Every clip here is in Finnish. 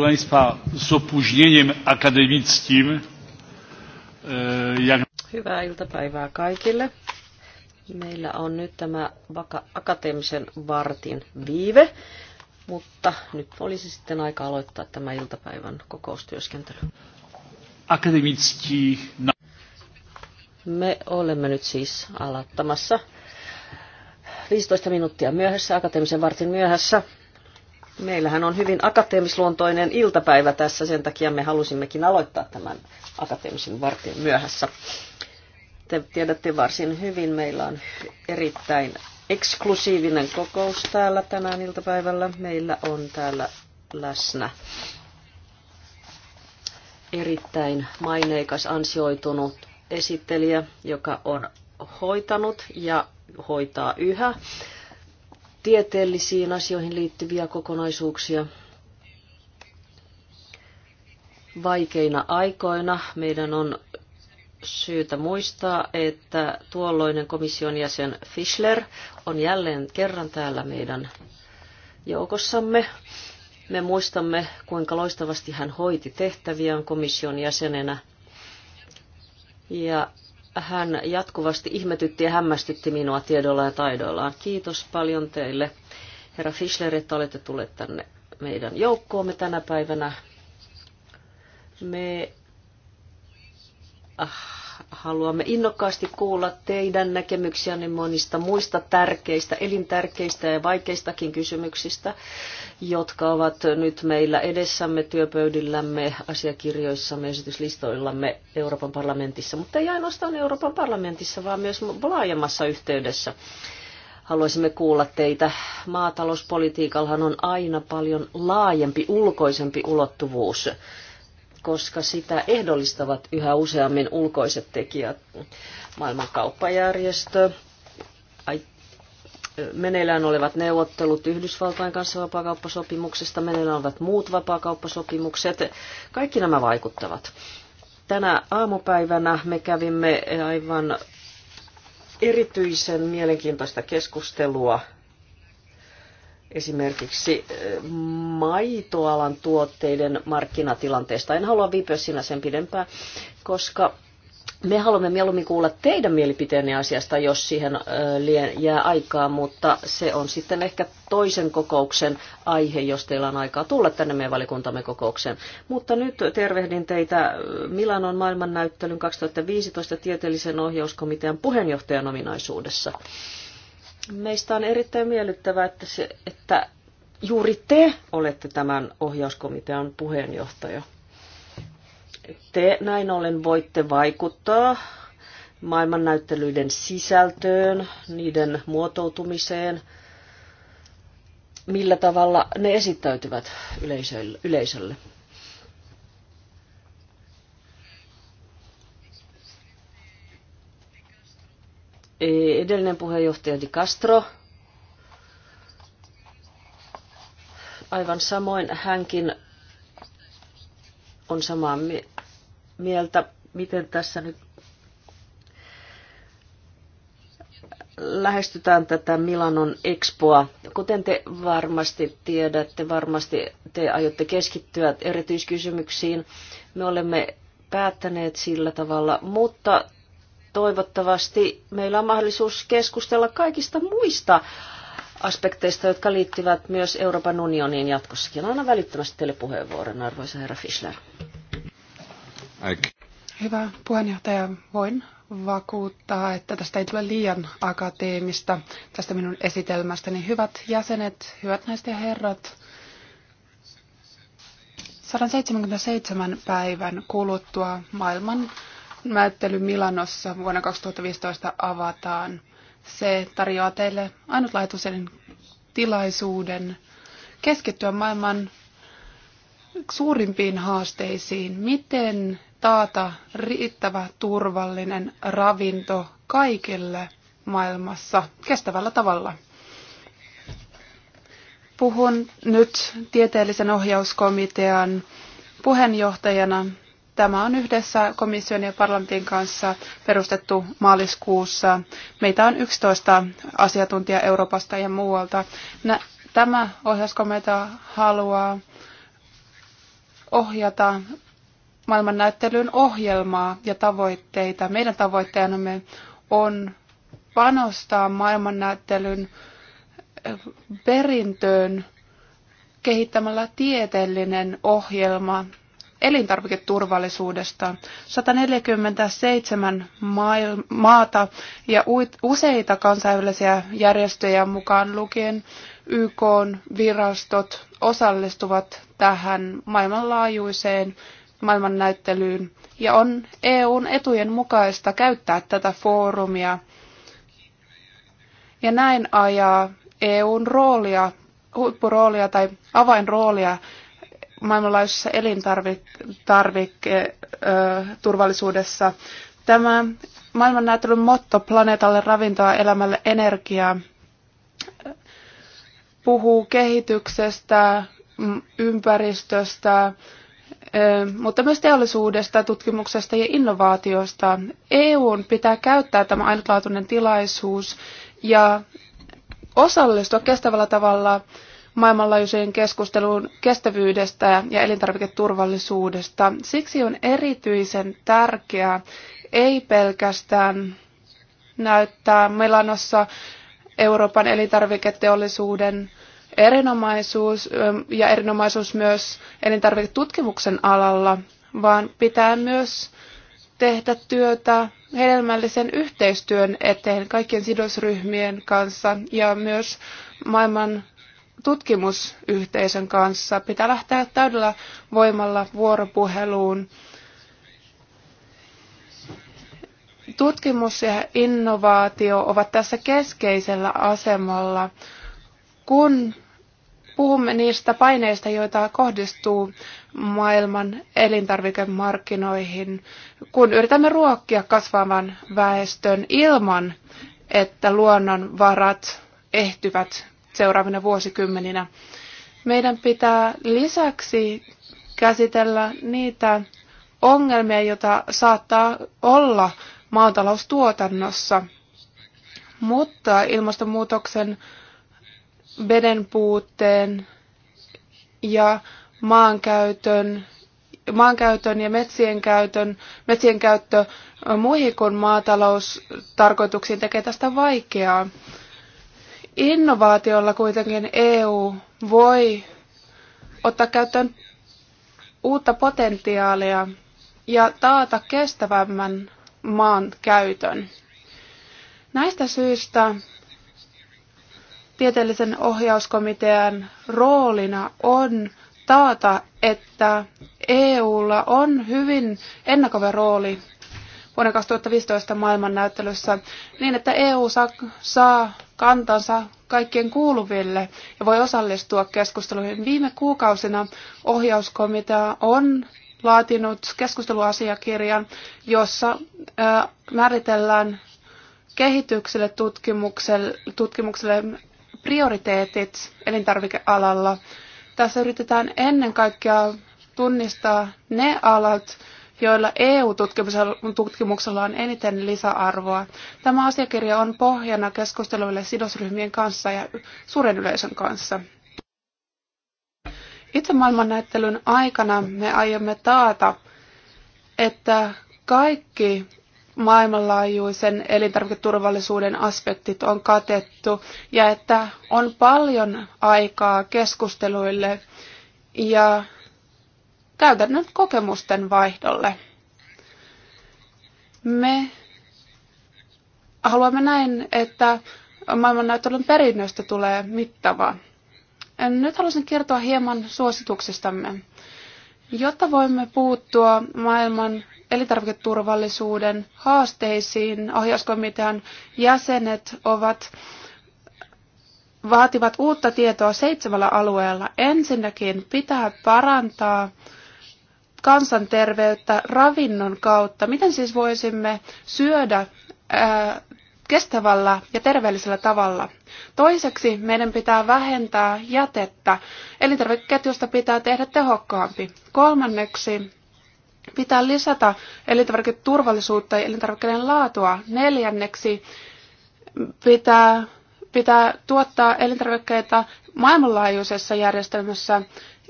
państwa z opóźnieniem akademickim eh, jak... Hyvää iltapäivää kaikille. Meillä on nyt tämä akateemisen vartin viive, mutta nyt olisi sitten aika aloittaa tämä iltapäivän kokoustyöskentely. Akademicki... Me olemme nyt siis alattamassa 15 minuuttia myöhässä, akateemisen vartin myöhässä. Meillähän on hyvin akateemisluontoinen iltapäivä tässä, sen takia me halusimmekin aloittaa tämän akateemisen vartin myöhässä. Te tiedätte varsin hyvin, meillä on erittäin eksklusiivinen kokous täällä tänään iltapäivällä. Meillä on täällä läsnä erittäin maineikas ansioitunut esittelijä, joka on hoitanut ja hoitaa yhä tieteellisiin asioihin liittyviä kokonaisuuksia. Vaikeina aikoina meidän on syytä muistaa, että tuolloinen komission jäsen Fischler on jälleen kerran täällä meidän joukossamme. Me muistamme, kuinka loistavasti hän hoiti tehtäviään komission jäsenenä. Ja hän jatkuvasti ihmetytti ja hämmästytti minua tiedolla ja taidoillaan. Kiitos paljon teille, herra Fischler, että olette tulleet tänne meidän joukkoomme tänä päivänä. Me ah, haluamme innokkaasti kuulla teidän näkemyksiänne monista muista tärkeistä, elintärkeistä ja vaikeistakin kysymyksistä, jotka ovat nyt meillä edessämme, työpöydillämme, asiakirjoissamme, esityslistoillamme Euroopan parlamentissa, mutta ei ainoastaan Euroopan parlamentissa, vaan myös laajemmassa yhteydessä haluaisimme kuulla teitä. Maatalouspolitiikallahan on aina paljon laajempi, ulkoisempi ulottuvuus koska sitä ehdollistavat yhä useammin ulkoiset tekijät. Maailman kauppajärjestö, meneillään olevat neuvottelut Yhdysvaltain kanssa vapaakauppasopimuksesta, meneillään olevat muut vapaakauppasopimukset, kaikki nämä vaikuttavat. Tänä aamupäivänä me kävimme aivan erityisen mielenkiintoista keskustelua esimerkiksi eh, maitoalan tuotteiden markkinatilanteesta. En halua viipyä siinä sen pidempään, koska me haluamme mieluummin kuulla teidän mielipiteenne asiasta, jos siihen eh, jää aikaa, mutta se on sitten ehkä toisen kokouksen aihe, jos teillä on aikaa tulla tänne meidän valikuntamme kokoukseen. Mutta nyt tervehdin teitä eh, Milanon maailmannäyttelyn 2015 tieteellisen ohjauskomitean puheenjohtajan ominaisuudessa. Meistä on erittäin miellyttävää, että, se, että juuri te olette tämän ohjauskomitean puheenjohtaja. Te näin ollen voitte vaikuttaa maailmannäyttelyiden sisältöön, niiden muotoutumiseen, millä tavalla ne esittäytyvät yleisölle. edellinen puheenjohtaja Di Castro. Aivan samoin hänkin on samaa mieltä, miten tässä nyt lähestytään tätä Milanon Expoa. Kuten te varmasti tiedätte, varmasti te aiotte keskittyä erityiskysymyksiin. Me olemme päättäneet sillä tavalla, mutta toivottavasti meillä on mahdollisuus keskustella kaikista muista aspekteista, jotka liittyvät myös Euroopan unioniin jatkossakin. Anna välittömästi teille puheenvuoron, arvoisa herra Fischler. Hyvä puheenjohtaja, voin vakuuttaa, että tästä ei tule liian akateemista, tästä minun esitelmästäni. Hyvät jäsenet, hyvät naiset ja herrat, 177 päivän kuluttua maailman näyttely Milanossa vuonna 2015 avataan. Se tarjoaa teille ainutlaatuisen tilaisuuden keskittyä maailman suurimpiin haasteisiin. Miten taata riittävä turvallinen ravinto kaikille maailmassa kestävällä tavalla? Puhun nyt tieteellisen ohjauskomitean puheenjohtajana Tämä on yhdessä komission ja parlamentin kanssa perustettu maaliskuussa. Meitä on 11 asiantuntijaa Euroopasta ja muualta. Tämä ohjauskomitea haluaa ohjata maailmannäyttelyn ohjelmaa ja tavoitteita. Meidän tavoitteenamme on panostaa maailmannäyttelyn eh, perintöön kehittämällä tieteellinen ohjelma elintarviketurvallisuudesta. 147 maata ja useita kansainvälisiä järjestöjä mukaan lukien YK virastot osallistuvat tähän maailmanlaajuiseen maailmannäyttelyyn ja on EUn etujen mukaista käyttää tätä foorumia ja näin ajaa EUn roolia, huippuroolia tai avainroolia maailmanlaajuisessa elintarviketurvallisuudessa. Tämä maailmannäyttelyn motto planeetalle ravintoa elämälle energiaa puhuu kehityksestä, mm, ympäristöstä, eh, mutta myös teollisuudesta, tutkimuksesta ja innovaatiosta. EUn pitää käyttää tämä ainutlaatuinen tilaisuus ja osallistua kestävällä tavalla maailmanlaajuiseen keskusteluun kestävyydestä ja elintarviketurvallisuudesta. Siksi on erityisen tärkeää ei pelkästään näyttää Milanossa Euroopan elintarviketeollisuuden erinomaisuus ja erinomaisuus myös elintarviketutkimuksen alalla, vaan pitää myös tehdä työtä hedelmällisen yhteistyön eteen kaikkien sidosryhmien kanssa ja myös maailman tutkimusyhteisön kanssa. Pitää lähteä täydellä voimalla vuoropuheluun. Tutkimus ja innovaatio ovat tässä keskeisellä asemalla, kun puhumme niistä paineista, joita kohdistuu maailman elintarvikemarkkinoihin, kun yritämme ruokkia kasvavan väestön ilman, että luonnonvarat ehtyvät seuraavina vuosikymmeninä. Meidän pitää lisäksi käsitellä niitä ongelmia, joita saattaa olla maataloustuotannossa. Mutta ilmastonmuutoksen, veden puutteen ja maankäytön, maankäytön ja metsien, käytön, metsien käyttö muihin kuin maataloustarkoituksiin tekee tästä vaikeaa. Innovaatiolla kuitenkin EU voi ottaa käyttöön uutta potentiaalia ja taata kestävämmän maan käytön. Näistä syistä tieteellisen ohjauskomitean roolina on taata, että EUlla on hyvin ennakova rooli vuonna 2015 maailmannäyttelyssä niin, että EU saa kantansa kaikkien kuuluville ja voi osallistua keskusteluihin. Viime kuukausina ohjauskomitea on laatinut keskusteluasiakirjan, jossa määritellään kehitykselle, tutkimukselle, tutkimukselle prioriteetit elintarvikealalla. Tässä yritetään ennen kaikkea tunnistaa ne alat, joilla EU-tutkimuksella on eniten lisäarvoa. Tämä asiakirja on pohjana keskusteluille sidosryhmien kanssa ja suuren yleisön kanssa. Itse maailmannäyttelyn aikana me aiomme taata, että kaikki maailmanlaajuisen elintarviketurvallisuuden aspektit on katettu ja että on paljon aikaa keskusteluille ja käytännön kokemusten vaihdolle. Me haluamme näin, että maailmannäyttelyn perinnöstä tulee mittava. Nyt haluaisin kertoa hieman suosituksistamme. Jotta voimme puuttua maailman elintarviketurvallisuuden haasteisiin, ohjauskomitean jäsenet ovat vaativat uutta tietoa seitsemällä alueella. Ensinnäkin pitää parantaa kansanterveyttä ravinnon kautta. Miten siis voisimme syödä ää, kestävällä ja terveellisellä tavalla? Toiseksi meidän pitää vähentää jätettä. Elintarvikeketjusta pitää tehdä tehokkaampi. Kolmanneksi pitää lisätä elintarviketurvallisuutta ja elintarvikkeiden laatua. Neljänneksi pitää, pitää tuottaa elintarvikkeita maailmanlaajuisessa järjestelmässä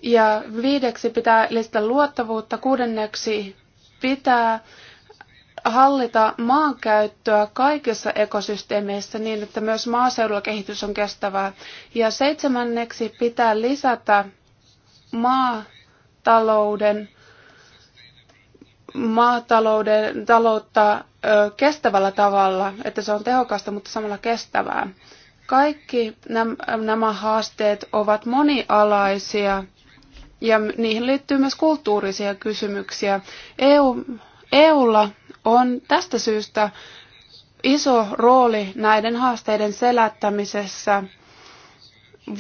ja viideksi pitää lisätä luottavuutta, kuudenneksi pitää hallita maankäyttöä kaikissa ekosysteemeissä niin, että myös maaseudulla kehitys on kestävää. Ja seitsemänneksi pitää lisätä maatalouden, maatalouden taloutta ö, kestävällä tavalla, että se on tehokasta, mutta samalla kestävää. Kaikki nämä haasteet ovat monialaisia ja niihin liittyy myös kulttuurisia kysymyksiä. EU, EUlla on tästä syystä iso rooli näiden haasteiden selättämisessä.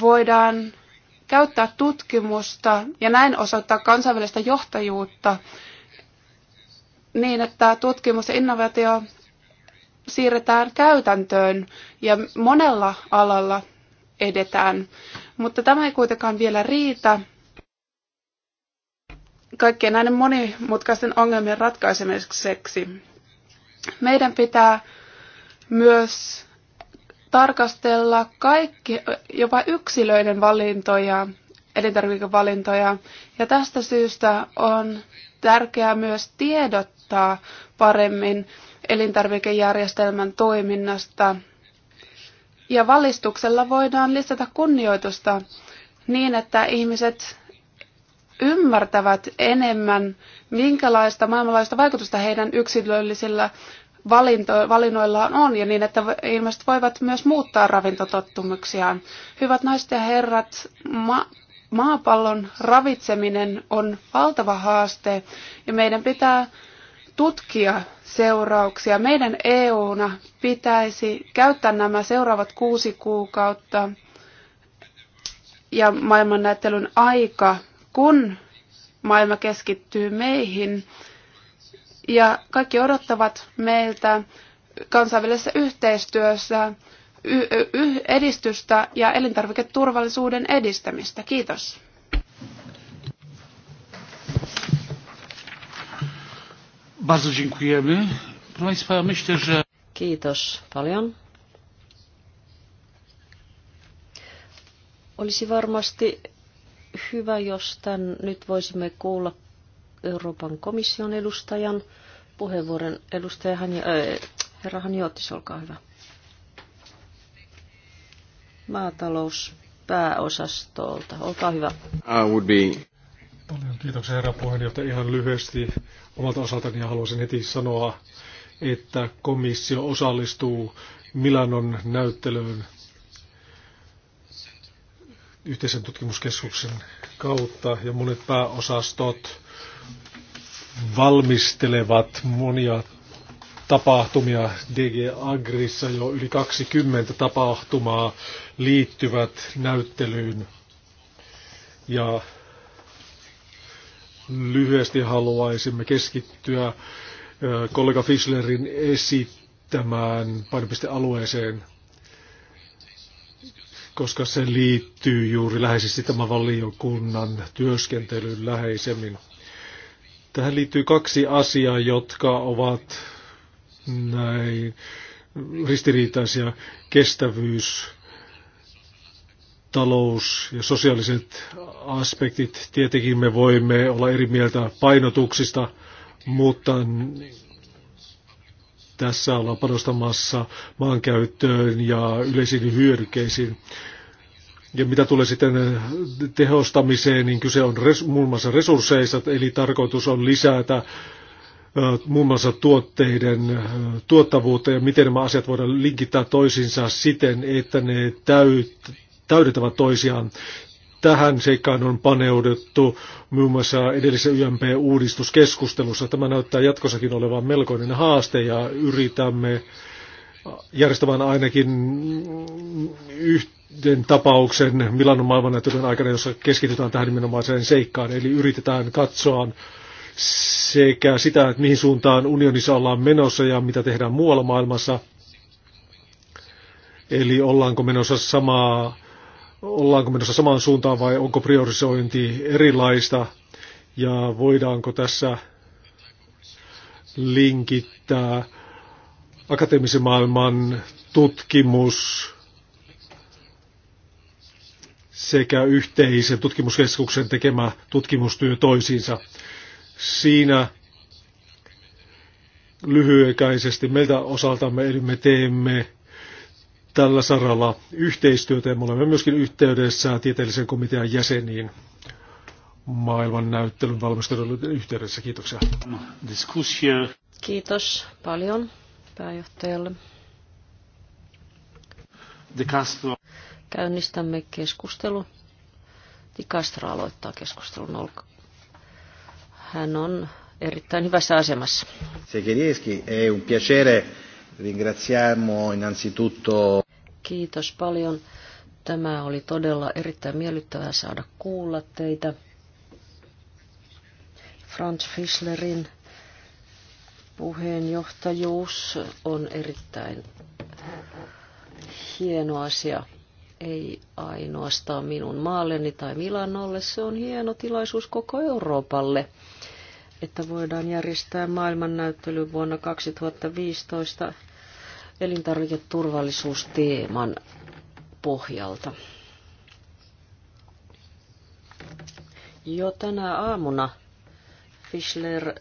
Voidaan käyttää tutkimusta ja näin osoittaa kansainvälistä johtajuutta niin, että tutkimus ja innovaatio siirretään käytäntöön ja monella alalla edetään. Mutta tämä ei kuitenkaan vielä riitä kaikkien näiden monimutkaisten ongelmien ratkaisemiseksi. Meidän pitää myös tarkastella kaikki, jopa yksilöiden valintoja, elintarvikevalintoja. Ja tästä syystä on tärkeää myös tiedottaa paremmin elintarvikejärjestelmän toiminnasta. Ja valistuksella voidaan lisätä kunnioitusta niin, että ihmiset ymmärtävät enemmän, minkälaista maailmanlaajuista vaikutusta heidän yksilöllisillä valinto, valinnoillaan on, ja niin, että ihmiset voivat myös muuttaa ravintotottumuksiaan. Hyvät naiset ja herrat, ma- maapallon ravitseminen on valtava haaste, ja meidän pitää tutkia seurauksia. Meidän EU: EU-na pitäisi käyttää nämä seuraavat kuusi kuukautta ja maailmannäyttelyn aika kun maailma keskittyy meihin ja kaikki odottavat meiltä kansainvälisessä yhteistyössä edistystä ja elintarviketurvallisuuden edistämistä. Kiitos. Bardzo dziękujemy. Państwa, myślę, że... Kiitos paljon. Olisi varmasti hyvä, jos tämän nyt voisimme kuulla Euroopan komission edustajan puheenvuoron. Edustaja Hani, äh, herra Hanjoottis, olkaa hyvä. Maatalous pääosastolta. Olkaa hyvä. I would be... Paljon kiitoksia herra puheenjohtaja. Ihan lyhyesti omalta osaltani haluaisin heti sanoa, että komissio osallistuu Milanon näyttelyyn yhteisen tutkimuskeskuksen kautta ja monet pääosastot valmistelevat monia tapahtumia DG Agrissa jo yli 20 tapahtumaa liittyvät näyttelyyn. Ja lyhyesti haluaisimme keskittyä kollega Fischlerin esittämään painopistealueeseen koska se liittyy juuri läheisesti tämän valiokunnan työskentelyyn läheisemmin. Tähän liittyy kaksi asiaa, jotka ovat näin ristiriitaisia. Kestävyys, talous ja sosiaaliset aspektit. Tietenkin me voimme olla eri mieltä painotuksista, mutta tässä ollaan panostamassa maankäyttöön ja yleisiin hyödykkeisiin. Ja mitä tulee sitten tehostamiseen, niin kyse on res, muun muassa resursseista, eli tarkoitus on lisätä muun muassa tuotteiden tuottavuutta ja miten nämä asiat voidaan linkittää toisiinsa siten, että ne täyt, täydentävät toisiaan tähän seikkaan on paneuduttu muun muassa edellisessä YMP-uudistuskeskustelussa. Tämä näyttää jatkossakin olevan melkoinen haaste ja yritämme järjestämään ainakin yhden tapauksen Milanon maailmannäyttelyn aikana, jossa keskitytään tähän nimenomaiseen seikkaan. Eli yritetään katsoa sekä sitä, että mihin suuntaan unionissa ollaan menossa ja mitä tehdään muualla maailmassa. Eli ollaanko menossa samaa ollaanko menossa samaan suuntaan vai onko priorisointi erilaista ja voidaanko tässä linkittää akateemisen maailman tutkimus sekä yhteisen tutkimuskeskuksen tekemä tutkimustyö toisiinsa. Siinä lyhyekäisesti meiltä osaltamme, eli me teemme tällä saralla yhteistyötä ja me olemme myöskin yhteydessä tieteellisen komitean jäseniin maailman näyttelyn valmisteluiden yhteydessä. Kiitoksia. Kiitos paljon pääjohtajalle. De Castro. Käynnistämme keskustelun. Di Castro aloittaa keskustelun. Hän on erittäin hyvässä asemassa. Se Kirieski, è un piacere Ringraziamo innanzitutto... Kiitos paljon. Tämä oli todella erittäin miellyttävää saada kuulla teitä. Franz Fischlerin puheenjohtajuus on erittäin hieno asia. Ei ainoastaan minun maalleni tai Milanolle, se on hieno tilaisuus koko Euroopalle, että voidaan järjestää maailmannäyttely vuonna 2015 elintarviketurvallisuusteeman pohjalta. Jo tänä aamuna Fischler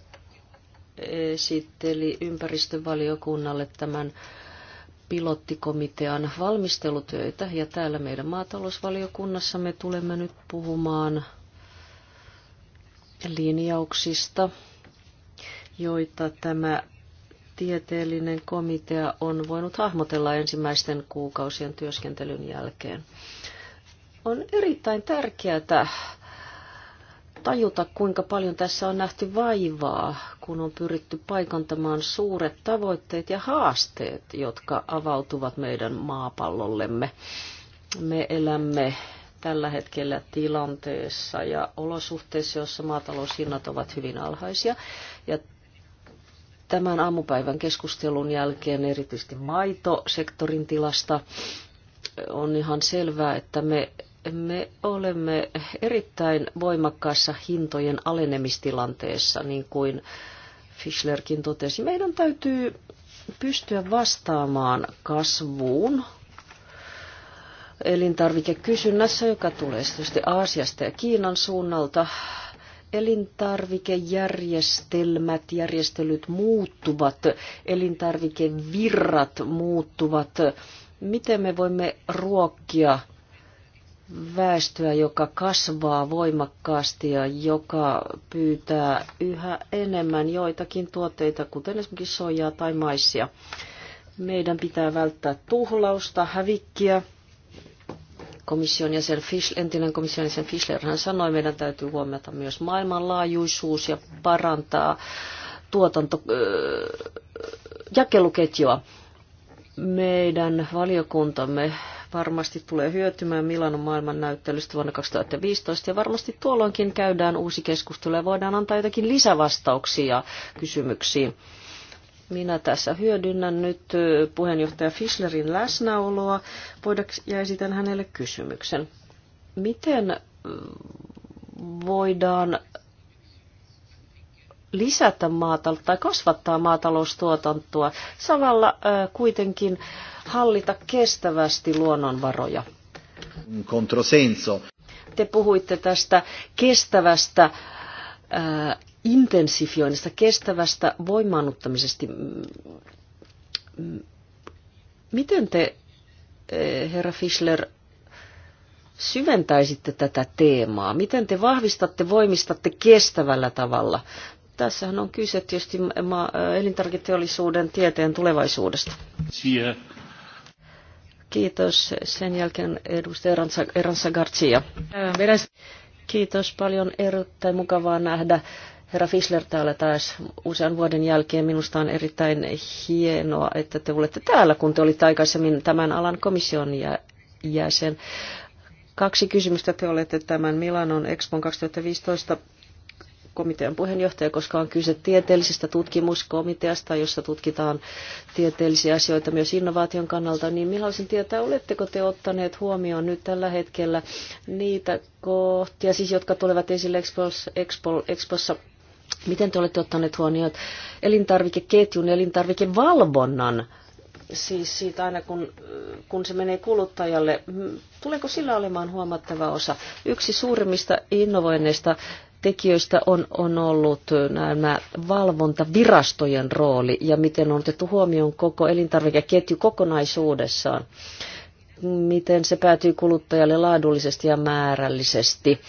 esitteli ympäristövaliokunnalle tämän pilottikomitean valmistelutöitä ja täällä meidän maatalousvaliokunnassa me tulemme nyt puhumaan linjauksista, joita tämä tieteellinen komitea on voinut hahmotella ensimmäisten kuukausien työskentelyn jälkeen. On erittäin tärkeää tajuta, kuinka paljon tässä on nähty vaivaa, kun on pyritty paikantamaan suuret tavoitteet ja haasteet, jotka avautuvat meidän maapallollemme. Me elämme tällä hetkellä tilanteessa ja olosuhteissa, jossa maataloushinnat ovat hyvin alhaisia. Ja tämän aamupäivän keskustelun jälkeen erityisesti maitosektorin tilasta. On ihan selvää, että me, me olemme erittäin voimakkaassa hintojen alenemistilanteessa, niin kuin Fischlerkin totesi. Meidän täytyy pystyä vastaamaan kasvuun elintarvikekysynnässä, joka tulee tietysti Aasiasta ja Kiinan suunnalta elintarvikejärjestelmät, järjestelyt muuttuvat, elintarvikevirrat muuttuvat. Miten me voimme ruokkia väestöä, joka kasvaa voimakkaasti ja joka pyytää yhä enemmän joitakin tuotteita, kuten esimerkiksi soijaa tai maissia. Meidän pitää välttää tuhlausta, hävikkiä, komission jäsen Fischler, entinen komission jäsen Fischler, hän sanoi, että meidän täytyy huomata myös maailmanlaajuisuus ja parantaa tuotanto, jakeluketjua. Meidän valiokuntamme varmasti tulee hyötymään Milanon maailman näyttelystä vuonna 2015 ja varmasti tuolloinkin käydään uusi keskustelu ja voidaan antaa jotakin lisävastauksia kysymyksiin. Minä tässä hyödynnän nyt puheenjohtaja Fischlerin läsnäoloa ja esitän hänelle kysymyksen. Miten voidaan lisätä maata tai kasvattaa maataloustuotantoa samalla kuitenkin hallita kestävästi luonnonvaroja? Te puhuitte tästä kestävästä intensifioinnista, kestävästä voimaannuttamisesta. Miten te, eh, herra Fischler, syventäisitte tätä teemaa? Miten te vahvistatte, voimistatte kestävällä tavalla? Tässähän on kyse tietysti elintarviketeollisuuden tieteen tulevaisuudesta. Siihen. Kiitos. Sen jälkeen edustaja Eransa, Eransa Garcia. Äh, Kiitos paljon. Erittäin mukavaa nähdä Herra Fischler täällä taas usean vuoden jälkeen. Minusta on erittäin hienoa, että te olette täällä, kun te olitte aikaisemmin tämän alan komission jäsen. Kaksi kysymystä te olette tämän Milanon Expon 2015 komitean puheenjohtaja, koska on kyse tieteellisestä tutkimuskomiteasta, jossa tutkitaan tieteellisiä asioita myös innovaation kannalta, niin millaisen tietää, oletteko te ottaneet huomioon nyt tällä hetkellä niitä kohtia, siis jotka tulevat esille Expos, Expo, Expossa Miten te olette ottaneet huomioon elintarvikeketjun, elintarvikevalvonnan, siis siitä aina kun, kun se menee kuluttajalle, tuleeko sillä olemaan huomattava osa? Yksi suurimmista innovoinneista tekijöistä on, on ollut nämä valvontavirastojen rooli ja miten on otettu huomioon koko elintarvikeketju kokonaisuudessaan. Miten se päätyy kuluttajalle laadullisesti ja määrällisesti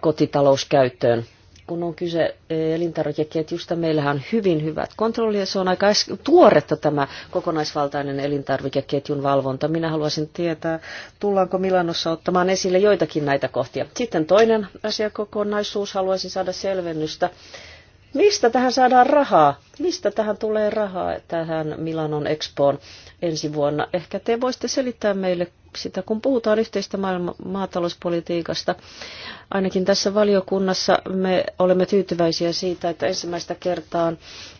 kotitalouskäyttöön kun on kyse e, elintarvikeketjusta, meillähän on hyvin hyvät kontrolli ja se on aika tuoretta tämä kokonaisvaltainen elintarvikeketjun valvonta. Minä haluaisin tietää, tullaanko Milanossa ottamaan esille joitakin näitä kohtia. Sitten toinen asiakokonaisuus, haluaisin saada selvennystä Mistä tähän saadaan rahaa? Mistä tähän tulee rahaa tähän Milanon Expoon ensi vuonna? Ehkä te voisitte selittää meille sitä, kun puhutaan yhteistä maailma- maatalouspolitiikasta. Ainakin tässä valiokunnassa me olemme tyytyväisiä siitä, että ensimmäistä kertaa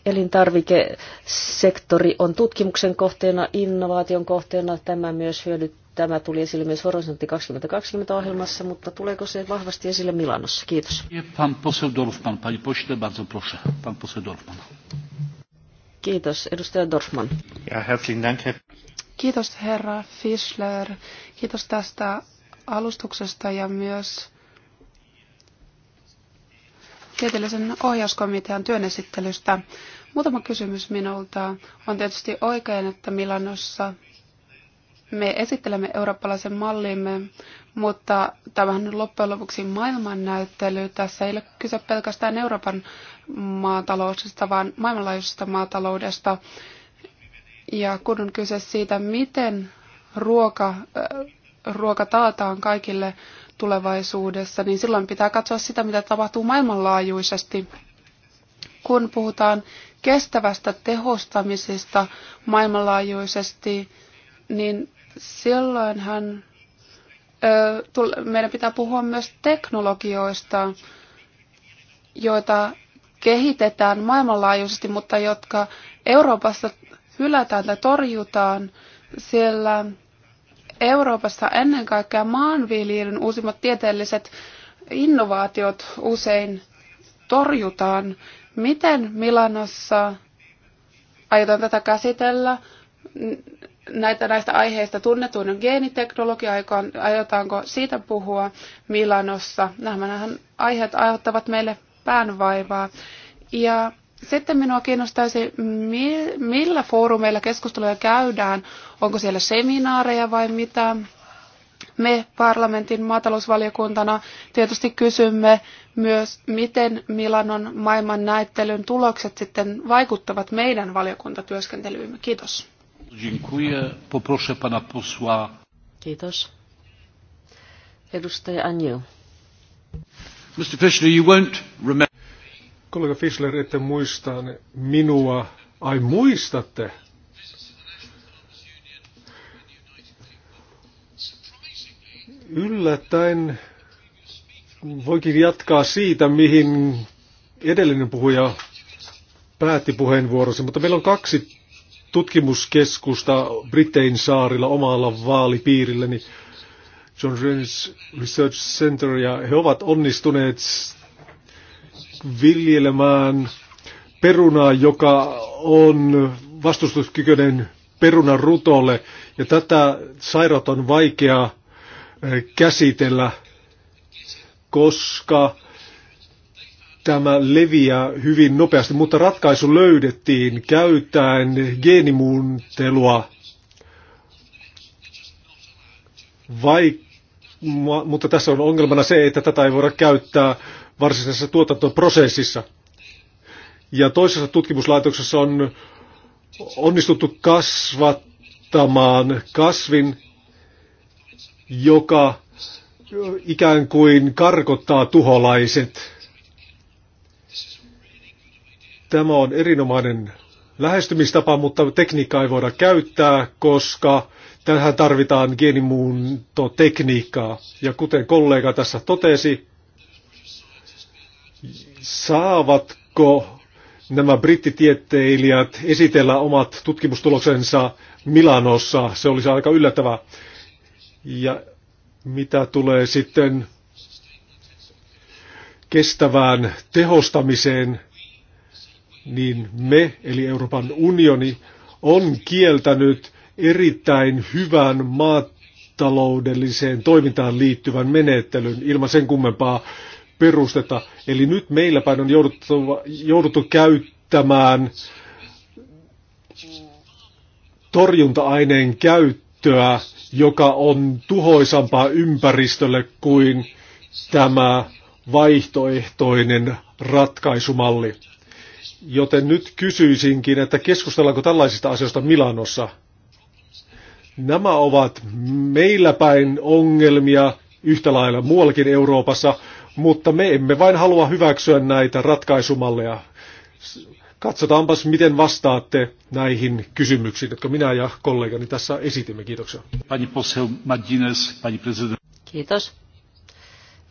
elintarvikesektori on tutkimuksen kohteena, innovaation kohteena. Tämä myös hyödyttää Tämä tuli esille myös Horisontti 2020 ohjelmassa, mutta tuleeko se vahvasti esille Milanossa? Kiitos. Pan poseł Dorfman, panie pośle, bardzo proszę. Pan poseł Dorfman. Kiitos, edustaja Dorfman. Ja herzlichen Dank. Kiitos herra Fischler. Kiitos tästä alustuksesta ja myös tieteellisen ohjauskomitean työn esittelystä. Muutama kysymys minulta. On tietysti oikein, että Milanossa me esittelemme eurooppalaisen mallimme, mutta tämähän on loppujen lopuksi maailmannäyttely. Tässä ei ole kyse pelkästään Euroopan maataloudesta, vaan maailmanlaajuisesta maataloudesta. Ja kun on kyse siitä, miten ruoka, äh, ruoka taataan kaikille tulevaisuudessa, niin silloin pitää katsoa sitä, mitä tapahtuu maailmanlaajuisesti. Kun puhutaan kestävästä tehostamisesta maailmanlaajuisesti, niin silloinhan meidän pitää puhua myös teknologioista, joita kehitetään maailmanlaajuisesti, mutta jotka Euroopassa hylätään tai torjutaan, sillä Euroopassa ennen kaikkea maanviljelyn uusimmat tieteelliset innovaatiot usein torjutaan. Miten Milanossa aiotaan tätä käsitellä? näitä näistä aiheista tunnetuin on geeniteknologia, aiotaanko siitä puhua Milanossa. Nämä aiheet aiheuttavat meille päänvaivaa. Ja sitten minua kiinnostaisi, millä foorumeilla keskusteluja käydään, onko siellä seminaareja vai mitä. Me parlamentin maatalousvaliokuntana tietysti kysymme myös, miten Milanon maailman näyttelyn tulokset sitten vaikuttavat meidän valiokuntatyöskentelyymme. Kiitos. Dziękuję. Poproszę pana posła. Kiitos. Edustaja Anju. Mr. Fischler, you won't remember... Kollega Fischler, ette muista niin minua. Ai muistatte? Yllättäen voikin jatkaa siitä, mihin edellinen puhuja päätti puheenvuoronsa, mutta meillä on kaksi tutkimuskeskusta Britein saarilla omalla niin John Rennes Research Center, ja he ovat onnistuneet viljelemään perunaa, joka on vastustuskykyinen perunan rutolle, ja tätä sairautta on vaikea eh, käsitellä, koska tämä leviää hyvin nopeasti, mutta ratkaisu löydettiin käyttäen geenimuuntelua, vai, mutta tässä on ongelmana se, että tätä ei voida käyttää varsinaisessa tuotantoprosessissa. Ja toisessa tutkimuslaitoksessa on onnistuttu kasvattamaan kasvin, joka ikään kuin karkottaa tuholaiset – Tämä on erinomainen lähestymistapa, mutta tekniikkaa ei voida käyttää, koska tähän tarvitaan geenimuuntotekniikkaa. Ja kuten kollega tässä totesi, saavatko nämä brittitieteilijät esitellä omat tutkimustuloksensa Milanossa? Se olisi aika yllättävää. Ja mitä tulee sitten kestävään tehostamiseen, niin me, eli Euroopan unioni, on kieltänyt erittäin hyvän maataloudelliseen toimintaan liittyvän menettelyn ilman sen kummempaa perustetta. Eli nyt meillä päin on jouduttu, jouduttu käyttämään torjunta-aineen käyttöä, joka on tuhoisampaa ympäristölle kuin tämä vaihtoehtoinen ratkaisumalli. Joten nyt kysyisinkin, että keskustellaanko tällaisista asioista Milanossa? Nämä ovat meillä päin ongelmia yhtä lailla muuallakin Euroopassa, mutta me emme vain halua hyväksyä näitä ratkaisumalleja. Katsotaanpas, miten vastaatte näihin kysymyksiin, jotka minä ja kollegani tässä esitimme. Kiitoksia. Kiitos.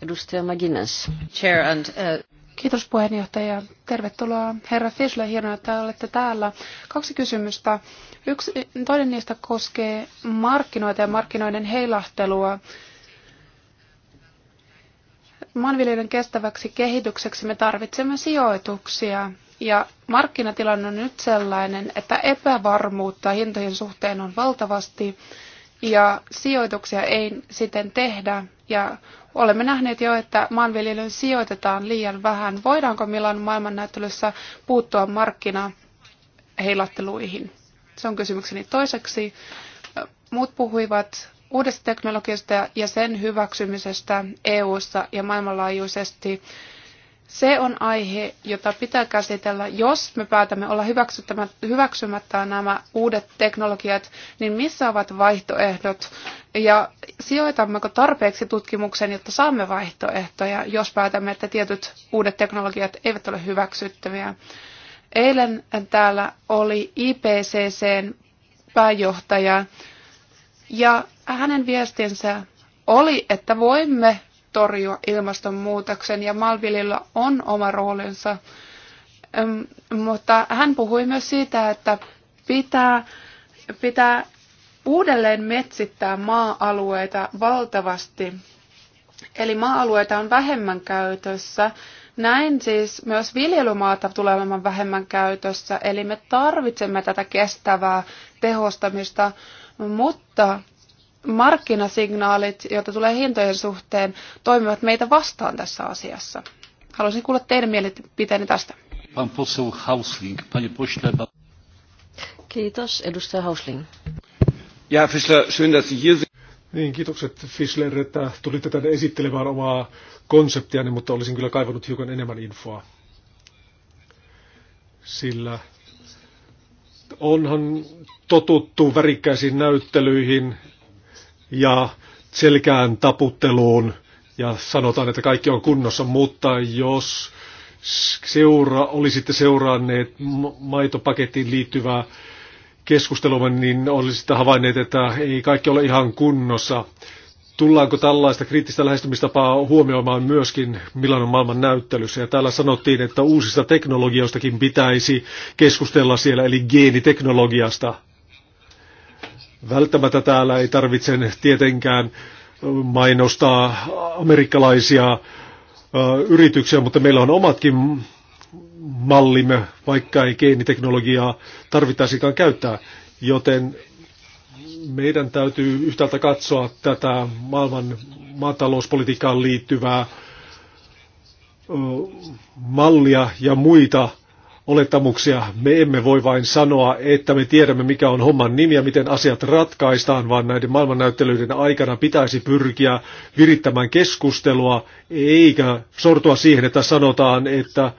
Edustaja Magines. Chair and, uh... Kiitos puheenjohtaja. Tervetuloa herra Fischler. Hienoa, että olette täällä. Kaksi kysymystä. Yksi, toinen niistä koskee markkinoita ja markkinoiden heilahtelua. Maanviljelyn kestäväksi kehitykseksi me tarvitsemme sijoituksia. Ja markkinatilanne on nyt sellainen, että epävarmuutta hintojen suhteen on valtavasti ja sijoituksia ei siten tehdä. Ja olemme nähneet jo, että maanviljelyyn sijoitetaan liian vähän. Voidaanko Milan maailmannäyttelyssä puuttua markkinaheilatteluihin? Se on kysymykseni toiseksi. Muut puhuivat uudesta teknologiasta ja sen hyväksymisestä EU-ssa ja maailmanlaajuisesti. Se on aihe, jota pitää käsitellä. Jos me päätämme olla hyväksymättä nämä uudet teknologiat, niin missä ovat vaihtoehdot? Ja sijoitammeko tarpeeksi tutkimukseen, jotta saamme vaihtoehtoja, jos päätämme, että tietyt uudet teknologiat eivät ole hyväksyttäviä? Eilen täällä oli IPCCn pääjohtaja ja hänen viestinsä oli, että voimme torjua ilmastonmuutoksen ja maanviljelyllä on oma roolinsa. Mutta hän puhui myös siitä, että pitää, pitää uudelleen metsittää maa-alueita valtavasti. Eli maa-alueita on vähemmän käytössä. Näin siis myös viljelymaata tulee olemaan vähemmän käytössä, eli me tarvitsemme tätä kestävää tehostamista, mutta markkinasignaalit, joita tulee hintojen suhteen, toimivat meitä vastaan tässä asiassa. Haluaisin kuulla teidän mielipiteeni tästä. Pan poseł Hausling. Panie pośle... Kiitos, edustaja Hausling. Ja, Fischler, schön, dass Sie hier sind. Niin, kiitokset Fischler, että tulitte tänne esittelemään omaa konseptiani, mutta olisin kyllä kaivannut hiukan enemmän infoa. Sillä onhan totuttu värikkäisiin näyttelyihin, ja selkään taputteluun ja sanotaan, että kaikki on kunnossa, mutta jos seura, olisitte seuranneet maitopakettiin liittyvää keskustelua, niin olisitte havainneet, että ei kaikki ole ihan kunnossa. Tullaanko tällaista kriittistä lähestymistapaa huomioimaan myöskin Milanon maailman näyttelyssä? Ja täällä sanottiin, että uusista teknologioistakin pitäisi keskustella siellä, eli geeniteknologiasta. Välttämättä täällä ei tarvitse tietenkään mainostaa amerikkalaisia yrityksiä, mutta meillä on omatkin mallimme, vaikka ei geeniteknologiaa tarvittaisikaan käyttää. Joten meidän täytyy yhtäältä katsoa tätä maailman maatalouspolitiikkaan liittyvää mallia ja muita olettamuksia. Me emme voi vain sanoa, että me tiedämme mikä on homman nimi ja miten asiat ratkaistaan, vaan näiden maailmannäyttelyiden aikana pitäisi pyrkiä virittämään keskustelua, eikä sortua siihen, että sanotaan, että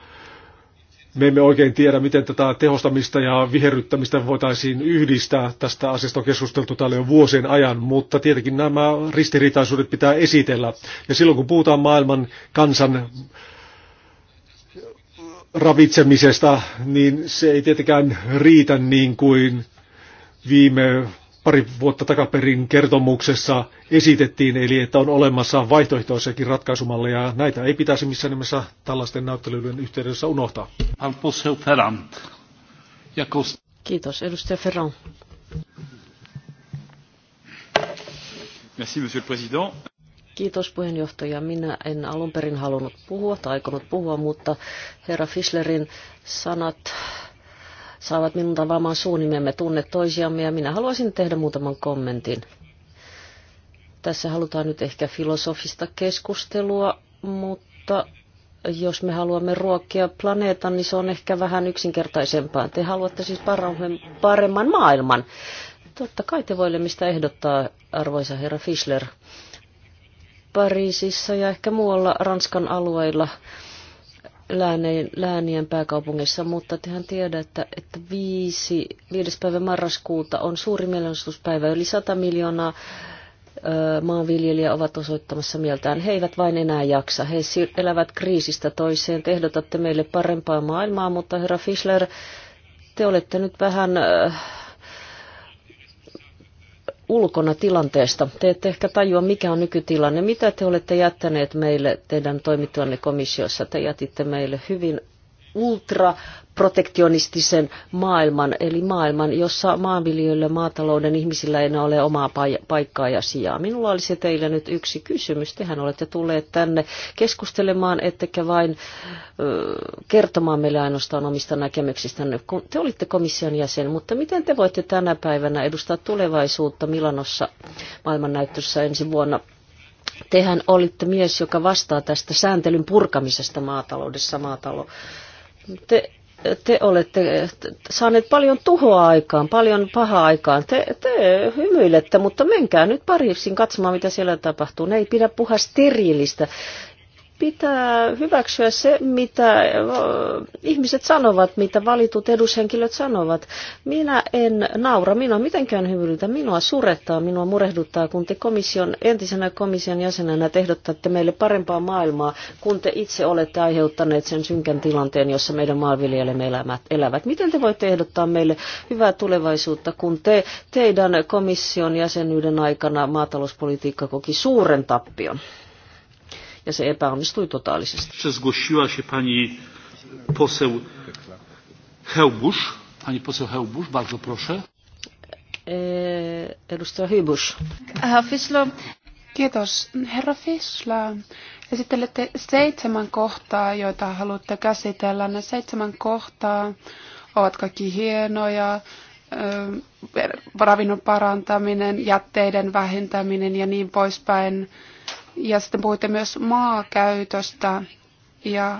me emme oikein tiedä, miten tätä tehostamista ja viherryttämistä voitaisiin yhdistää. Tästä asiasta on keskusteltu täällä jo vuosien ajan, mutta tietenkin nämä ristiriitaisuudet pitää esitellä. Ja silloin kun puhutaan maailman kansan ravitsemisesta, niin se ei tietenkään riitä niin kuin viime pari vuotta takaperin kertomuksessa esitettiin, eli että on olemassa vaihtoehtoisiakin ratkaisumalleja. Näitä ei pitäisi missään nimessä tällaisten näyttelyiden yhteydessä unohtaa. Kiitos, edustaja Ferrand. Merci, monsieur le président. Kiitos puheenjohtaja. Minä en alun perin halunnut puhua tai aikonut puhua, mutta herra Fischlerin sanat saavat minun avaamaan suunnimemme me tunne toisiamme ja minä haluaisin tehdä muutaman kommentin. Tässä halutaan nyt ehkä filosofista keskustelua, mutta jos me haluamme ruokkia planeetan, niin se on ehkä vähän yksinkertaisempaa. Te haluatte siis paremman maailman. Totta kai te voille mistä ehdottaa, arvoisa herra Fischler. Pariisissa ja ehkä muualla Ranskan alueilla läänien, läänien pääkaupungissa, mutta tehän tiedä, että, että viisi, viides päivä marraskuuta on suuri mielenosoituspäivä. Yli 100 miljoonaa ö, maanviljelijä ovat osoittamassa mieltään. He eivät vain enää jaksa. He elävät kriisistä toiseen. Te ehdotatte meille parempaa maailmaa, mutta herra Fischler, te olette nyt vähän... Ö, ulkona tilanteesta. Te ette ehkä tajua, mikä on nykytilanne. Mitä te olette jättäneet meille teidän toimittuanne komissiossa? Te jätitte meille hyvin ultraprotektionistisen maailman, eli maailman, jossa maanviljelijöillä ja maatalouden ihmisillä ei enää ole omaa paikkaa ja sijaa. Minulla olisi teille nyt yksi kysymys. Tehän olette tulleet tänne keskustelemaan, ettekä vain ö, kertomaan meille ainoastaan omista näkemyksistänne. Te olitte komission jäsen, mutta miten te voitte tänä päivänä edustaa tulevaisuutta Milanossa maailmannäyttössä ensi vuonna? Tehän olitte mies, joka vastaa tästä sääntelyn purkamisesta maataloudessa, maataloudessa te, te olette saaneet paljon tuhoa aikaan, paljon pahaa aikaan. Te, te hymyilette, mutta menkää nyt Pariisin katsomaan, mitä siellä tapahtuu. Ne ei pidä puhua steriilistä pitää hyväksyä se, mitä ihmiset sanovat, mitä valitut edushenkilöt sanovat. Minä en naura, minä mitenkään hyvyydeltä, minua surettaa, minua murehduttaa, kun te komission, entisenä komission jäsenenä ehdottatte meille parempaa maailmaa, kun te itse olette aiheuttaneet sen synkän tilanteen, jossa meidän maanviljelijämme elämät, elävät. Miten te voitte ehdottaa meille hyvää tulevaisuutta, kun te, teidän komission jäsenyyden aikana maatalouspolitiikka koki suuren tappion? ja se epäonnistui totaalisesti. Zgłosiła się pani poseł Helbusz. Pani poseł Helbusz, bardzo proszę. E, edustaja Hybus. Fislo. Kiitos. Herra Fisla, esittelette seitsemän kohtaa, joita haluatte käsitellä. Ne seitsemän kohtaa ovat kaikki hienoja. Ravinnon parantaminen, jätteiden vähentäminen ja niin poispäin ja sitten puhuitte myös maakäytöstä ja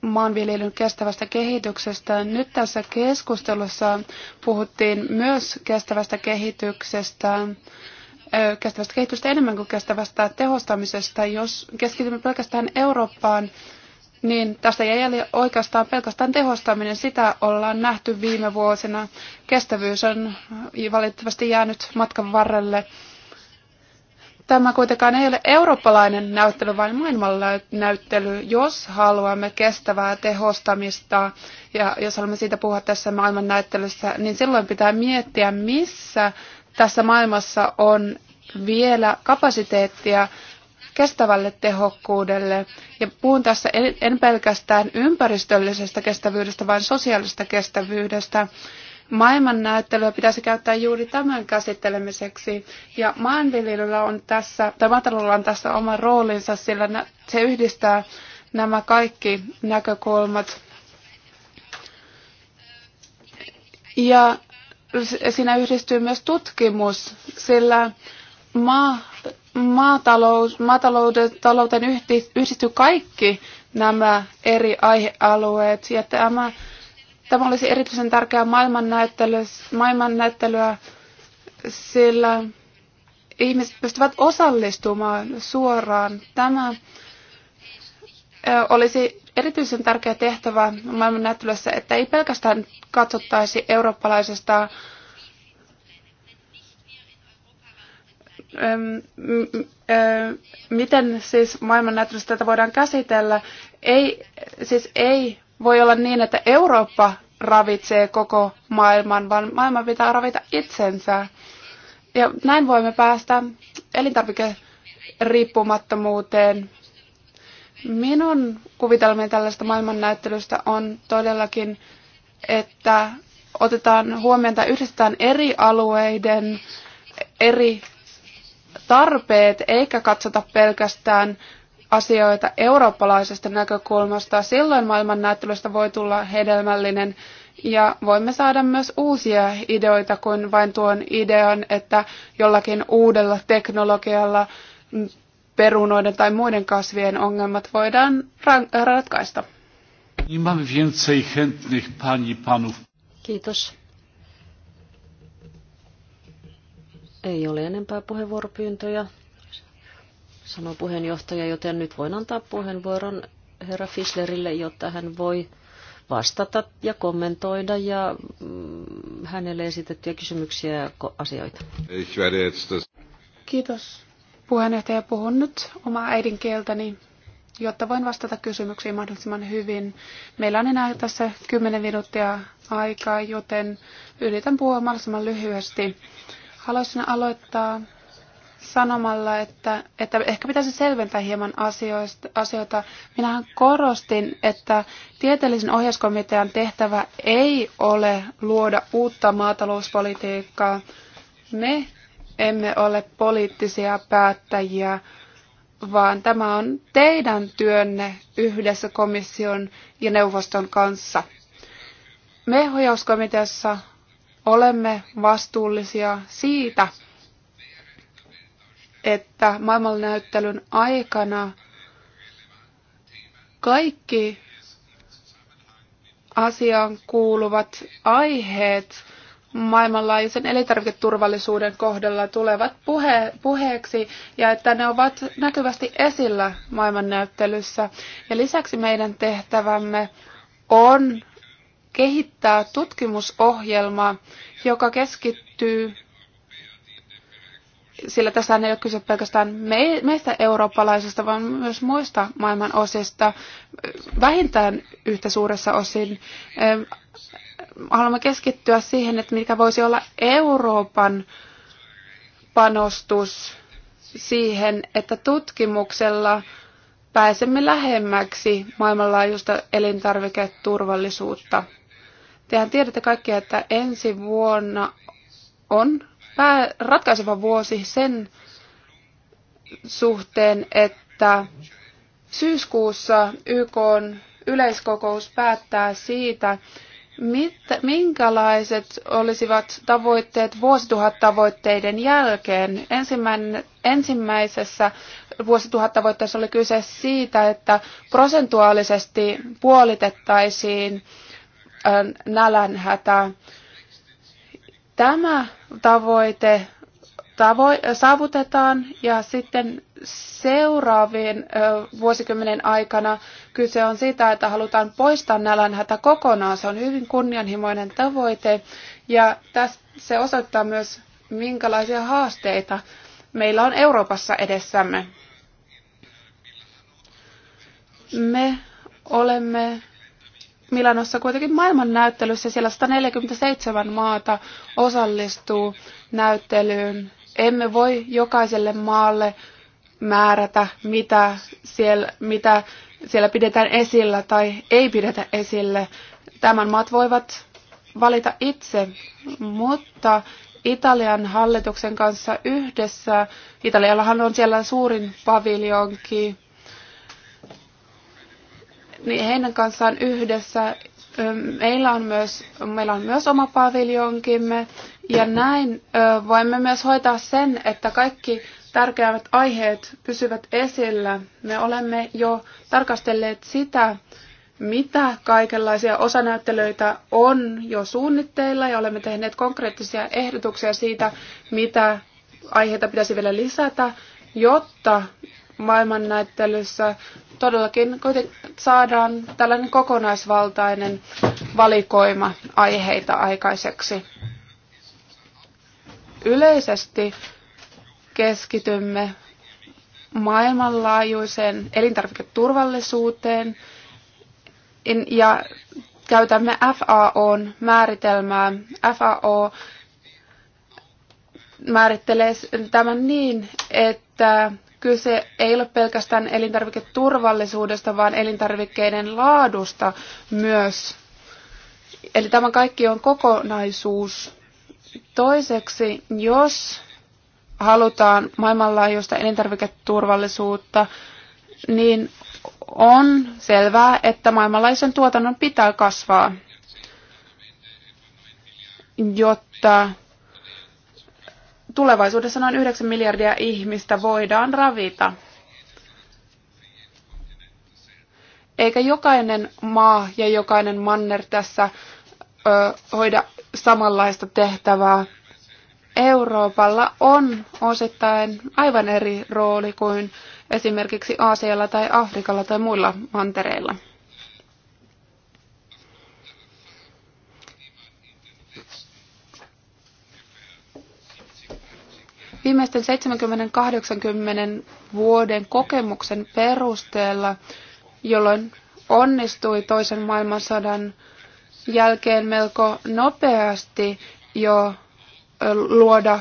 maanviljelyn kestävästä kehityksestä. Nyt tässä keskustelussa puhuttiin myös kestävästä kehityksestä, kestävästä kehitystä enemmän kuin kestävästä tehostamisesta. Jos keskitymme pelkästään Eurooppaan, niin tästä jäi oikeastaan pelkästään tehostaminen. Sitä ollaan nähty viime vuosina. Kestävyys on valitettavasti jäänyt matkan varrelle tämä kuitenkaan ei ole eurooppalainen näyttely, vaan maailmannäyttely, jos haluamme kestävää tehostamista ja jos haluamme siitä puhua tässä maailmannäyttelyssä, niin silloin pitää miettiä, missä tässä maailmassa on vielä kapasiteettia kestävälle tehokkuudelle. Ja puhun tässä en pelkästään ympäristöllisestä kestävyydestä, vaan sosiaalisesta kestävyydestä maailmannäyttelyä pitäisi käyttää juuri tämän käsittelemiseksi. Ja maanviljelyllä on tässä, tai maatalolla on tässä oma roolinsa, sillä se yhdistää nämä kaikki näkökulmat. Ja siinä yhdistyy myös tutkimus, sillä maa, maatalous, talouteen yhdistyy kaikki nämä eri aihealueet. Ja tämä Tämä olisi erityisen tärkeää maailmannäyttelyä, sillä ihmiset pystyvät osallistumaan suoraan. Tämä olisi erityisen tärkeä tehtävä maailmannäyttelyssä, että ei pelkästään katsottaisi eurooppalaisesta miten siis maailmannäyttelystä tätä voidaan käsitellä. Ei, siis ei voi olla niin, että Eurooppa ravitsee koko maailman, vaan maailman pitää ravita itsensä. Ja näin voimme päästä elintarvikeriippumattomuuteen. Minun kuvitelmieni tällaista maailmannäyttelystä on todellakin, että otetaan huomioon tai yhdistetään eri alueiden eri tarpeet, eikä katsota pelkästään asioita eurooppalaisesta näkökulmasta. Silloin maailmannäyttelystä voi tulla hedelmällinen ja voimme saada myös uusia ideoita kuin vain tuon idean, että jollakin uudella teknologialla perunoiden tai muiden kasvien ongelmat voidaan ratkaista. Kiitos. Ei ole enempää puheenvuoropyyntöjä sanoi puheenjohtaja, joten nyt voin antaa puheenvuoron herra Fischlerille, jotta hän voi vastata ja kommentoida ja mm, hänelle esitettyjä kysymyksiä ja asioita. Kiitos. Puheenjohtaja, puhun nyt omaa äidinkieltäni, jotta voin vastata kysymyksiin mahdollisimman hyvin. Meillä on enää tässä 10 minuuttia aikaa, joten yritän puhua mahdollisimman lyhyesti. Haluaisin aloittaa sanomalla, että, että ehkä pitäisi selventää hieman asioista, asioita. Minähän korostin, että tieteellisen ohjauskomitean tehtävä ei ole luoda uutta maatalouspolitiikkaa. Me emme ole poliittisia päättäjiä, vaan tämä on teidän työnne yhdessä komission ja neuvoston kanssa. Me ohjauskomiteassa olemme vastuullisia siitä, että maailmannäyttelyn aikana kaikki asiaan kuuluvat aiheet maailmanlaajuisen elintarviketurvallisuuden kohdalla tulevat puhe, puheeksi ja että ne ovat näkyvästi esillä maailmannäyttelyssä. Ja lisäksi meidän tehtävämme on kehittää tutkimusohjelma, joka keskittyy sillä tässä ei ole kyse pelkästään me, meistä eurooppalaisista, vaan myös muista maailman osista, vähintään yhtä suuressa osin. Haluamme keskittyä siihen, että mikä voisi olla Euroopan panostus siihen, että tutkimuksella pääsemme lähemmäksi maailmanlaajuista elintarviketurvallisuutta. Tehän tiedätte kaikki, että ensi vuonna on pää, ratkaiseva vuosi sen suhteen, että syyskuussa YK yleiskokous päättää siitä, mit, minkälaiset olisivat tavoitteet vuosituhattavoitteiden jälkeen. Ensimmäinen, ensimmäisessä vuosituhattavoitteessa oli kyse siitä, että prosentuaalisesti puolitettaisiin nälänhätä tämä tavoite tavo- saavutetaan ja sitten seuraavien vuosikymmenen aikana kyse on siitä, että halutaan poistaa nälänhätä kokonaan. Se on hyvin kunnianhimoinen tavoite ja tästä se osoittaa myös, minkälaisia haasteita meillä on Euroopassa edessämme. Me olemme Milanossa kuitenkin maailman näyttelyssä Siellä 147 maata osallistuu näyttelyyn. Emme voi jokaiselle maalle määrätä, mitä siellä, mitä siellä pidetään esillä tai ei pidetä esille. Tämän maat voivat valita itse, mutta Italian hallituksen kanssa yhdessä, Italiallahan on siellä suurin paviljonki, niin heidän kanssaan yhdessä. Meillä on myös, meillä on myös oma paviljonkimme ja näin voimme myös hoitaa sen, että kaikki tärkeät aiheet pysyvät esillä. Me olemme jo tarkastelleet sitä, mitä kaikenlaisia osanäyttelyitä on jo suunnitteilla ja olemme tehneet konkreettisia ehdotuksia siitä, mitä aiheita pitäisi vielä lisätä, jotta maailmannäyttelyssä todellakin saadaan tällainen kokonaisvaltainen valikoima aiheita aikaiseksi. Yleisesti keskitymme maailmanlaajuiseen elintarviketurvallisuuteen ja käytämme FAOn määritelmää. FAO määrittelee tämän niin, että Kyse ei ole pelkästään elintarviketurvallisuudesta, vaan elintarvikkeiden laadusta myös. Eli tämä kaikki on kokonaisuus. Toiseksi, jos halutaan maailmanlaajuista elintarviketurvallisuutta, niin on selvää, että maailmanlaisen tuotannon pitää kasvaa, jotta tulevaisuudessa noin 9 miljardia ihmistä voidaan ravita. Eikä jokainen maa ja jokainen manner tässä ö, hoida samanlaista tehtävää. Euroopalla on osittain aivan eri rooli kuin esimerkiksi Aasialla tai Afrikalla tai muilla mantereilla. Viimeisten 70-80 vuoden kokemuksen perusteella, jolloin onnistui toisen maailmansodan jälkeen melko nopeasti jo luoda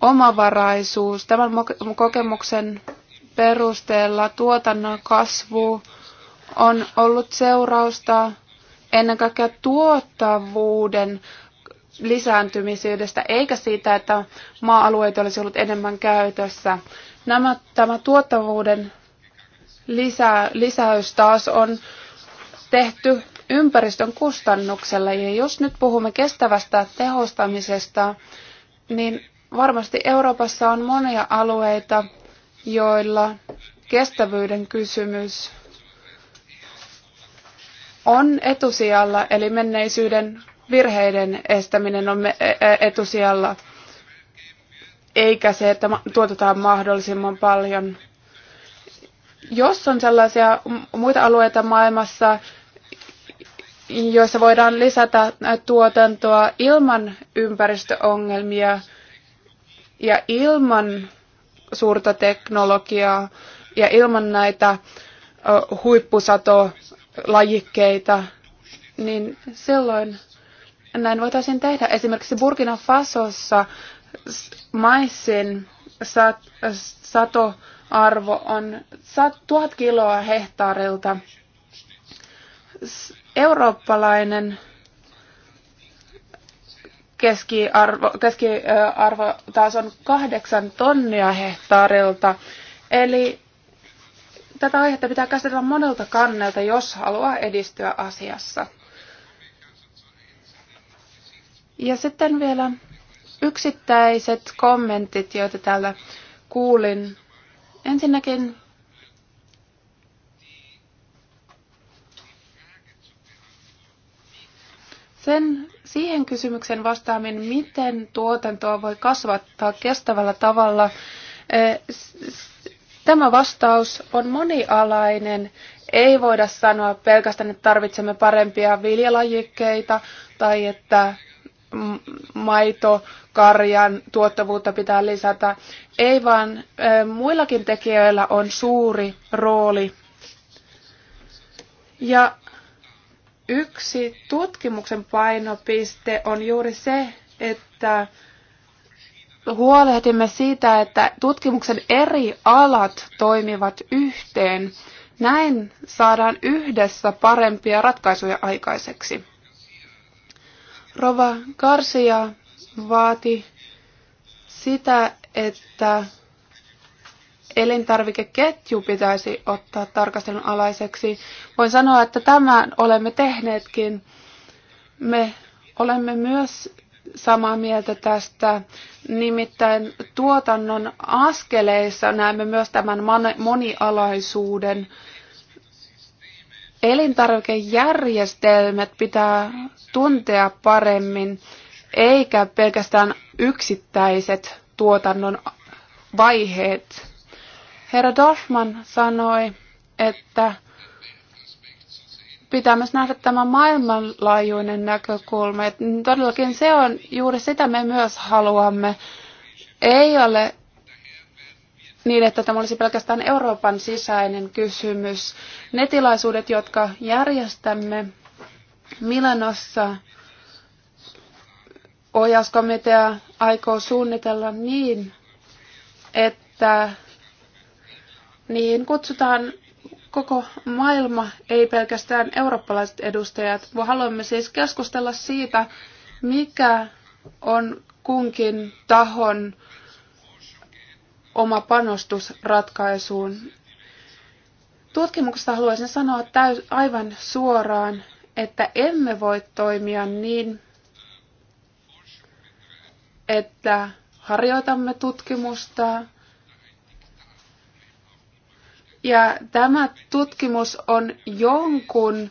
omavaraisuus. Tämän kokemuksen perusteella tuotannon kasvu on ollut seurausta ennen kaikkea tuottavuuden lisääntymisyydestä eikä siitä, että maa-alueita olisi ollut enemmän käytössä. Nämä, tämä tuottavuuden lisä, lisäys taas on tehty ympäristön kustannuksella. Ja jos nyt puhumme kestävästä tehostamisesta, niin varmasti Euroopassa on monia alueita, joilla kestävyyden kysymys on etusijalla, eli menneisyyden virheiden estäminen on e- e- etusijalla, eikä se, että tuotetaan mahdollisimman paljon. Jos on sellaisia muita alueita maailmassa, joissa voidaan lisätä tuotantoa ilman ympäristöongelmia ja ilman suurta teknologiaa ja ilman näitä huippusatolajikkeita, niin silloin näin voitaisiin tehdä. Esimerkiksi Burkina Fasossa maissin sat, satoarvo on 1000 kiloa hehtaarilta. Eurooppalainen keskiarvo, keskiarvo taas on kahdeksan tonnia hehtaarilta. Eli tätä aihetta pitää käsitellä monelta kannelta, jos haluaa edistyä asiassa. Ja sitten vielä yksittäiset kommentit, joita täällä kuulin. Ensinnäkin sen, siihen kysymyksen vastaaminen, miten tuotantoa voi kasvattaa kestävällä tavalla, eh, tämä vastaus on monialainen. Ei voida sanoa pelkästään, että tarvitsemme parempia viljalajikkeita tai että maito, karjan tuottavuutta pitää lisätä. Ei vaan muillakin tekijöillä on suuri rooli. Ja yksi tutkimuksen painopiste on juuri se, että huolehdimme siitä, että tutkimuksen eri alat toimivat yhteen. Näin saadaan yhdessä parempia ratkaisuja aikaiseksi. Rova Garcia vaati sitä, että elintarvikeketju pitäisi ottaa tarkastelun alaiseksi. Voin sanoa, että tämän olemme tehneetkin. Me olemme myös samaa mieltä tästä. Nimittäin tuotannon askeleissa näemme myös tämän monialaisuuden elintarvikejärjestelmät pitää tuntea paremmin, eikä pelkästään yksittäiset tuotannon vaiheet. Herra Dorfman sanoi, että pitää myös nähdä tämä maailmanlaajuinen näkökulma. Että todellakin se on juuri sitä me myös haluamme. Ei ole niin, että tämä olisi pelkästään Euroopan sisäinen kysymys. Ne tilaisuudet, jotka järjestämme Milanossa, ohjauskomitea aikoo suunnitella niin, että niin kutsutaan koko maailma, ei pelkästään eurooppalaiset edustajat. Haluamme siis keskustella siitä, mikä on kunkin tahon oma panostus ratkaisuun. Tutkimuksesta haluaisin sanoa täys, aivan suoraan, että emme voi toimia niin, että harjoitamme tutkimusta. Ja tämä tutkimus on jonkun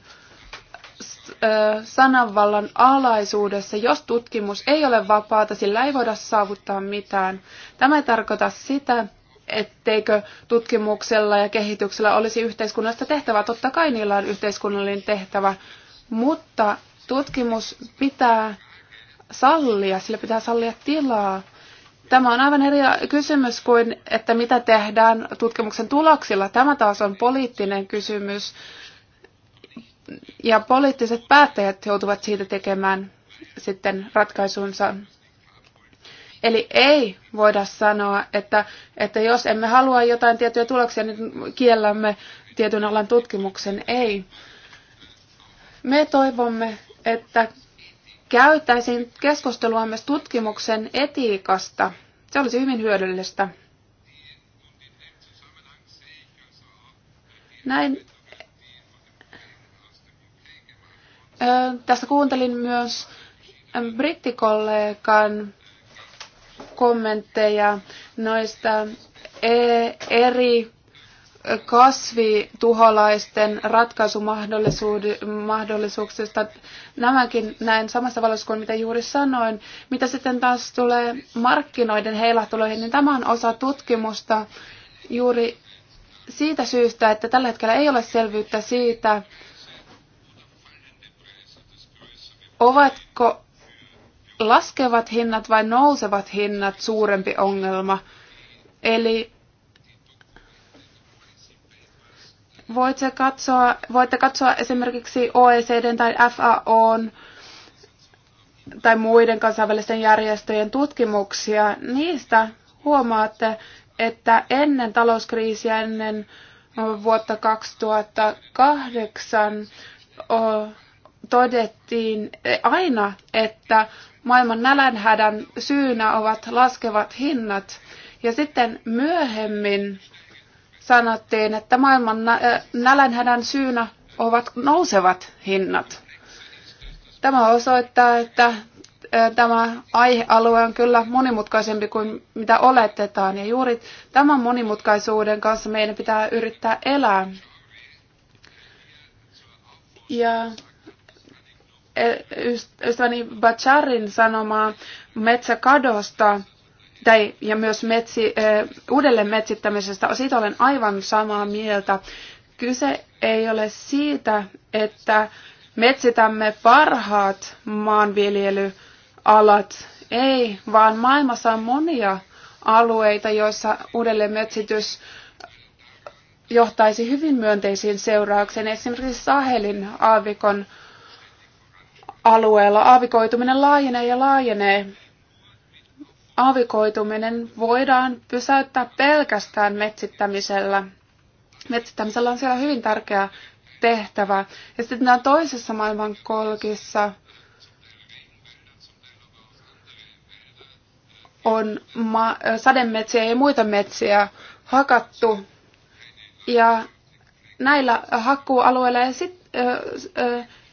sananvallan alaisuudessa, jos tutkimus ei ole vapaata, sillä ei voida saavuttaa mitään. Tämä ei tarkoita sitä, etteikö tutkimuksella ja kehityksellä olisi yhteiskunnallista tehtävää. Totta kai niillä on yhteiskunnallinen tehtävä, mutta tutkimus pitää sallia, sillä pitää sallia tilaa. Tämä on aivan eri kysymys kuin, että mitä tehdään tutkimuksen tuloksilla. Tämä taas on poliittinen kysymys ja poliittiset päättäjät joutuvat siitä tekemään sitten ratkaisunsa. Eli ei voida sanoa, että, että jos emme halua jotain tiettyjä tuloksia, niin kiellämme tietyn alan tutkimuksen. Ei. Me toivomme, että käytäisiin keskustelua myös tutkimuksen etiikasta. Se olisi hyvin hyödyllistä. Näin Tässä kuuntelin myös brittikollegan kommentteja noista e, eri kasvituholaisten ratkaisumahdollisuuksista. Nämäkin näin samassa valossa kuin mitä juuri sanoin. Mitä sitten taas tulee markkinoiden heilahteluihin, niin tämä on osa tutkimusta juuri siitä syystä, että tällä hetkellä ei ole selvyyttä siitä, Ovatko laskevat hinnat vai nousevat hinnat suurempi ongelma? Eli voitte katsoa, voitte katsoa esimerkiksi OECD tai FAOn tai muiden kansainvälisten järjestöjen tutkimuksia. Niistä huomaatte, että ennen talouskriisiä, ennen vuotta 2008, todettiin eh, aina, että maailman nälänhädän syynä ovat laskevat hinnat. Ja sitten myöhemmin sanottiin, että maailman eh, nälänhädän syynä ovat nousevat hinnat. Tämä osoittaa, että eh, tämä aihealue on kyllä monimutkaisempi kuin mitä oletetaan. Ja juuri tämän monimutkaisuuden kanssa meidän pitää yrittää elää. Ja ystäväni Bacharin sanomaa metsäkadosta tai, ja myös metsi, eh, uudelleen metsittämisestä, siitä olen aivan samaa mieltä. Kyse ei ole siitä, että metsitämme parhaat maanviljelyalat. Ei, vaan maailmassa on monia alueita, joissa uudelleen metsitys johtaisi hyvin myönteisiin seurauksiin. Esimerkiksi Sahelin aavikon alueella aavikoituminen laajenee ja laajenee. Aavikoituminen voidaan pysäyttää pelkästään metsittämisellä. Metsittämisellä on siellä hyvin tärkeä tehtävä. Ja sitten nämä toisessa maailmankolkissa on ma- sademetsiä ja muita metsiä hakattu. Ja näillä hakkuualueilla ja sitten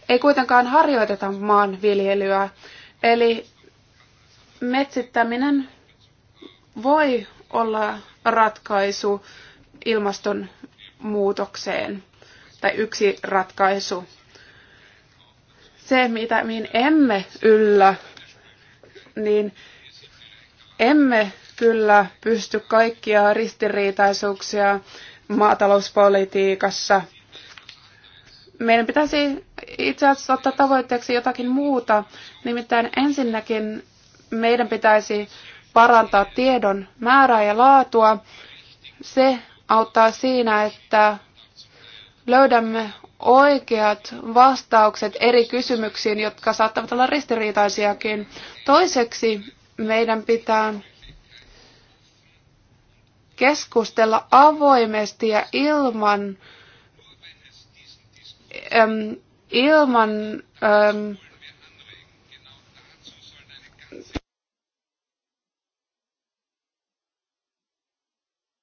ei kuitenkaan harjoiteta maanviljelyä. Eli metsittäminen voi olla ratkaisu ilmastonmuutokseen tai yksi ratkaisu. Se, mitä, mihin emme yllä, niin emme kyllä pysty kaikkia ristiriitaisuuksia maatalouspolitiikassa – meidän pitäisi itse asiassa ottaa tavoitteeksi jotakin muuta. Nimittäin ensinnäkin meidän pitäisi parantaa tiedon määrää ja laatua. Se auttaa siinä, että löydämme oikeat vastaukset eri kysymyksiin, jotka saattavat olla ristiriitaisiakin. Toiseksi meidän pitää keskustella avoimesti ja ilman ähm, ilman äm,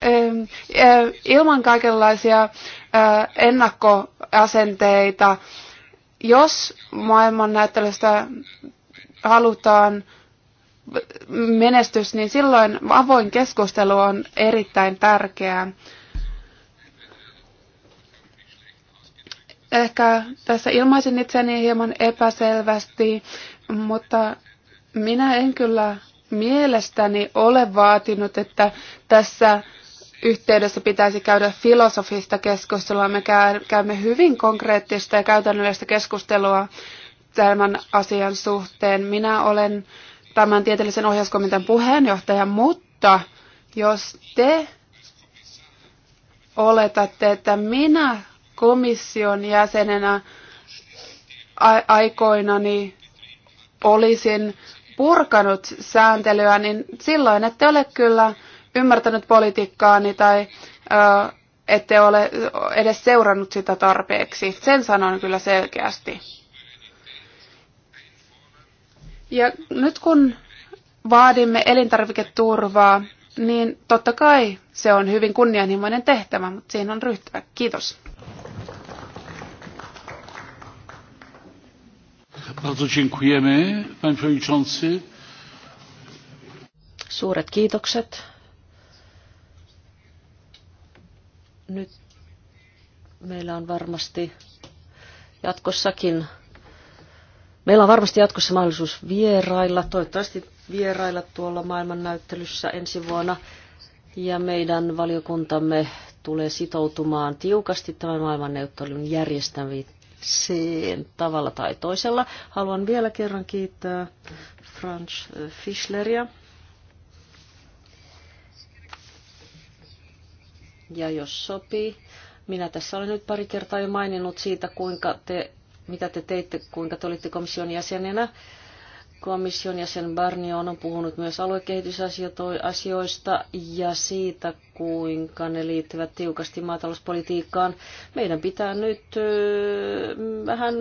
ähm, äh, ilman kaikenlaisia äh, ennakkoasenteita, jos maailman näyttelystä halutaan menestys, niin silloin avoin keskustelu on erittäin tärkeää. Ehkä tässä ilmaisin itseni hieman epäselvästi, mutta minä en kyllä mielestäni ole vaatinut, että tässä yhteydessä pitäisi käydä filosofista keskustelua. Me käymme hyvin konkreettista ja käytännöllistä keskustelua tämän asian suhteen. Minä olen tämän tieteellisen ohjauskomitean puheenjohtaja, mutta jos te oletatte, että minä komission jäsenenä aikoinani olisin purkanut sääntelyä, niin silloin ette ole kyllä ymmärtänyt politiikkaani tai ö, ette ole edes seurannut sitä tarpeeksi. Sen sanon kyllä selkeästi. Ja nyt kun vaadimme elintarviketurvaa, niin totta kai se on hyvin kunnianhimoinen tehtävä, mutta siihen on ryhtyä. Kiitos. Bardzo dziękujemy, panie przewodniczący. Suuret kiitokset. Nyt meillä on varmasti jatkossakin Meillä on varmasti jatkossa mahdollisuus vierailla, toivottavasti vierailla tuolla maailmannäyttelyssä ensi vuonna. Ja meidän valiokuntamme tulee sitoutumaan tiukasti tämän maailmannäyttelyn sen tavalla tai toisella. Haluan vielä kerran kiittää Franz Fischleria. Ja jos sopii, minä tässä olen nyt pari kertaa jo maininnut siitä, kuinka te, mitä te teitte, kuinka te olitte komission jäsenenä Komission jäsen Barnion on puhunut myös aluekehitysasioista ja siitä, kuinka ne liittyvät tiukasti maatalouspolitiikkaan. Meidän pitää nyt vähän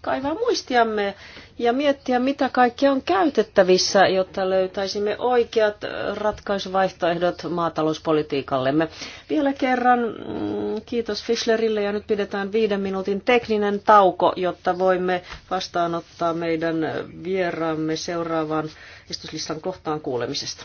kaivaa muistiamme ja miettiä, mitä kaikkea on käytettävissä, jotta löytäisimme oikeat ratkaisuvaihtoehdot maatalouspolitiikallemme. Vielä kerran mm, kiitos Fischlerille ja nyt pidetään viiden minuutin tekninen tauko, jotta voimme vastaanottaa meidän vieraamme seuraavaan istuslistan kohtaan kuulemisesta.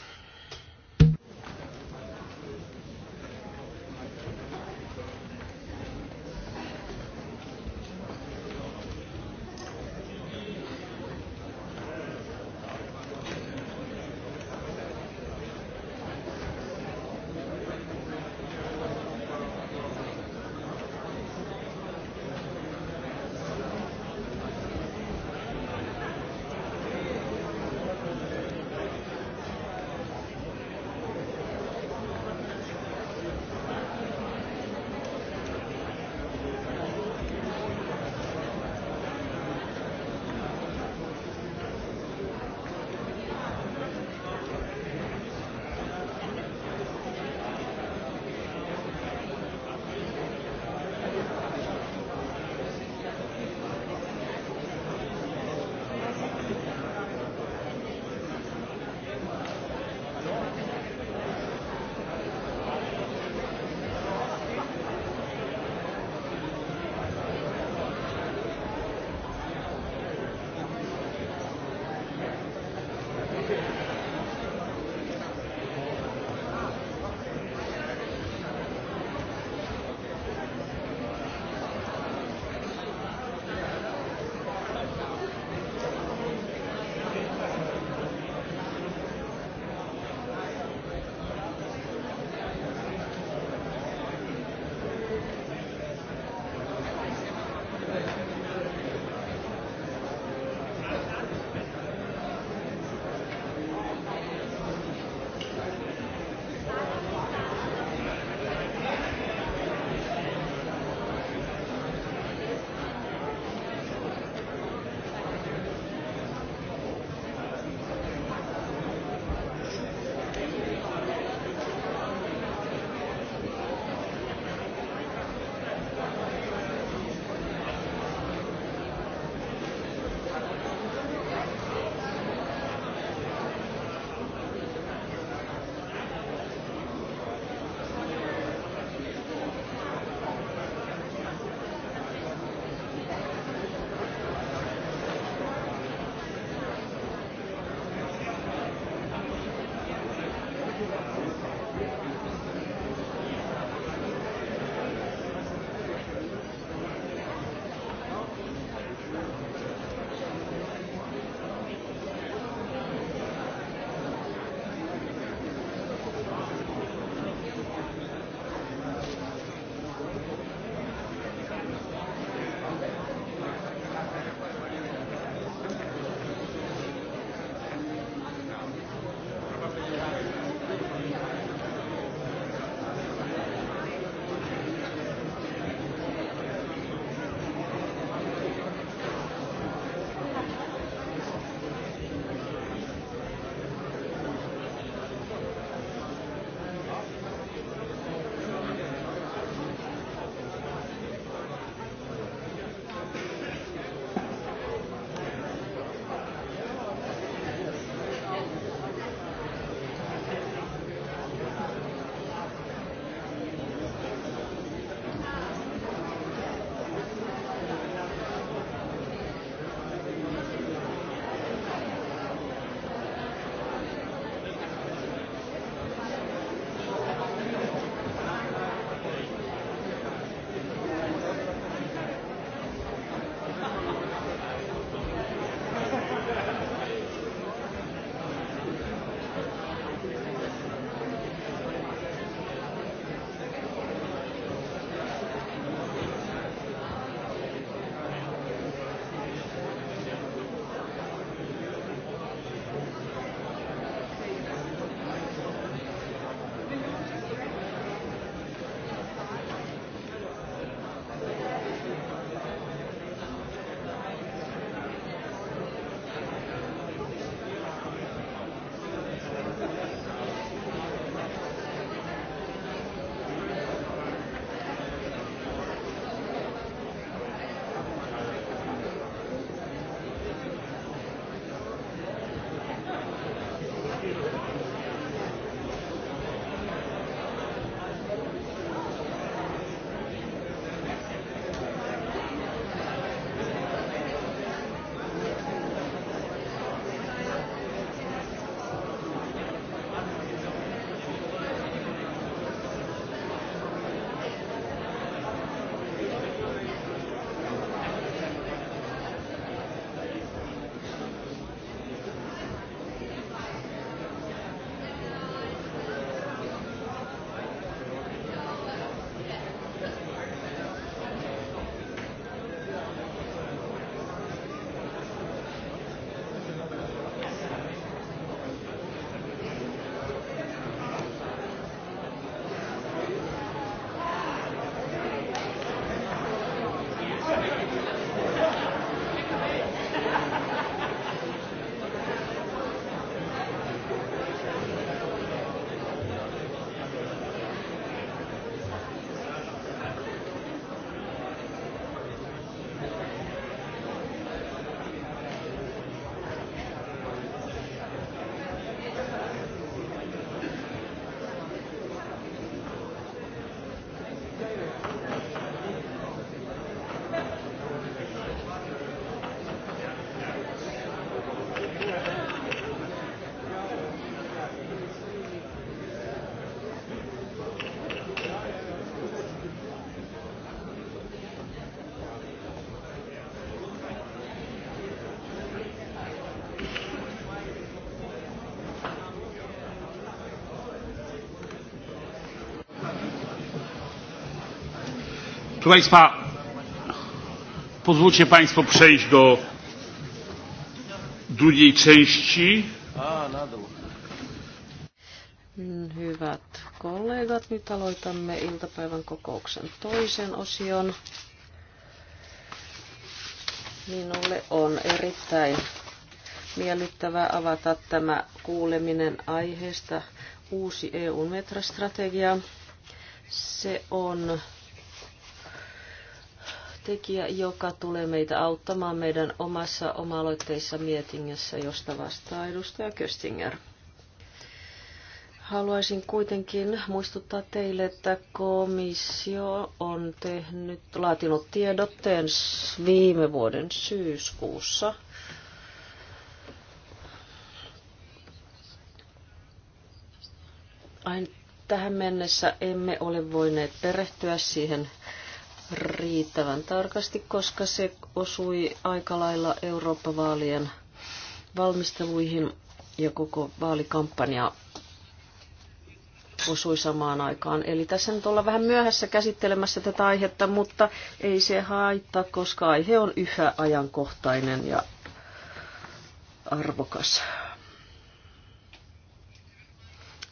Proszę Państwa, pozwólcie Państwo przejść do drugiej części. Hyvät kollegat, nyt aloitamme iltapäivän kokouksen toisen osion. Minulle on erittäin miellyttävää avata tämä kuuleminen aiheesta uusi EU-metrastrategia. Se on tekijä, joka tulee meitä auttamaan meidän omassa oma-aloitteissa mietinnössä, josta vastaa edustaja Köstinger. Haluaisin kuitenkin muistuttaa teille, että komissio on tehnyt, laatinut tiedotteen viime vuoden syyskuussa. Ain tähän mennessä emme ole voineet perehtyä siihen riittävän tarkasti, koska se osui aika lailla Eurooppa-vaalien valmisteluihin ja koko vaalikampanja osui samaan aikaan. Eli tässä nyt ollaan vähän myöhässä käsittelemässä tätä aihetta, mutta ei se haittaa, koska aihe on yhä ajankohtainen ja arvokas.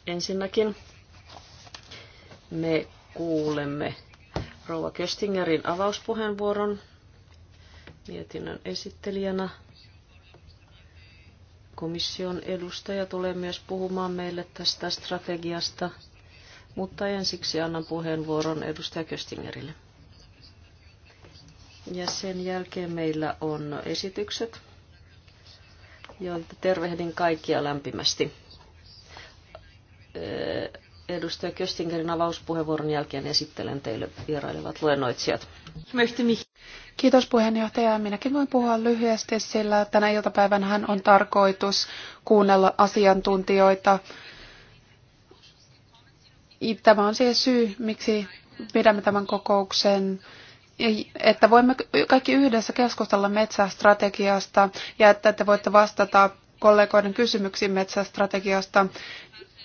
Ensinnäkin me kuulemme rouva Köstingerin avauspuheenvuoron mietinnön esittelijänä. Komission edustaja tulee myös puhumaan meille tästä strategiasta, mutta ensiksi annan puheenvuoron edustaja Köstingerille. Ja sen jälkeen meillä on esitykset, joita tervehdin kaikkia lämpimästi Edustaja Köstingerin avauspuheenvuoron jälkeen esittelen teille vierailevat luennoitsijat. Kiitos puheenjohtaja. Minäkin voin puhua lyhyesti, sillä tänä iltapäivän on tarkoitus kuunnella asiantuntijoita. Tämä on siis syy, miksi pidämme tämän kokouksen että voimme kaikki yhdessä keskustella metsästrategiasta ja että te voitte vastata kollegoiden kysymyksiin metsästrategiasta.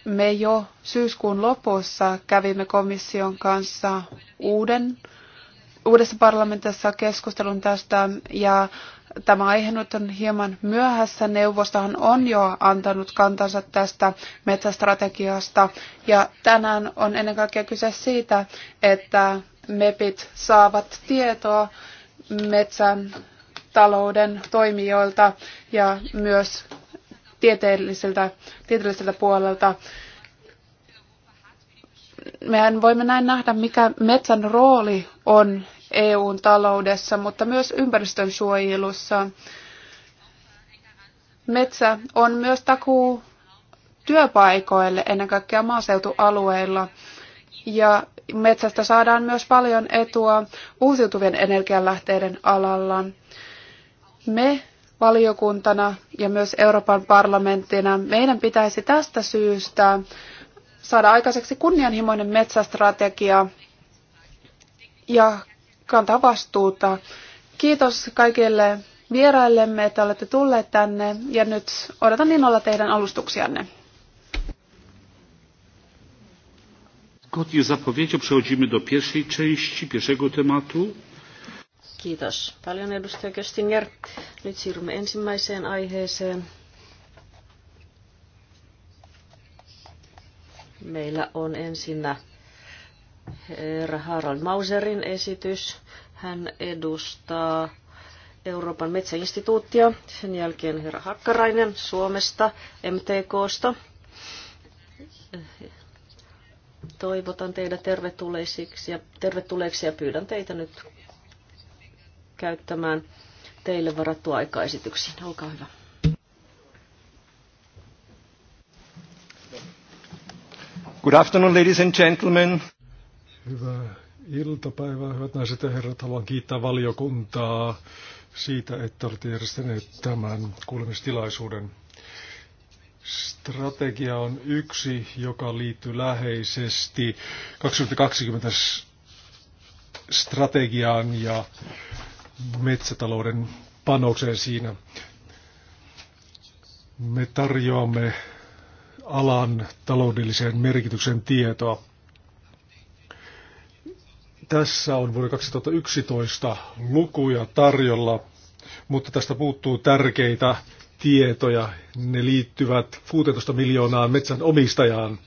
Me jo syyskuun lopussa kävimme komission kanssa uuden, uudessa parlamentissa keskustelun tästä ja tämä aihe nyt on hieman myöhässä. Neuvostohan on jo antanut kantansa tästä metsästrategiasta ja tänään on ennen kaikkea kyse siitä, että MEPit saavat tietoa metsän talouden toimijoilta ja myös tieteelliseltä, tieteelliseltä puolelta. Mehän voimme näin nähdä, mikä metsän rooli on EUn taloudessa, mutta myös ympäristön suojelussa. Metsä on myös takuu työpaikoille, ennen kaikkea maaseutualueilla. Ja metsästä saadaan myös paljon etua uusiutuvien energialähteiden alalla. Me valiokuntana ja myös Euroopan parlamenttina meidän pitäisi tästä syystä saada aikaiseksi kunnianhimoinen metsästrategia ja kantaa vastuuta. Kiitos kaikille vieraillemme, että olette tulleet tänne ja nyt odotan innolla teidän alustuksianne. Zgodnie z zapowiedzią przechodzimy do pierwszej części, pierwszego tematu. Kiitos paljon edustaja Köstinger. Nyt siirrymme ensimmäiseen aiheeseen. Meillä on ensinnä herra Harald Mauserin esitys. Hän edustaa Euroopan metsäinstituuttia. Sen jälkeen herra Hakkarainen Suomesta, MTKsta. Toivotan teidät tervetulleiksi ja, tervetulleeksi ja pyydän teitä nyt käyttämään teille varattua aikaa esityksiin. Olkaa hyvä. Good afternoon, ladies and gentlemen. Hyvää iltapäivää, hyvät naiset ja herrat. Haluan kiittää valiokuntaa siitä, että olette järjestäneet tämän kuulemistilaisuuden. Strategia on yksi, joka liittyy läheisesti 2020 strategiaan ja metsätalouden panokseen siinä. Me tarjoamme alan taloudelliseen merkityksen tietoa. Tässä on vuoden 2011 lukuja tarjolla, mutta tästä puuttuu tärkeitä tietoja. Ne liittyvät 16 miljoonaan metsän omistajaan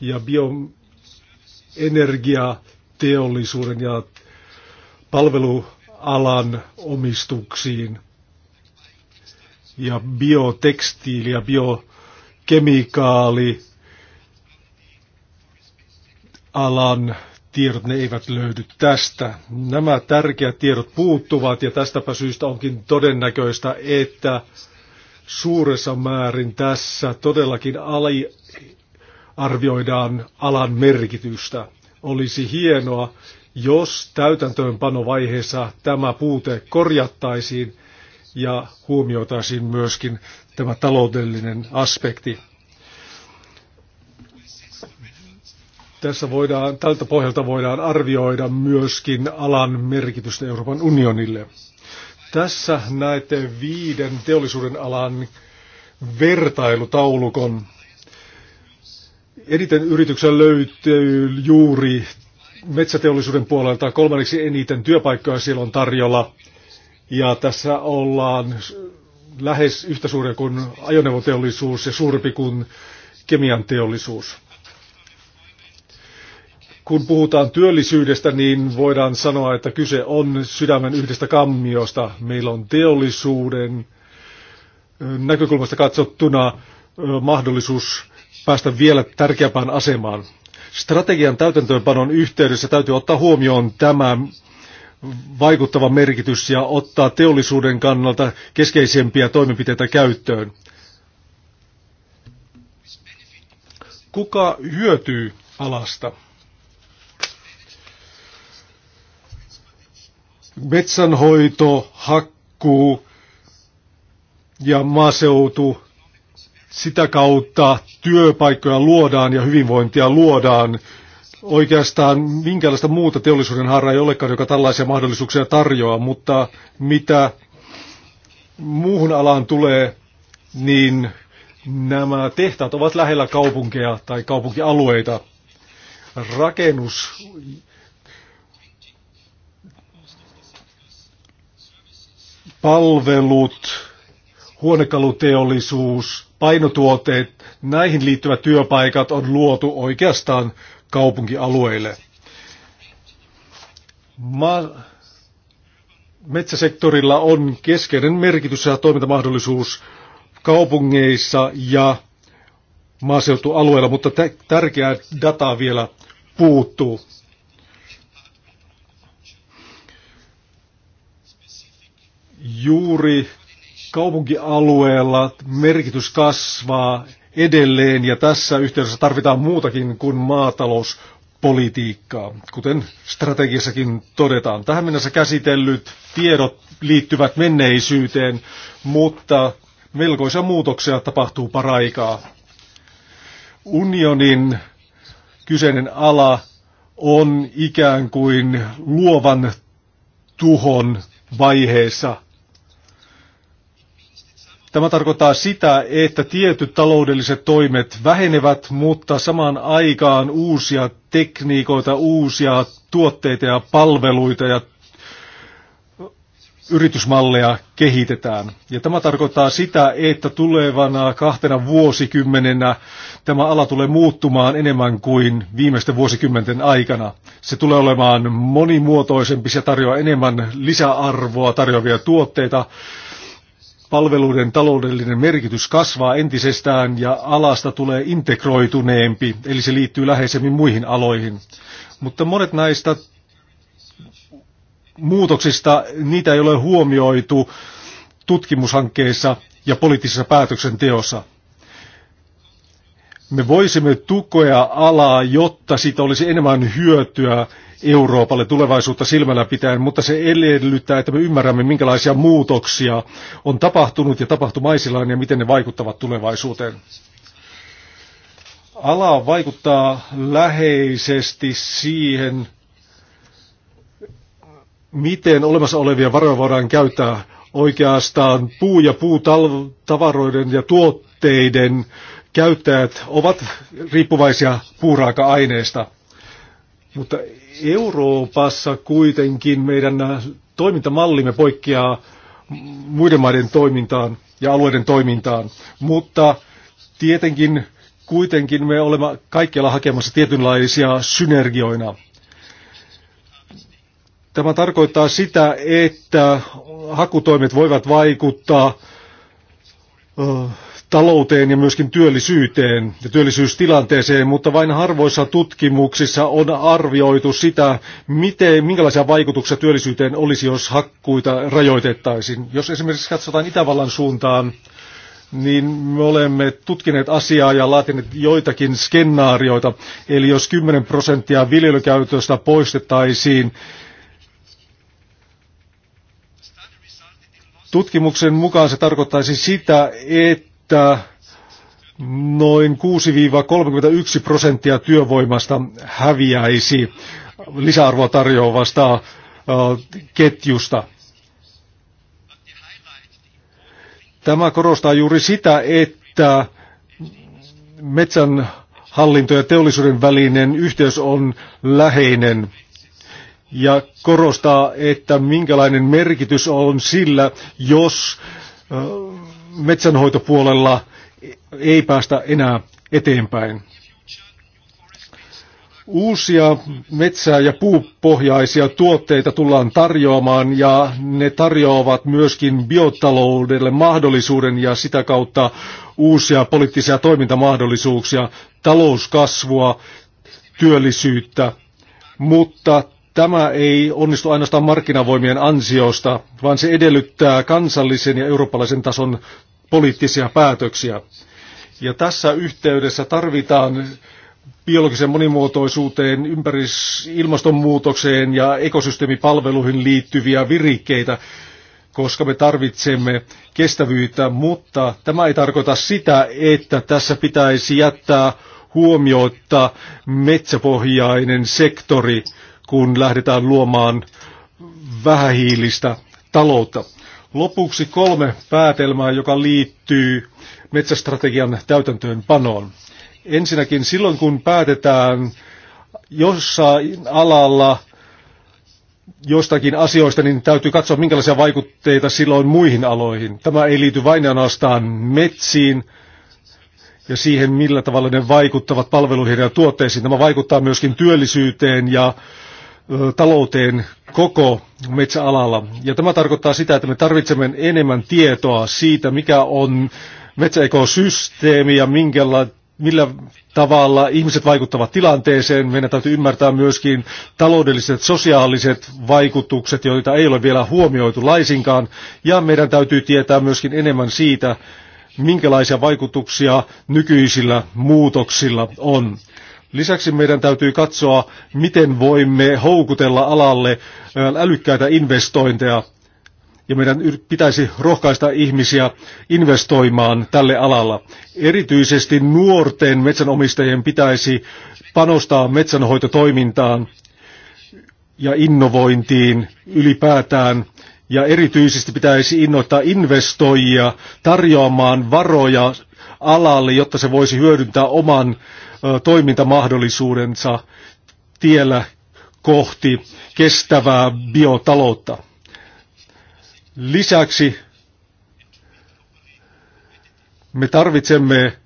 ja bioenergia, teollisuuden ja palvelu alan omistuksiin ja biotekstiili ja biokemikaali alan tiedot, ne eivät löydy tästä. Nämä tärkeät tiedot puuttuvat ja tästäpä syystä onkin todennäköistä, että suuressa määrin tässä todellakin ali arvioidaan alan merkitystä. Olisi hienoa, jos täytäntöönpanovaiheessa tämä puute korjattaisiin ja huomioitaisiin myöskin tämä taloudellinen aspekti. Tässä voidaan, tältä pohjalta voidaan arvioida myöskin alan merkitystä Euroopan unionille. Tässä näette viiden teollisuuden alan vertailutaulukon. Eniten yrityksen löytyy juuri metsäteollisuuden puolelta kolmanneksi eniten työpaikkoja siellä on tarjolla. Ja tässä ollaan lähes yhtä suuria kuin ajoneuvoteollisuus ja suurempi kuin kemian teollisuus. Kun puhutaan työllisyydestä, niin voidaan sanoa, että kyse on sydämen yhdestä kammiosta. Meillä on teollisuuden näkökulmasta katsottuna mahdollisuus päästä vielä tärkeämpään asemaan. Strategian täytäntöönpanon yhteydessä täytyy ottaa huomioon tämä vaikuttava merkitys ja ottaa teollisuuden kannalta keskeisempiä toimenpiteitä käyttöön. Kuka hyötyy alasta? Metsänhoito, hakkuu ja maaseutu sitä kautta työpaikkoja luodaan ja hyvinvointia luodaan. Oikeastaan minkälaista muuta teollisuuden haaraa ei olekaan, joka tällaisia mahdollisuuksia tarjoaa, mutta mitä muuhun alaan tulee, niin nämä tehtaat ovat lähellä kaupunkeja tai kaupunkialueita. Rakennus palvelut huonekaluteollisuus, painotuotteet, näihin liittyvät työpaikat on luotu oikeastaan kaupunkialueille. Ma- metsäsektorilla on keskeinen merkitys ja toimintamahdollisuus kaupungeissa ja maaseutualueilla, mutta tärkeää dataa vielä puuttuu. Juuri kaupunkialueella merkitys kasvaa edelleen ja tässä yhteydessä tarvitaan muutakin kuin maatalouspolitiikkaa, kuten strategiassakin todetaan. Tähän mennessä käsitellyt tiedot liittyvät menneisyyteen, mutta melkoisia muutoksia tapahtuu paraikaa. Unionin kyseinen ala on ikään kuin luovan tuhon vaiheessa – Tämä tarkoittaa sitä, että tietyt taloudelliset toimet vähenevät, mutta samaan aikaan uusia tekniikoita, uusia tuotteita ja palveluita ja yritysmalleja kehitetään. Ja tämä tarkoittaa sitä, että tulevana kahtena vuosikymmenenä tämä ala tulee muuttumaan enemmän kuin viimeisten vuosikymmenten aikana. Se tulee olemaan monimuotoisempi, se tarjoaa enemmän lisäarvoa tarjoavia tuotteita, palveluiden taloudellinen merkitys kasvaa entisestään ja alasta tulee integroituneempi, eli se liittyy läheisemmin muihin aloihin. Mutta monet näistä muutoksista, niitä ei ole huomioitu tutkimushankkeissa ja poliittisessa päätöksenteossa. Me voisimme tukea alaa, jotta siitä olisi enemmän hyötyä Euroopalle tulevaisuutta silmällä pitäen, mutta se edellyttää, että me ymmärrämme, minkälaisia muutoksia on tapahtunut ja tapahtumaisillaan ja miten ne vaikuttavat tulevaisuuteen. Ala vaikuttaa läheisesti siihen, miten olemassa olevia varoja voidaan käyttää oikeastaan puu- ja puutavaroiden ja tuotteiden käyttäjät ovat riippuvaisia puuraaka-aineista. Mutta Euroopassa kuitenkin meidän toimintamallimme poikkeaa muiden maiden toimintaan ja alueiden toimintaan. Mutta tietenkin kuitenkin me olemme kaikkialla hakemassa tietynlaisia synergioina. Tämä tarkoittaa sitä, että hakutoimet voivat vaikuttaa talouteen ja myöskin työllisyyteen ja työllisyystilanteeseen, mutta vain harvoissa tutkimuksissa on arvioitu sitä, miten, minkälaisia vaikutuksia työllisyyteen olisi, jos hakkuita rajoitettaisiin. Jos esimerkiksi katsotaan Itävallan suuntaan, niin me olemme tutkineet asiaa ja laatineet joitakin skenaarioita. Eli jos 10 prosenttia viljelykäytöstä poistettaisiin, Tutkimuksen mukaan se tarkoittaisi sitä, että että noin 6-31 prosenttia työvoimasta häviäisi lisäarvoa tarjoavasta äh, ketjusta. Tämä korostaa juuri sitä, että metsän hallinto ja teollisuuden välinen yhteys on läheinen ja korostaa, että minkälainen merkitys on sillä, jos äh, metsänhoitopuolella ei päästä enää eteenpäin. Uusia metsää- ja puupohjaisia tuotteita tullaan tarjoamaan ja ne tarjoavat myöskin biotaloudelle mahdollisuuden ja sitä kautta uusia poliittisia toimintamahdollisuuksia, talouskasvua, työllisyyttä, mutta Tämä ei onnistu ainoastaan markkinavoimien ansiosta, vaan se edellyttää kansallisen ja eurooppalaisen tason poliittisia päätöksiä. Ja tässä yhteydessä tarvitaan biologisen monimuotoisuuteen, ilmastonmuutokseen ja ekosysteemipalveluihin liittyviä virikkeitä, koska me tarvitsemme kestävyyttä, mutta tämä ei tarkoita sitä, että tässä pitäisi jättää huomioitta metsäpohjainen sektori kun lähdetään luomaan vähähiilistä taloutta. Lopuksi kolme päätelmää, joka liittyy metsästrategian täytäntöönpanoon. Ensinnäkin silloin, kun päätetään jossain alalla jostakin asioista, niin täytyy katsoa, minkälaisia vaikutteita silloin muihin aloihin. Tämä ei liity vain ainoastaan metsiin ja siihen, millä tavalla ne vaikuttavat palveluihin ja tuotteisiin. Tämä vaikuttaa myöskin työllisyyteen ja talouteen koko metsäalalla. Ja tämä tarkoittaa sitä, että me tarvitsemme enemmän tietoa siitä, mikä on metsäekosysteemi ja minkälla, millä tavalla ihmiset vaikuttavat tilanteeseen. Meidän täytyy ymmärtää myöskin taloudelliset, sosiaaliset vaikutukset, joita ei ole vielä huomioitu laisinkaan. Ja meidän täytyy tietää myöskin enemmän siitä, minkälaisia vaikutuksia nykyisillä muutoksilla on. Lisäksi meidän täytyy katsoa, miten voimme houkutella alalle älykkäitä investointeja. Ja meidän pitäisi rohkaista ihmisiä investoimaan tälle alalla. Erityisesti nuorten metsänomistajien pitäisi panostaa metsänhoitotoimintaan ja innovointiin ylipäätään. Ja erityisesti pitäisi innoittaa investoijia tarjoamaan varoja alalle, jotta se voisi hyödyntää oman toimintamahdollisuudensa tiellä kohti kestävää biotaloutta. Lisäksi me tarvitsemme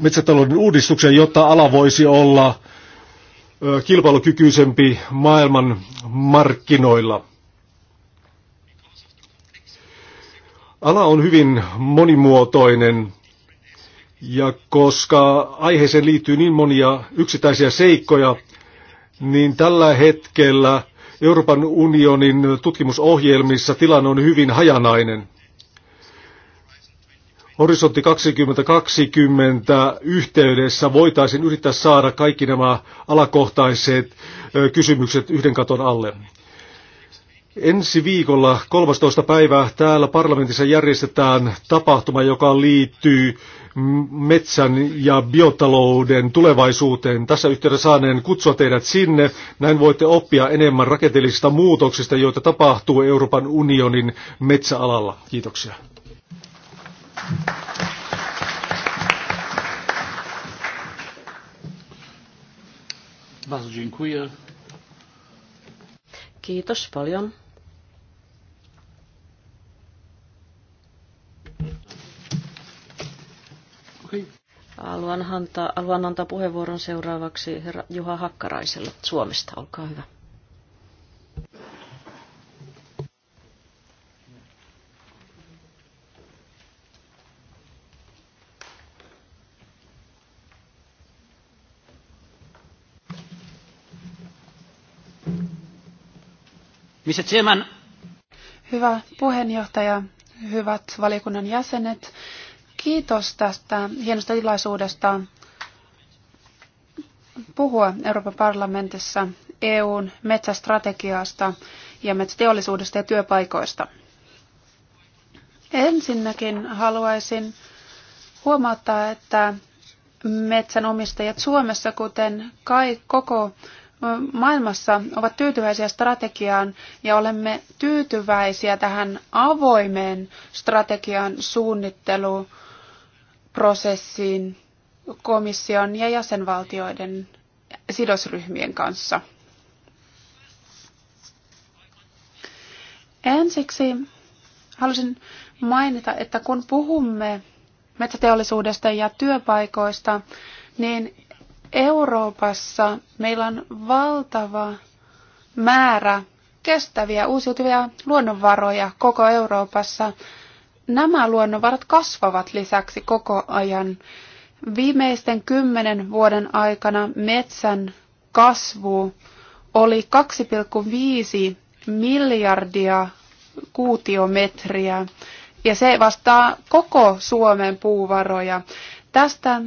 metsätalouden uudistuksen, jotta ala voisi olla kilpailukykyisempi maailman markkinoilla. Ala on hyvin monimuotoinen ja koska aiheeseen liittyy niin monia yksittäisiä seikkoja, niin tällä hetkellä Euroopan unionin tutkimusohjelmissa tilanne on hyvin hajanainen. Horisontti 2020 yhteydessä voitaisiin yrittää saada kaikki nämä alakohtaiset kysymykset yhden katon alle. Ensi viikolla 13. päivää täällä parlamentissa järjestetään tapahtuma, joka liittyy metsän ja biotalouden tulevaisuuteen. Tässä yhteydessä saaneen kutsua teidät sinne. Näin voitte oppia enemmän rakenteellisista muutoksista, joita tapahtuu Euroopan unionin metsäalalla. Kiitoksia. Kiitos paljon. Haluan antaa, haluan antaa puheenvuoron seuraavaksi herra Juha Hakkaraiselle Suomesta. Olkaa hyvä. Hyvä puheenjohtaja, hyvät valiokunnan jäsenet. Kiitos tästä hienosta tilaisuudesta puhua Euroopan parlamentissa EUn metsästrategiasta ja metsäteollisuudesta ja työpaikoista. Ensinnäkin haluaisin huomauttaa, että metsänomistajat Suomessa, kuten kai koko maailmassa, ovat tyytyväisiä strategiaan ja olemme tyytyväisiä tähän avoimeen strategian suunnitteluun prosessiin komission ja jäsenvaltioiden sidosryhmien kanssa. Ensiksi halusin mainita, että kun puhumme metsäteollisuudesta ja työpaikoista, niin Euroopassa meillä on valtava määrä kestäviä uusiutuvia luonnonvaroja koko Euroopassa nämä luonnonvarat kasvavat lisäksi koko ajan. Viimeisten kymmenen vuoden aikana metsän kasvu oli 2,5 miljardia kuutiometriä ja se vastaa koko Suomen puuvaroja. Tästä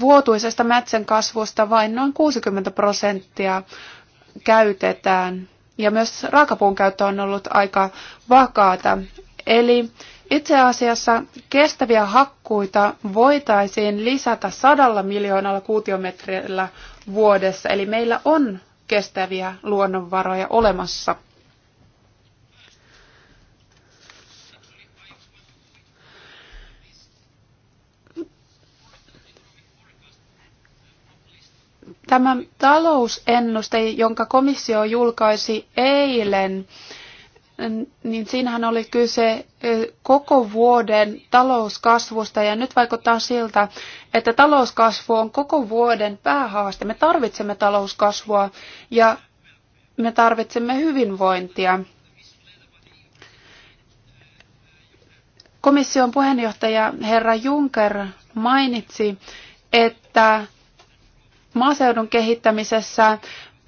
vuotuisesta metsän kasvusta vain noin 60 prosenttia käytetään ja myös raakapuun käyttö on ollut aika vakaata. Eli itse asiassa kestäviä hakkuita voitaisiin lisätä sadalla miljoonalla kuutiometrillä vuodessa, eli meillä on kestäviä luonnonvaroja olemassa. Tämä talousennuste, jonka komissio julkaisi eilen, niin siinähän oli kyse koko vuoden talouskasvusta ja nyt vaikuttaa siltä, että talouskasvu on koko vuoden päähaaste. Me tarvitsemme talouskasvua ja me tarvitsemme hyvinvointia. Komission puheenjohtaja herra Juncker mainitsi, että maaseudun kehittämisessä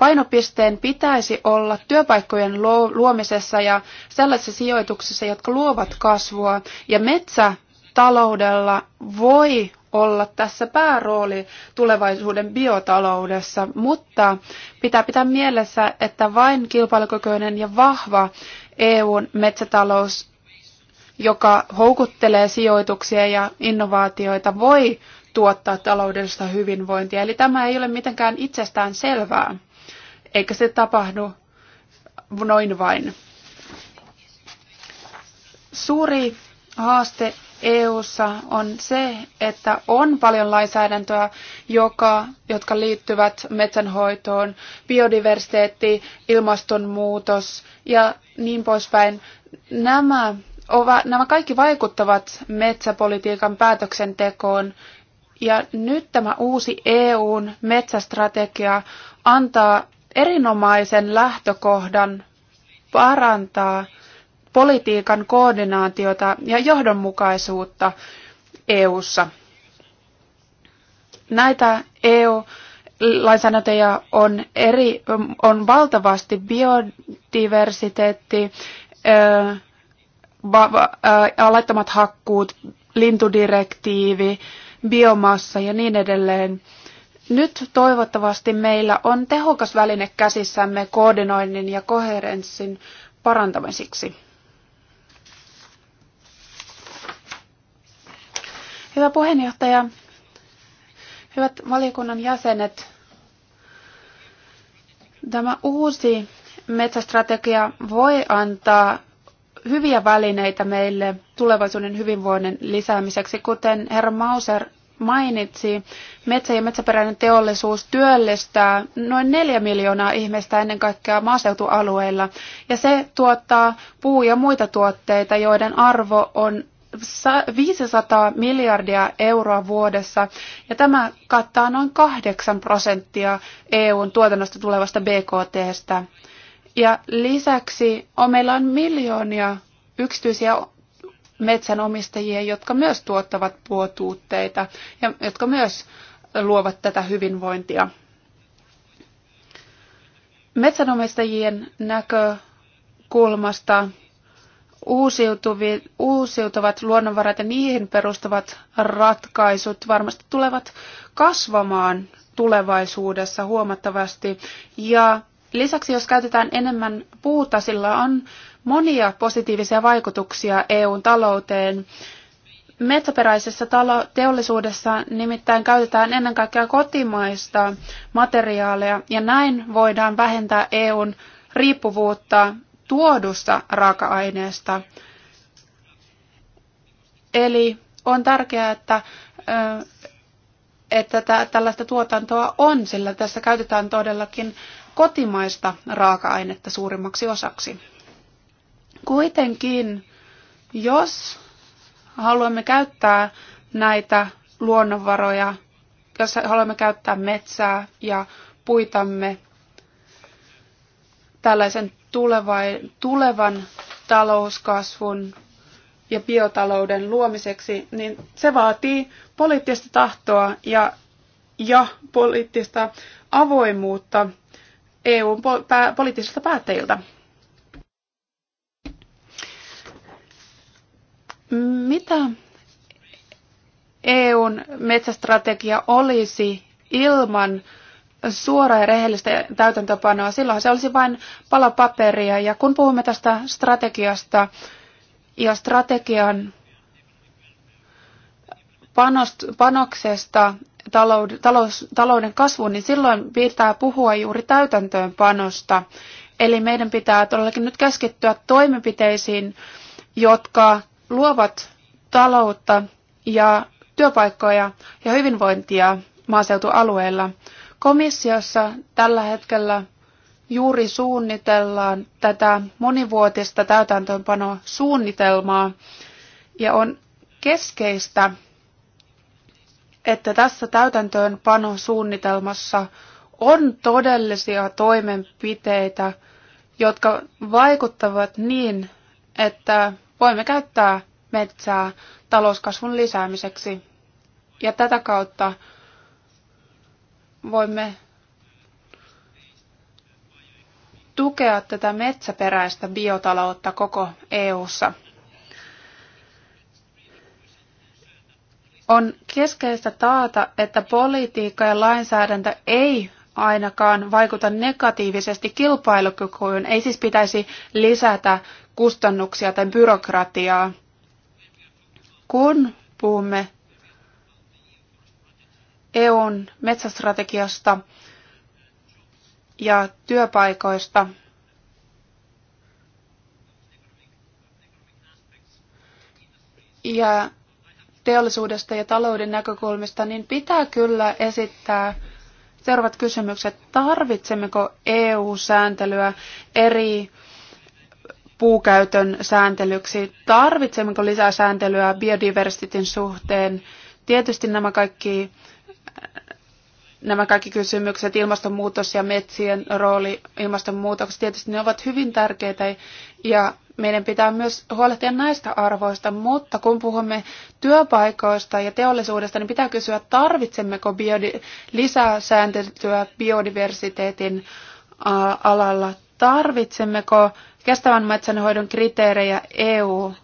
Painopisteen pitäisi olla työpaikkojen luomisessa ja sellaisissa sijoituksissa, jotka luovat kasvua. Ja metsätaloudella voi olla tässä päärooli tulevaisuuden biotaloudessa, mutta pitää pitää mielessä, että vain kilpailukykyinen ja vahva EUn metsätalous, joka houkuttelee sijoituksia ja innovaatioita, voi tuottaa taloudellista hyvinvointia. Eli tämä ei ole mitenkään itsestään selvää eikä se tapahdu noin vain. Suuri haaste EU:ssa on se, että on paljon lainsäädäntöä, joka, jotka liittyvät metsänhoitoon, biodiversiteetti, ilmastonmuutos ja niin poispäin. Nämä, ovat, nämä kaikki vaikuttavat metsäpolitiikan päätöksentekoon ja nyt tämä uusi EUn metsästrategia antaa erinomaisen lähtökohdan parantaa politiikan koordinaatiota ja johdonmukaisuutta EU:ssa. Näitä EU lainsäädäntöjä on, eri, on valtavasti biodiversiteetti, laittomat hakkuut, lintudirektiivi, biomassa ja niin edelleen. Nyt toivottavasti meillä on tehokas väline käsissämme koordinoinnin ja koherenssin parantamiseksi. Hyvä puheenjohtaja, hyvät valiokunnan jäsenet, tämä uusi metsästrategia voi antaa hyviä välineitä meille tulevaisuuden hyvinvoinnin lisäämiseksi, kuten herra Mauser mainitsi, metsä ja metsäperäinen teollisuus työllistää noin neljä miljoonaa ihmistä ennen kaikkea maaseutualueilla, ja se tuottaa puu- ja muita tuotteita, joiden arvo on 500 miljardia euroa vuodessa, ja tämä kattaa noin 8 prosenttia EUn tuotannosta tulevasta BKTstä. Ja lisäksi on, meillä on miljoonia yksityisiä metsänomistajia, jotka myös tuottavat puotuutteita ja jotka myös luovat tätä hyvinvointia. Metsänomistajien näkökulmasta uusiutuvat luonnonvarat ja niihin perustuvat ratkaisut varmasti tulevat kasvamaan tulevaisuudessa huomattavasti. Ja lisäksi jos käytetään enemmän puuta, sillä on monia positiivisia vaikutuksia EUn talouteen. Metsäperäisessä talo- teollisuudessa nimittäin käytetään ennen kaikkea kotimaista materiaalia ja näin voidaan vähentää EUn riippuvuutta tuodusta raaka-aineesta. Eli on tärkeää, että, että tällaista tuotantoa on, sillä tässä käytetään todellakin kotimaista raaka-ainetta suurimmaksi osaksi. Kuitenkin, jos haluamme käyttää näitä luonnonvaroja, jos haluamme käyttää metsää ja puitamme tällaisen tulevan talouskasvun ja biotalouden luomiseksi, niin se vaatii poliittista tahtoa ja, ja poliittista avoimuutta EUn poliittisilta päättäjiltä. Mitä EUn metsästrategia olisi ilman suoraa ja rehellistä täytäntöpanoa? Silloin se olisi vain pala paperia. Ja kun puhumme tästä strategiasta ja strategian panost, panoksesta talou, talous, talouden kasvuun, niin silloin pitää puhua juuri täytäntöönpanosta. Eli meidän pitää todellakin nyt keskittyä toimenpiteisiin, jotka luovat taloutta ja työpaikkoja ja hyvinvointia maaseutualueilla. Komissiossa tällä hetkellä juuri suunnitellaan tätä monivuotista täytäntöönpanosuunnitelmaa ja on keskeistä, että tässä täytäntöönpanosuunnitelmassa on todellisia toimenpiteitä, jotka vaikuttavat niin, että Voimme käyttää metsää talouskasvun lisäämiseksi ja tätä kautta voimme tukea tätä metsäperäistä biotaloutta koko EU:ssa. On keskeistä taata, että politiikka ja lainsäädäntö ei ainakaan vaikuta negatiivisesti kilpailukykyyn. Ei siis pitäisi lisätä kustannuksia tai byrokratiaa. Kun puhumme EUn metsästrategiasta ja työpaikoista, ja teollisuudesta ja talouden näkökulmista, niin pitää kyllä esittää seuraavat kysymykset. Tarvitsemmeko EU-sääntelyä eri puukäytön sääntelyksi? Tarvitsemmeko lisää sääntelyä biodiversiteetin suhteen? Tietysti nämä kaikki nämä kaikki kysymykset, ilmastonmuutos ja metsien rooli ilmastonmuutoksessa, tietysti ne ovat hyvin tärkeitä ja meidän pitää myös huolehtia näistä arvoista, mutta kun puhumme työpaikoista ja teollisuudesta, niin pitää kysyä, tarvitsemmeko biodi- lisää sääntelyä biodiversiteetin alalla, tarvitsemmeko kestävän metsänhoidon kriteerejä EU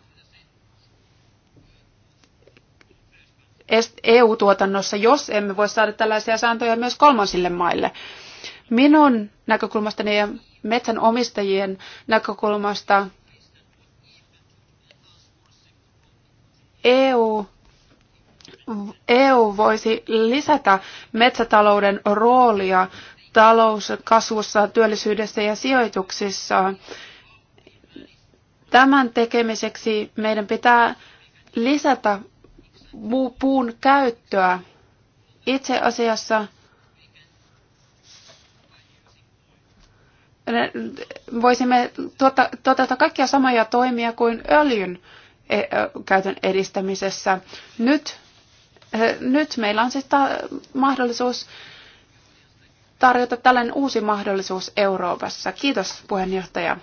EU-tuotannossa, jos emme voi saada tällaisia sääntöjä myös kolmansille maille. Minun näkökulmastani ja metsänomistajien näkökulmasta EU, EU voisi lisätä metsätalouden roolia talouskasvussa, työllisyydessä ja sijoituksissa. Tämän tekemiseksi meidän pitää lisätä puun käyttöä. Itse asiassa voisimme tota, toteuttaa kaikkia samoja toimia kuin öljyn e, käytön edistämisessä. Nyt, nyt meillä on siis mahdollisuus tarjota tällainen uusi mahdollisuus Euroopassa. Kiitos puheenjohtaja.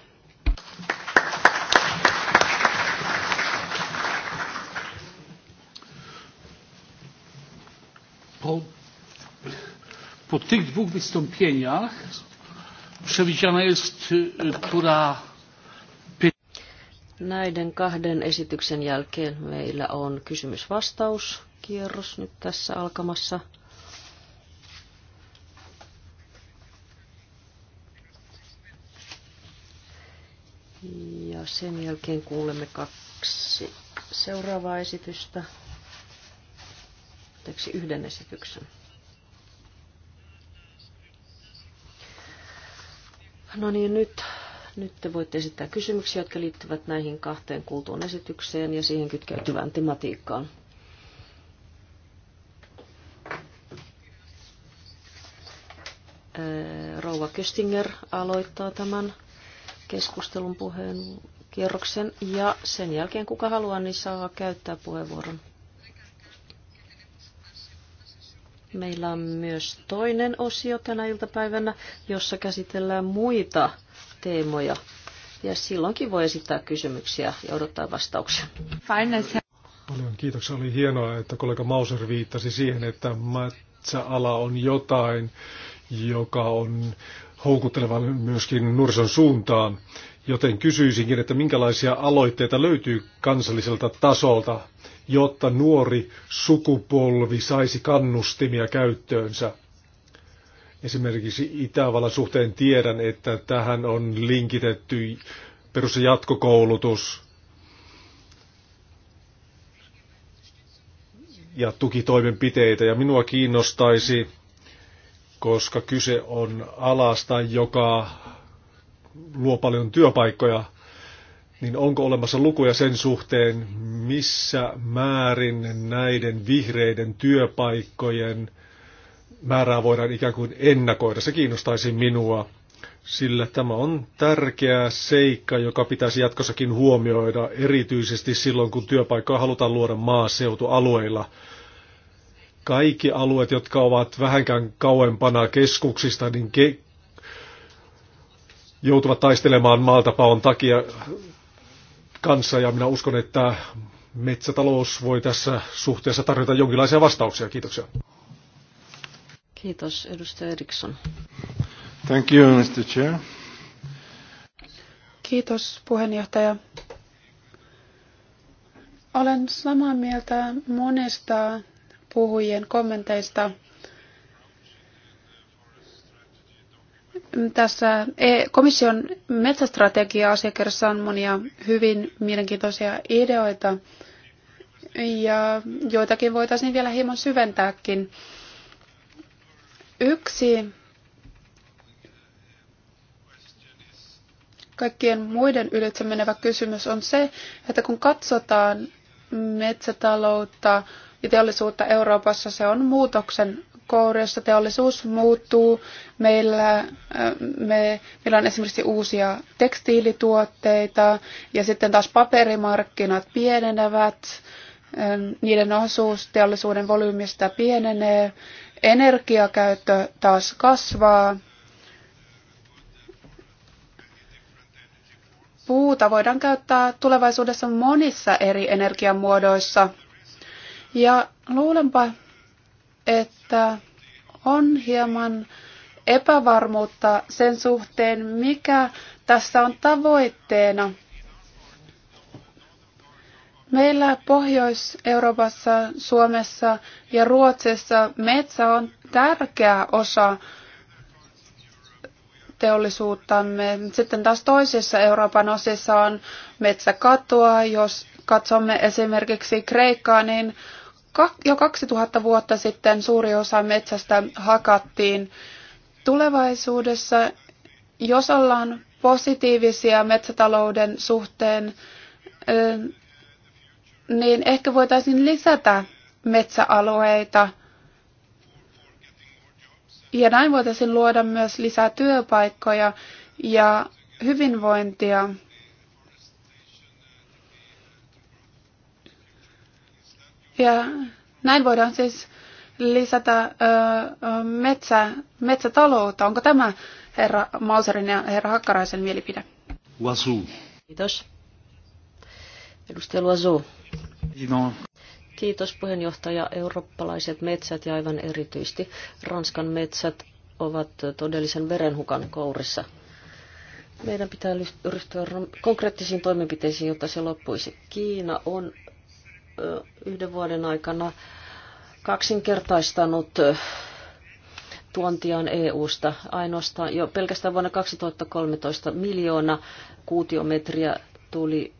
po tych dwóch wystąpieniach przewidziana jest tura Näiden kahden esityksen jälkeen meillä on kysymysvastauskierros nyt tässä alkamassa. Ja sen jälkeen kuulemme kaksi seuraavaa esitystä. yhden esityksen. No niin, nyt, nyt te voitte esittää kysymyksiä, jotka liittyvät näihin kahteen kuultuun esitykseen ja siihen kytkeytyvään tematiikkaan. Rouva Köstinger aloittaa tämän keskustelun puheen kierroksen ja sen jälkeen kuka haluaa, niin saa käyttää puheenvuoron. Meillä on myös toinen osio tänä iltapäivänä, jossa käsitellään muita teemoja. Ja silloinkin voi esittää kysymyksiä ja odottaa vastauksia. Paljon kiitoksia. Oli hienoa, että kollega Mauser viittasi siihen, että metsäala on jotain, joka on houkutteleva myöskin nuorison suuntaan. Joten kysyisinkin, että minkälaisia aloitteita löytyy kansalliselta tasolta, jotta nuori sukupolvi saisi kannustimia käyttöönsä. Esimerkiksi Itävallan suhteen tiedän, että tähän on linkitetty perus- ja jatkokoulutus ja tukitoimenpiteitä. Ja minua kiinnostaisi, koska kyse on alasta, joka luo paljon työpaikkoja, niin onko olemassa lukuja sen suhteen, missä määrin näiden vihreiden työpaikkojen määrää voidaan ikään kuin ennakoida? Se kiinnostaisi minua, sillä tämä on tärkeä seikka, joka pitäisi jatkossakin huomioida, erityisesti silloin, kun työpaikkaa halutaan luoda maaseutualueilla kaikki alueet, jotka ovat vähänkään kauempana keskuksista, niin ke- joutuvat taistelemaan maaltapaon takia kanssa ja minä uskon, että metsätalous voi tässä suhteessa tarjota jonkinlaisia vastauksia. Kiitoksia. Kiitos, edustaja Eriksson. Thank you, Mr. Chair. Kiitos, puheenjohtaja. Olen samaa mieltä monesta puhujien kommenteista tässä e- komission metsästrategia-asiakirjassa on monia hyvin mielenkiintoisia ideoita, ja joitakin voitaisiin vielä hieman syventääkin. Yksi kaikkien muiden ylitse menevä kysymys on se, että kun katsotaan metsätaloutta ja teollisuutta Euroopassa, se on muutoksen Koreassa teollisuus muuttuu. Meillä, äh, me, meillä on esimerkiksi uusia tekstiilituotteita ja sitten taas paperimarkkinat pienenevät. Ähm, niiden osuus teollisuuden volyymista pienenee. Energiakäyttö taas kasvaa. Puuta voidaan käyttää tulevaisuudessa monissa eri energiamuodoissa. Ja luulenpa, että on hieman epävarmuutta sen suhteen, mikä tässä on tavoitteena. Meillä Pohjois-Euroopassa, Suomessa ja Ruotsissa metsä on tärkeä osa teollisuuttamme. Sitten taas toisissa Euroopan osissa on metsäkatoa. Jos katsomme esimerkiksi Kreikkaa, niin jo 2000 vuotta sitten suuri osa metsästä hakattiin. Tulevaisuudessa, jos ollaan positiivisia metsätalouden suhteen, niin ehkä voitaisiin lisätä metsäalueita. Ja näin voitaisiin luoda myös lisää työpaikkoja ja hyvinvointia. Ja näin voidaan siis lisätä ö, metsä, metsätaloutta. Onko tämä herra Mauserin ja herra Hakkaraisen mielipide? Wasu. Kiitos. Edustaja Luazu. Kiitos puheenjohtaja. Eurooppalaiset metsät ja aivan erityisesti Ranskan metsät ovat todellisen verenhukan kourissa. Meidän pitää ryhtyä konkreettisiin toimenpiteisiin, jotta se loppuisi. Kiina on yhden vuoden aikana kaksinkertaistanut tuontiaan EU-sta ainoastaan jo pelkästään vuonna 2013 miljoona kuutiometriä tuli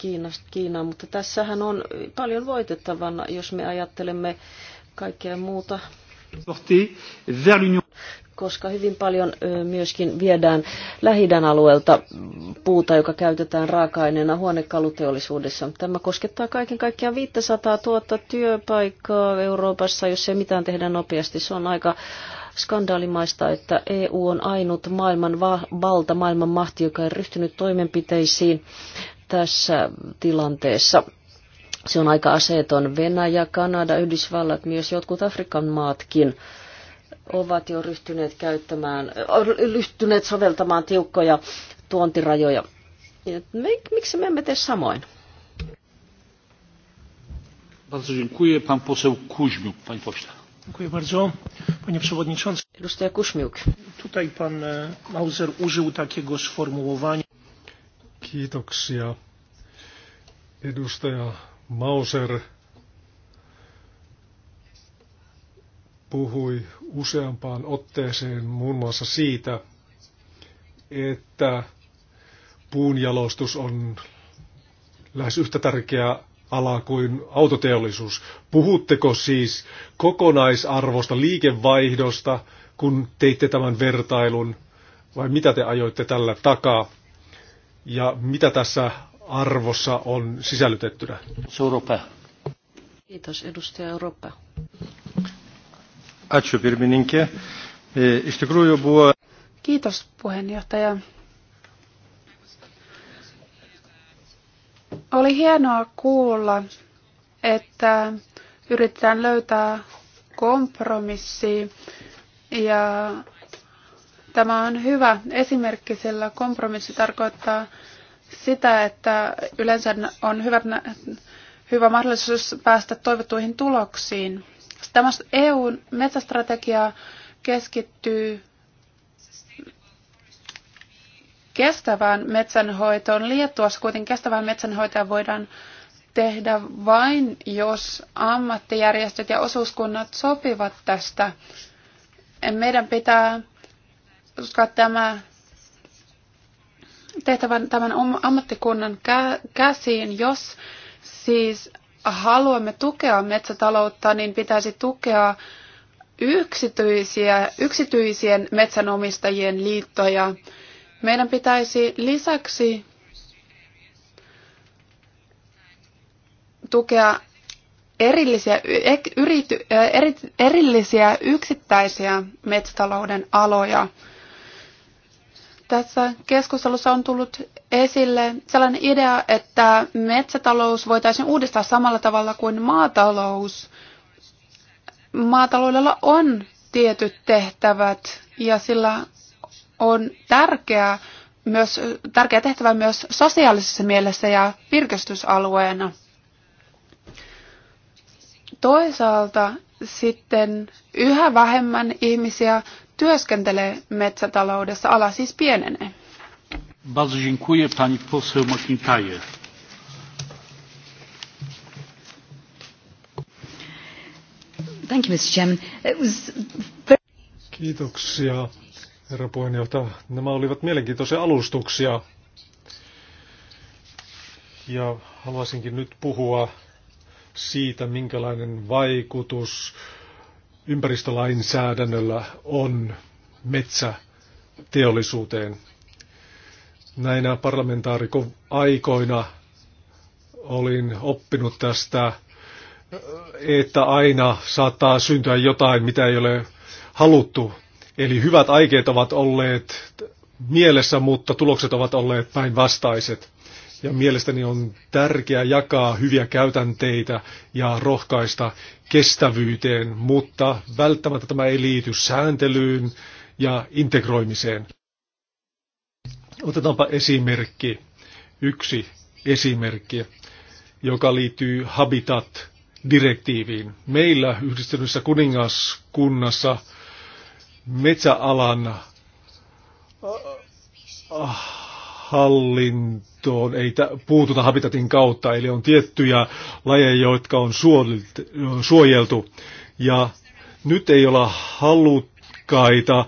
Kiinasta, Kiinaan, mutta tässähän on paljon voitettavana, jos me ajattelemme kaikkea muuta koska hyvin paljon myöskin viedään lähidän alueelta puuta, joka käytetään raaka-aineena huonekaluteollisuudessa. Tämä koskettaa kaiken kaikkiaan 500 000 työpaikkaa Euroopassa, jos ei mitään tehdä nopeasti. Se on aika skandaalimaista, että EU on ainut maailman valta, maailman mahti, joka on ryhtynyt toimenpiteisiin tässä tilanteessa. Se on aika aseeton Venäjä, Kanada, Yhdysvallat, myös jotkut Afrikan maatkin ovat jo ryhtyneet käyttämään, ryhtyneet soveltamaan tiukkoja tuontirajoja. Mik, Miksi me emme tee samoin? Bardzo dziękuję. Pan poseł Kuźmiuk, panie pośle. Dziękuję bardzo, panie przewodniczący. Edustaja Kuźmiuk. Tutaj pan e, Mauser użył takiego sformułowania. Kiitoksia. Edustaja Mauser puhui useampaan otteeseen muun muassa siitä, että puunjalostus on lähes yhtä tärkeä ala kuin autoteollisuus. Puhutteko siis kokonaisarvosta, liikevaihdosta, kun teitte tämän vertailun, vai mitä te ajoitte tällä takaa, ja mitä tässä arvossa on sisällytettynä? Kiitos, edustaja Eurooppa. Ačiū pirmininkė. E, iš tikrųjų buvo... Kiitos puheenjohtaja. Oli hienoa kuulla, että yritetään löytää kompromissi ja tämä on hyvä esimerkki, sillä kompromissi tarkoittaa sitä, että yleensä on hyvä, hyvä mahdollisuus päästä toivottuihin tuloksiin. Tämä EUn metsästrategia keskittyy kestävään metsänhoitoon. Liettuassa kuitenkin kestävään metsänhoitoon voidaan tehdä vain, jos ammattijärjestöt ja osuuskunnat sopivat tästä. Meidän pitää koska tämä tehtävän tämän ammattikunnan käsiin, jos siis haluamme tukea metsätaloutta, niin pitäisi tukea yksityisiä, yksityisien metsänomistajien liittoja. Meidän pitäisi lisäksi tukea erillisiä, yrity, äh, eri, erillisiä yksittäisiä metsätalouden aloja. Tässä keskustelussa on tullut esille sellainen idea, että metsätalous voitaisiin uudistaa samalla tavalla kuin maatalous. Maataloudella on tietyt tehtävät ja sillä on tärkeää myös, tärkeä tehtävä myös sosiaalisessa mielessä ja virkistysalueena. Toisaalta sitten yhä vähemmän ihmisiä työskentelee metsätaloudessa, ala siis pienenee. Bardzo dziękuję pani poseł McIntyre. Thank you, Mr. Chairman. It was very... Kiitoksia, herra puheenjohtaja. Nämä olivat mielenkiintoisia alustuksia. Ja haluaisinkin nyt puhua siitä, minkälainen vaikutus ympäristölainsäädännöllä on metsäteollisuuteen. Näinä parlamentaarikon aikoina olin oppinut tästä, että aina saattaa syntyä jotain, mitä ei ole haluttu. Eli hyvät aikeet ovat olleet mielessä, mutta tulokset ovat olleet päinvastaiset. Ja mielestäni on tärkeää jakaa hyviä käytänteitä ja rohkaista kestävyyteen, mutta välttämättä tämä ei liity sääntelyyn ja integroimiseen. Otetaanpa esimerkki, yksi esimerkki, joka liittyy Habitat-direktiiviin. Meillä yhdistyneessä kuningaskunnassa metsäalan äh, äh, hallintoon ei puututa habitatin kautta, eli on tiettyjä lajeja, jotka on suojeltu. Ja nyt ei olla halukkaita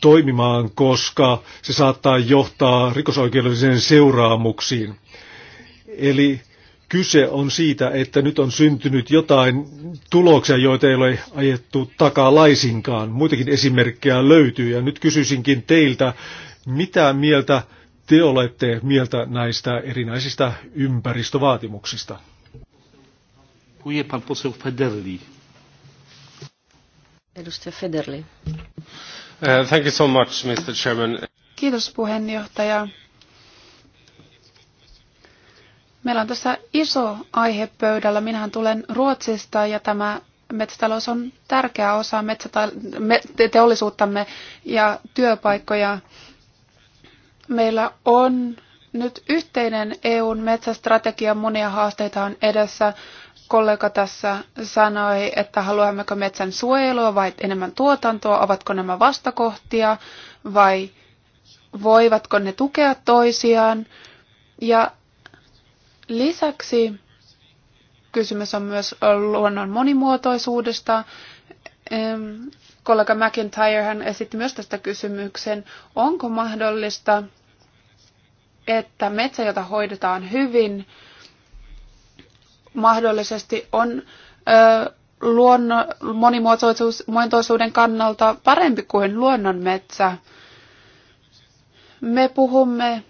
toimimaan, koska se saattaa johtaa rikosoikeudelliseen seuraamuksiin. Eli kyse on siitä, että nyt on syntynyt jotain tuloksia, joita ei ole ajettu takaa laisinkaan. Muitakin esimerkkejä löytyy ja nyt kysyisinkin teiltä, mitä mieltä te olette mieltä näistä erinäisistä ympäristövaatimuksista? Dziękuję pan Federli. Edustaja Federli. Uh, thank you so much, Mr. Chairman. Kiitos puheenjohtaja. Meillä on tässä iso aihe pöydällä. Minähän tulen Ruotsista ja tämä metsätalous on tärkeä osa metsäta- teollisuuttamme ja työpaikkoja. Meillä on nyt yhteinen EUn metsästrategia, monia haasteita on edessä kollega tässä sanoi, että haluammeko metsän suojelua vai enemmän tuotantoa, ovatko nämä vastakohtia vai voivatko ne tukea toisiaan. Ja lisäksi kysymys on myös luonnon monimuotoisuudesta. Kollega McIntyre hän esitti myös tästä kysymyksen, onko mahdollista, että metsä, jota hoidetaan hyvin, mahdollisesti on ö, luonnon monimuotoisuuden kannalta parempi kuin luonnonmetsä. Me puhumme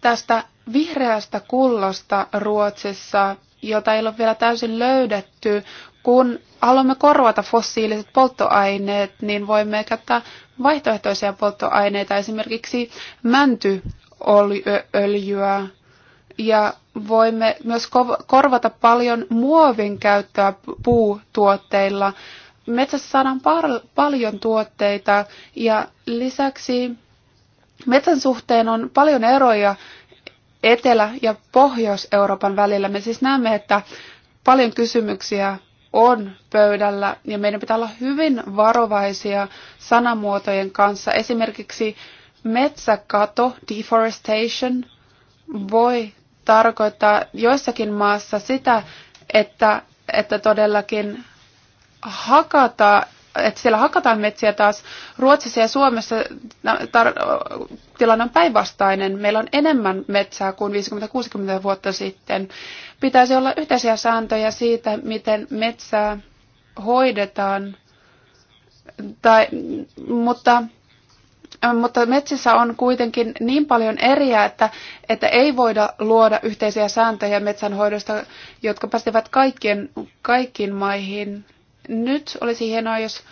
tästä vihreästä kullosta Ruotsissa, jota ei ole vielä täysin löydetty. Kun haluamme korvata fossiiliset polttoaineet, niin voimme käyttää vaihtoehtoisia polttoaineita, esimerkiksi mäntyöljyä ja voimme myös korvata paljon muovin käyttöä puutuotteilla. Metsässä saadaan paljon tuotteita ja lisäksi metsän suhteen on paljon eroja Etelä- ja Pohjois-Euroopan välillä. Me siis näemme, että paljon kysymyksiä on pöydällä ja meidän pitää olla hyvin varovaisia sanamuotojen kanssa. Esimerkiksi metsäkato, deforestation, voi tarkoittaa joissakin maassa sitä, että, että todellakin hakata, että siellä hakataan metsiä taas. Ruotsissa ja Suomessa tar- tilanne on päinvastainen. Meillä on enemmän metsää kuin 50-60 vuotta sitten. Pitäisi olla yhteisiä sääntöjä siitä, miten metsää hoidetaan. Tai, mutta mutta metsissä on kuitenkin niin paljon eriä, että, että ei voida luoda yhteisiä sääntöjä metsänhoidosta, jotka pätevät kaikkien, kaikkiin maihin. Nyt olisi hienoa, jos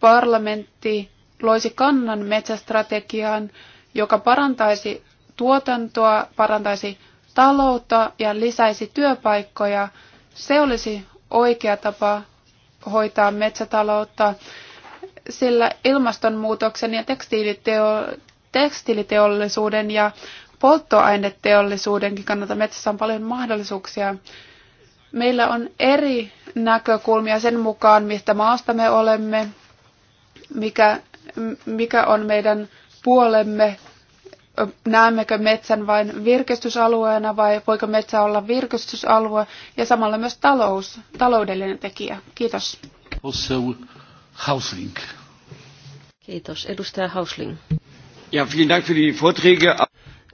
parlamentti loisi kannan metsästrategiaan, joka parantaisi tuotantoa, parantaisi taloutta ja lisäisi työpaikkoja. Se olisi oikea tapa hoitaa metsätaloutta sillä ilmastonmuutoksen ja tekstiiliteo, tekstiiliteollisuuden ja polttoaineteollisuudenkin kannalta metsässä on paljon mahdollisuuksia. Meillä on eri näkökulmia sen mukaan, mistä maasta me olemme, mikä, mikä on meidän puolemme, näemmekö metsän vain virkistysalueena vai voiko metsä olla virkistysalue ja samalla myös talous, taloudellinen tekijä. Kiitos. Hausling. Kiitos. Edustaja Hausling. Ja, vielen Dank für die Vorträge.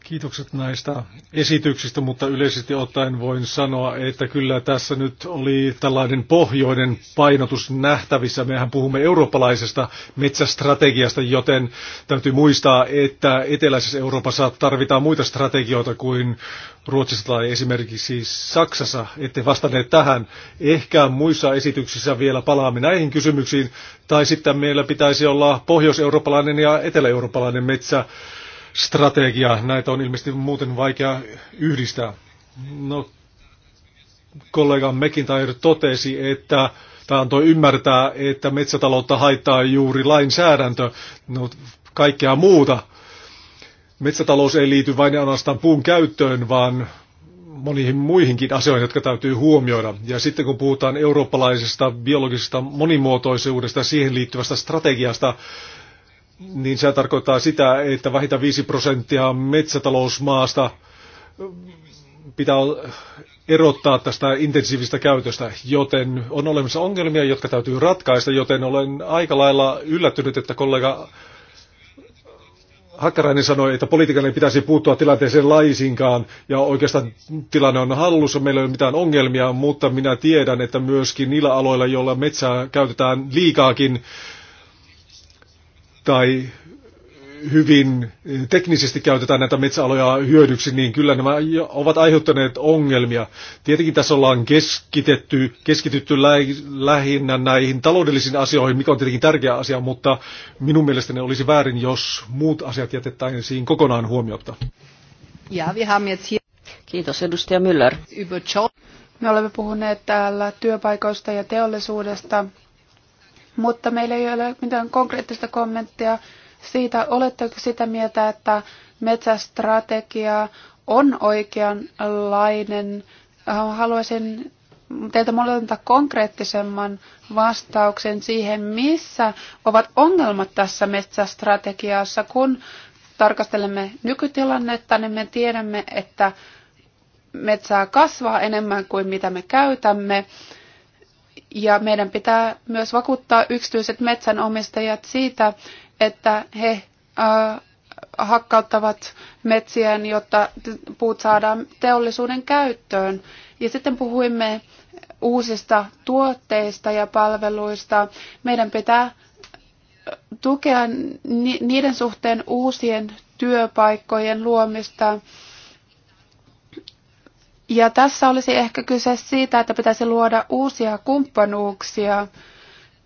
Kiitokset näistä esityksistä, mutta yleisesti ottaen voin sanoa, että kyllä tässä nyt oli tällainen pohjoinen painotus nähtävissä. Mehän puhumme eurooppalaisesta metsästrategiasta, joten täytyy muistaa, että eteläisessä Euroopassa tarvitaan muita strategioita kuin Ruotsissa tai esimerkiksi Saksassa. Ette vastanneet tähän. Ehkä muissa esityksissä vielä palaamme näihin kysymyksiin, tai sitten meillä pitäisi olla pohjoiseurooppalainen ja etelä-eurooppalainen metsä strategia. Näitä on ilmeisesti muuten vaikea yhdistää. No, kollega McIntyre totesi, että tämä antoi ymmärtää, että metsätaloutta haittaa juuri lainsäädäntö, no, kaikkea muuta. Metsätalous ei liity vain ja ainoastaan puun käyttöön, vaan moniin muihinkin asioihin, jotka täytyy huomioida. Ja sitten kun puhutaan eurooppalaisesta biologisesta monimuotoisuudesta siihen liittyvästä strategiasta, niin se tarkoittaa sitä, että vähintään 5 prosenttia metsätalousmaasta pitää erottaa tästä intensiivistä käytöstä, joten on olemassa ongelmia, jotka täytyy ratkaista, joten olen aika lailla yllättynyt, että kollega Hakkarainen sanoi, että politiikan ei pitäisi puuttua tilanteeseen laisinkaan, ja oikeastaan tilanne on hallussa, meillä ei ole mitään ongelmia, mutta minä tiedän, että myöskin niillä aloilla, joilla metsää käytetään liikaakin, tai hyvin teknisesti käytetään näitä metsäaloja hyödyksi, niin kyllä nämä ovat aiheuttaneet ongelmia. Tietenkin tässä ollaan keskitetty, keskitytty lä- lähinnä näihin taloudellisiin asioihin, mikä on tietenkin tärkeä asia, mutta minun mielestäni olisi väärin, jos muut asiat jätettäisiin kokonaan huomiotta. Ja, Kiitos edustaja Müller. Me olemme puhuneet täällä työpaikoista ja teollisuudesta, mutta meillä ei ole mitään konkreettista kommenttia siitä, oletteko sitä mieltä, että metsästrategia on oikeanlainen. Haluaisin teiltä molemmilta konkreettisemman vastauksen siihen, missä ovat ongelmat tässä metsästrategiassa, kun tarkastelemme nykytilannetta, niin me tiedämme, että metsää kasvaa enemmän kuin mitä me käytämme. Ja meidän pitää myös vakuuttaa yksityiset metsänomistajat siitä, että he äh, hakkauttavat metsiään, jotta puut saadaan teollisuuden käyttöön. Ja sitten puhuimme uusista tuotteista ja palveluista. Meidän pitää äh, tukea niiden suhteen uusien työpaikkojen luomista ja tässä olisi ehkä kyse siitä, että pitäisi luoda uusia kumppanuuksia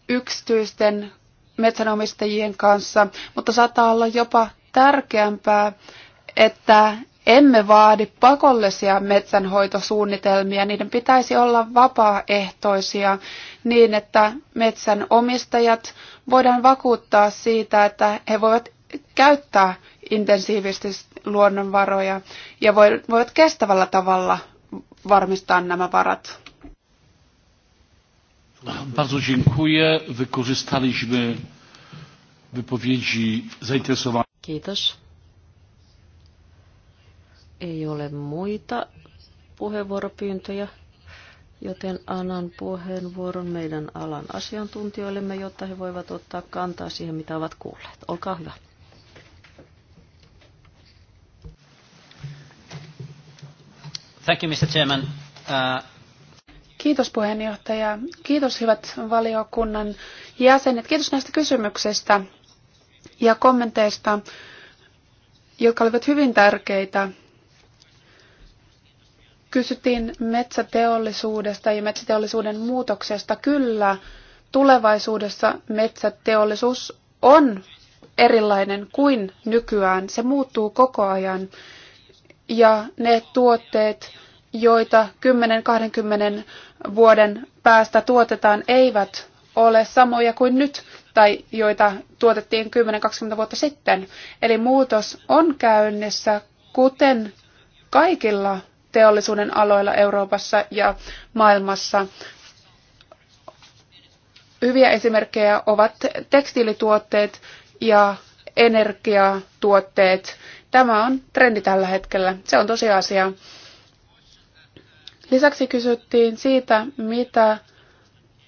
yksityisten metsänomistajien kanssa, mutta saattaa olla jopa tärkeämpää, että emme vaadi pakollisia metsänhoitosuunnitelmia. Niiden pitäisi olla vapaaehtoisia niin, että metsänomistajat voidaan vakuuttaa siitä, että he voivat käyttää intensiivisesti luonnonvaroja ja voivat kestävällä tavalla varmistaa nämä varat. Bardzo dziękuję. Wykorzystaliśmy wypowiedzi zainteresowanych. Kiitos. Ei ole muita puheenvuoropyyntöjä, joten annan puheenvuoron meidän alan asiantuntijoillemme, jotta he voivat ottaa kantaa siihen, mitä ovat kuulleet. Olkaa hyvä. Thank you, Mr. Chairman. Uh... Kiitos puheenjohtaja. Kiitos hyvät valiokunnan jäsenet. Kiitos näistä kysymyksistä ja kommenteista, jotka olivat hyvin tärkeitä. Kysyttiin metsäteollisuudesta ja metsäteollisuuden muutoksesta. Kyllä, tulevaisuudessa metsäteollisuus on erilainen kuin nykyään. Se muuttuu koko ajan ja ne tuotteet, joita 10-20 vuoden päästä tuotetaan, eivät ole samoja kuin nyt tai joita tuotettiin 10-20 vuotta sitten. Eli muutos on käynnissä, kuten kaikilla teollisuuden aloilla Euroopassa ja maailmassa. Hyviä esimerkkejä ovat tekstiilituotteet ja energiatuotteet. Tämä on trendi tällä hetkellä. Se on tosiasia. Lisäksi kysyttiin siitä, mitä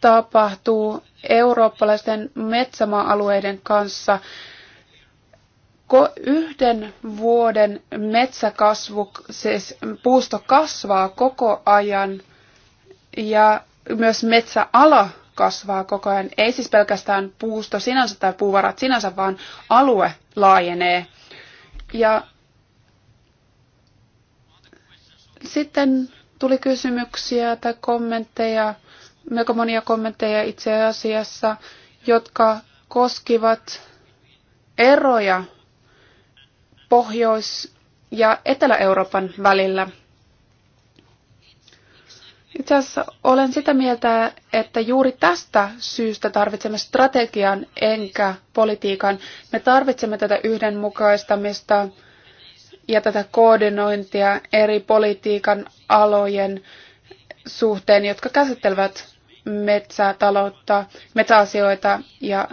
tapahtuu eurooppalaisten metsämaa-alueiden kanssa. Ko- yhden vuoden metsäkasvu, siis puusto kasvaa koko ajan ja myös metsäala kasvaa koko ajan. Ei siis pelkästään puusto sinänsä tai puuvarat sinänsä, vaan alue laajenee. Ja sitten tuli kysymyksiä tai kommentteja, melko monia kommentteja itse asiassa, jotka koskivat eroja Pohjois- ja Etelä-Euroopan välillä – itse asiassa olen sitä mieltä, että juuri tästä syystä tarvitsemme strategian enkä politiikan. Me tarvitsemme tätä yhdenmukaistamista ja tätä koordinointia eri politiikan alojen suhteen, jotka käsittelevät metsätaloutta, metsäasioita ja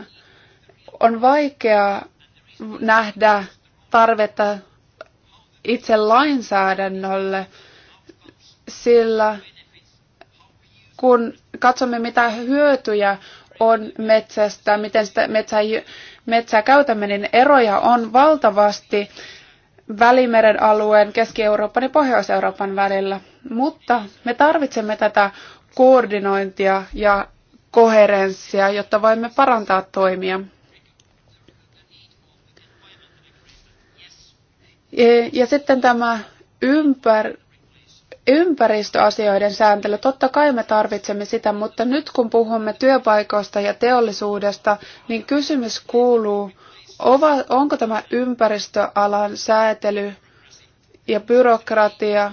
on vaikea nähdä tarvetta itse lainsäädännölle, sillä kun katsomme, mitä hyötyjä on metsästä, miten sitä metsää, metsää käytämme, niin eroja on valtavasti Välimeren alueen, Keski-Euroopan ja Pohjois-Euroopan välillä. Mutta me tarvitsemme tätä koordinointia ja koherenssia, jotta voimme parantaa toimia. Ja sitten tämä ympär, ympäristöasioiden sääntely, totta kai me tarvitsemme sitä, mutta nyt kun puhumme työpaikoista ja teollisuudesta, niin kysymys kuuluu, onko tämä ympäristöalan säätely ja byrokratia,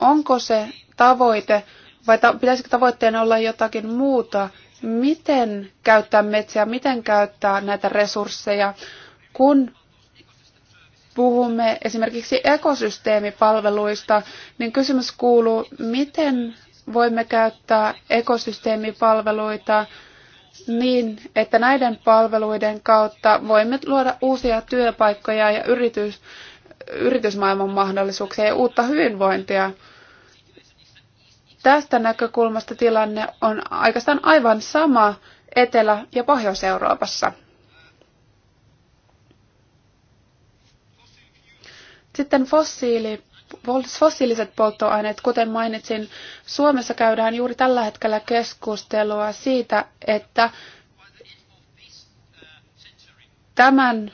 onko se tavoite vai ta- pitäisikö tavoitteena olla jotakin muuta? Miten käyttää metsiä, miten käyttää näitä resursseja, kun puhumme esimerkiksi ekosysteemipalveluista, niin kysymys kuuluu, miten voimme käyttää ekosysteemipalveluita niin, että näiden palveluiden kautta voimme luoda uusia työpaikkoja ja yritys, yritysmaailman mahdollisuuksia ja uutta hyvinvointia. Tästä näkökulmasta tilanne on aikaistaan aivan sama Etelä- ja Pohjois-Euroopassa. Sitten fossiili, fossiiliset polttoaineet, kuten mainitsin, Suomessa käydään juuri tällä hetkellä keskustelua siitä, että tämän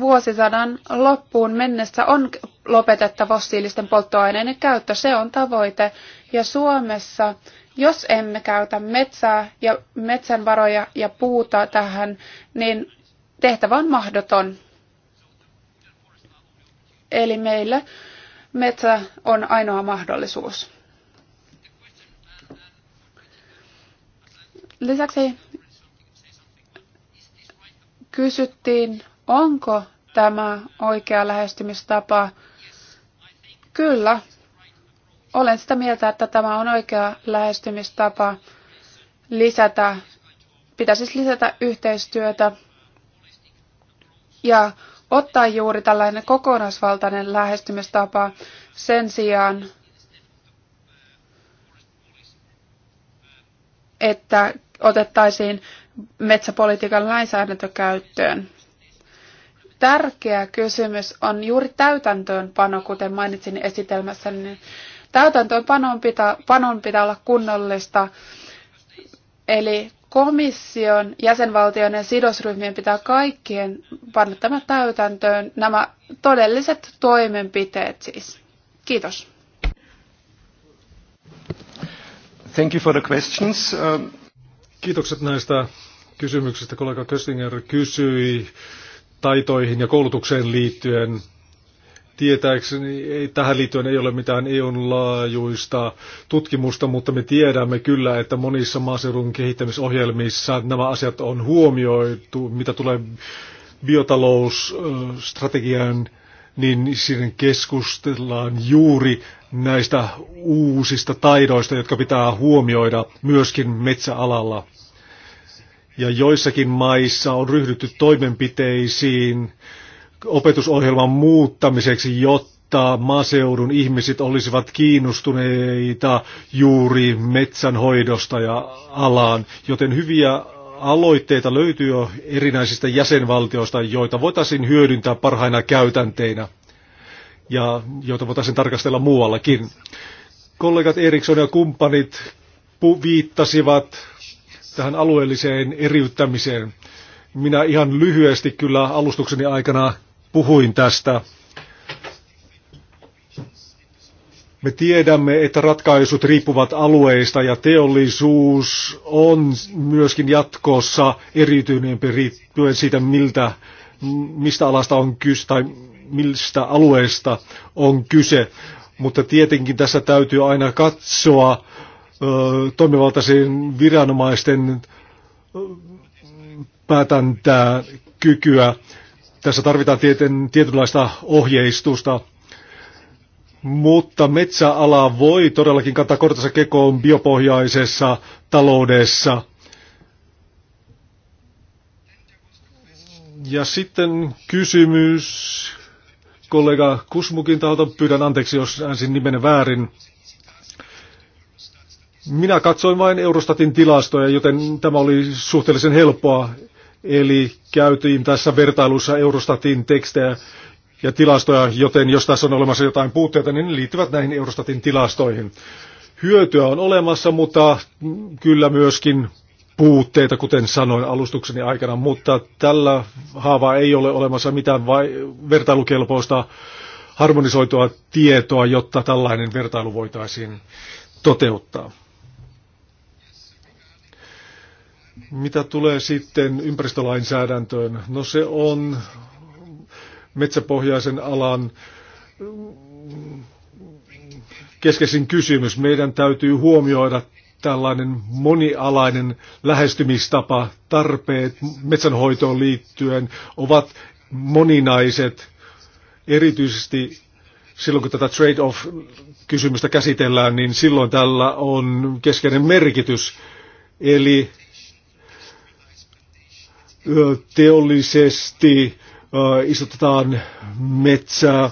vuosisadan loppuun mennessä on lopetettava fossiilisten polttoaineiden käyttö. Se on tavoite. Ja Suomessa, jos emme käytä metsää ja metsänvaroja ja puuta tähän, niin tehtävä on mahdoton. Eli meille metsä on ainoa mahdollisuus. Lisäksi kysyttiin, onko tämä oikea lähestymistapa. Kyllä, olen sitä mieltä, että tämä on oikea lähestymistapa lisätä, pitäisi siis lisätä yhteistyötä ja ottaa juuri tällainen kokonaisvaltainen lähestymistapa sen sijaan, että otettaisiin metsäpolitiikan lainsäädäntö käyttöön. Tärkeä kysymys on juuri täytäntöönpano, kuten mainitsin esitelmässä, niin täytäntöönpanon pitää, panon pitää olla kunnollista. Eli komission, jäsenvaltioiden ja sidosryhmien pitää kaikkien panna tämä täytäntöön, nämä todelliset toimenpiteet siis. Kiitos. Thank you for the questions. Um, Kiitokset näistä kysymyksistä. Kollega Köstinger kysyi taitoihin ja koulutukseen liittyen tietääkseni ei, tähän liittyen ei ole mitään EUn laajuista tutkimusta, mutta me tiedämme kyllä, että monissa maaseudun kehittämisohjelmissa nämä asiat on huomioitu, mitä tulee biotalousstrategian, niin siinä keskustellaan juuri näistä uusista taidoista, jotka pitää huomioida myöskin metsäalalla. Ja joissakin maissa on ryhdytty toimenpiteisiin, opetusohjelman muuttamiseksi, jotta maaseudun ihmiset olisivat kiinnostuneita juuri metsänhoidosta ja alaan, joten hyviä aloitteita löytyy jo erinäisistä jäsenvaltioista, joita voitaisiin hyödyntää parhaina käytänteinä ja joita voitaisiin tarkastella muuallakin. Kollegat Eriksson ja kumppanit viittasivat tähän alueelliseen eriyttämiseen. Minä ihan lyhyesti kyllä alustukseni aikana puhuin tästä. Me tiedämme, että ratkaisut riippuvat alueista ja teollisuus on myöskin jatkossa erityinen riippuen siitä, miltä, mistä alasta on kyse tai mistä alueesta on kyse. Mutta tietenkin tässä täytyy aina katsoa ö, toimivaltaisen viranomaisten päätäntää kykyä tässä tarvitaan tieten, tietynlaista ohjeistusta, mutta metsäala voi todellakin kantaa kortensa kekoon biopohjaisessa taloudessa. Ja sitten kysymys kollega Kusmukin taholta. Pyydän anteeksi, jos äänsin nimen väärin. Minä katsoin vain Eurostatin tilastoja, joten tämä oli suhteellisen helppoa. Eli käytiin tässä vertailussa Eurostatin tekstejä ja tilastoja, joten jos tässä on olemassa jotain puutteita, niin ne liittyvät näihin Eurostatin tilastoihin. Hyötyä on olemassa, mutta kyllä myöskin puutteita, kuten sanoin alustukseni aikana, mutta tällä haava ei ole olemassa mitään vai- vertailukelpoista harmonisoitua tietoa, jotta tällainen vertailu voitaisiin toteuttaa. Mitä tulee sitten ympäristölainsäädäntöön? No se on metsäpohjaisen alan mm, keskeisin kysymys. Meidän täytyy huomioida tällainen monialainen lähestymistapa, tarpeet metsänhoitoon liittyen ovat moninaiset, erityisesti silloin kun tätä trade-off-kysymystä käsitellään, niin silloin tällä on keskeinen merkitys. Eli teollisesti istutetaan metsää.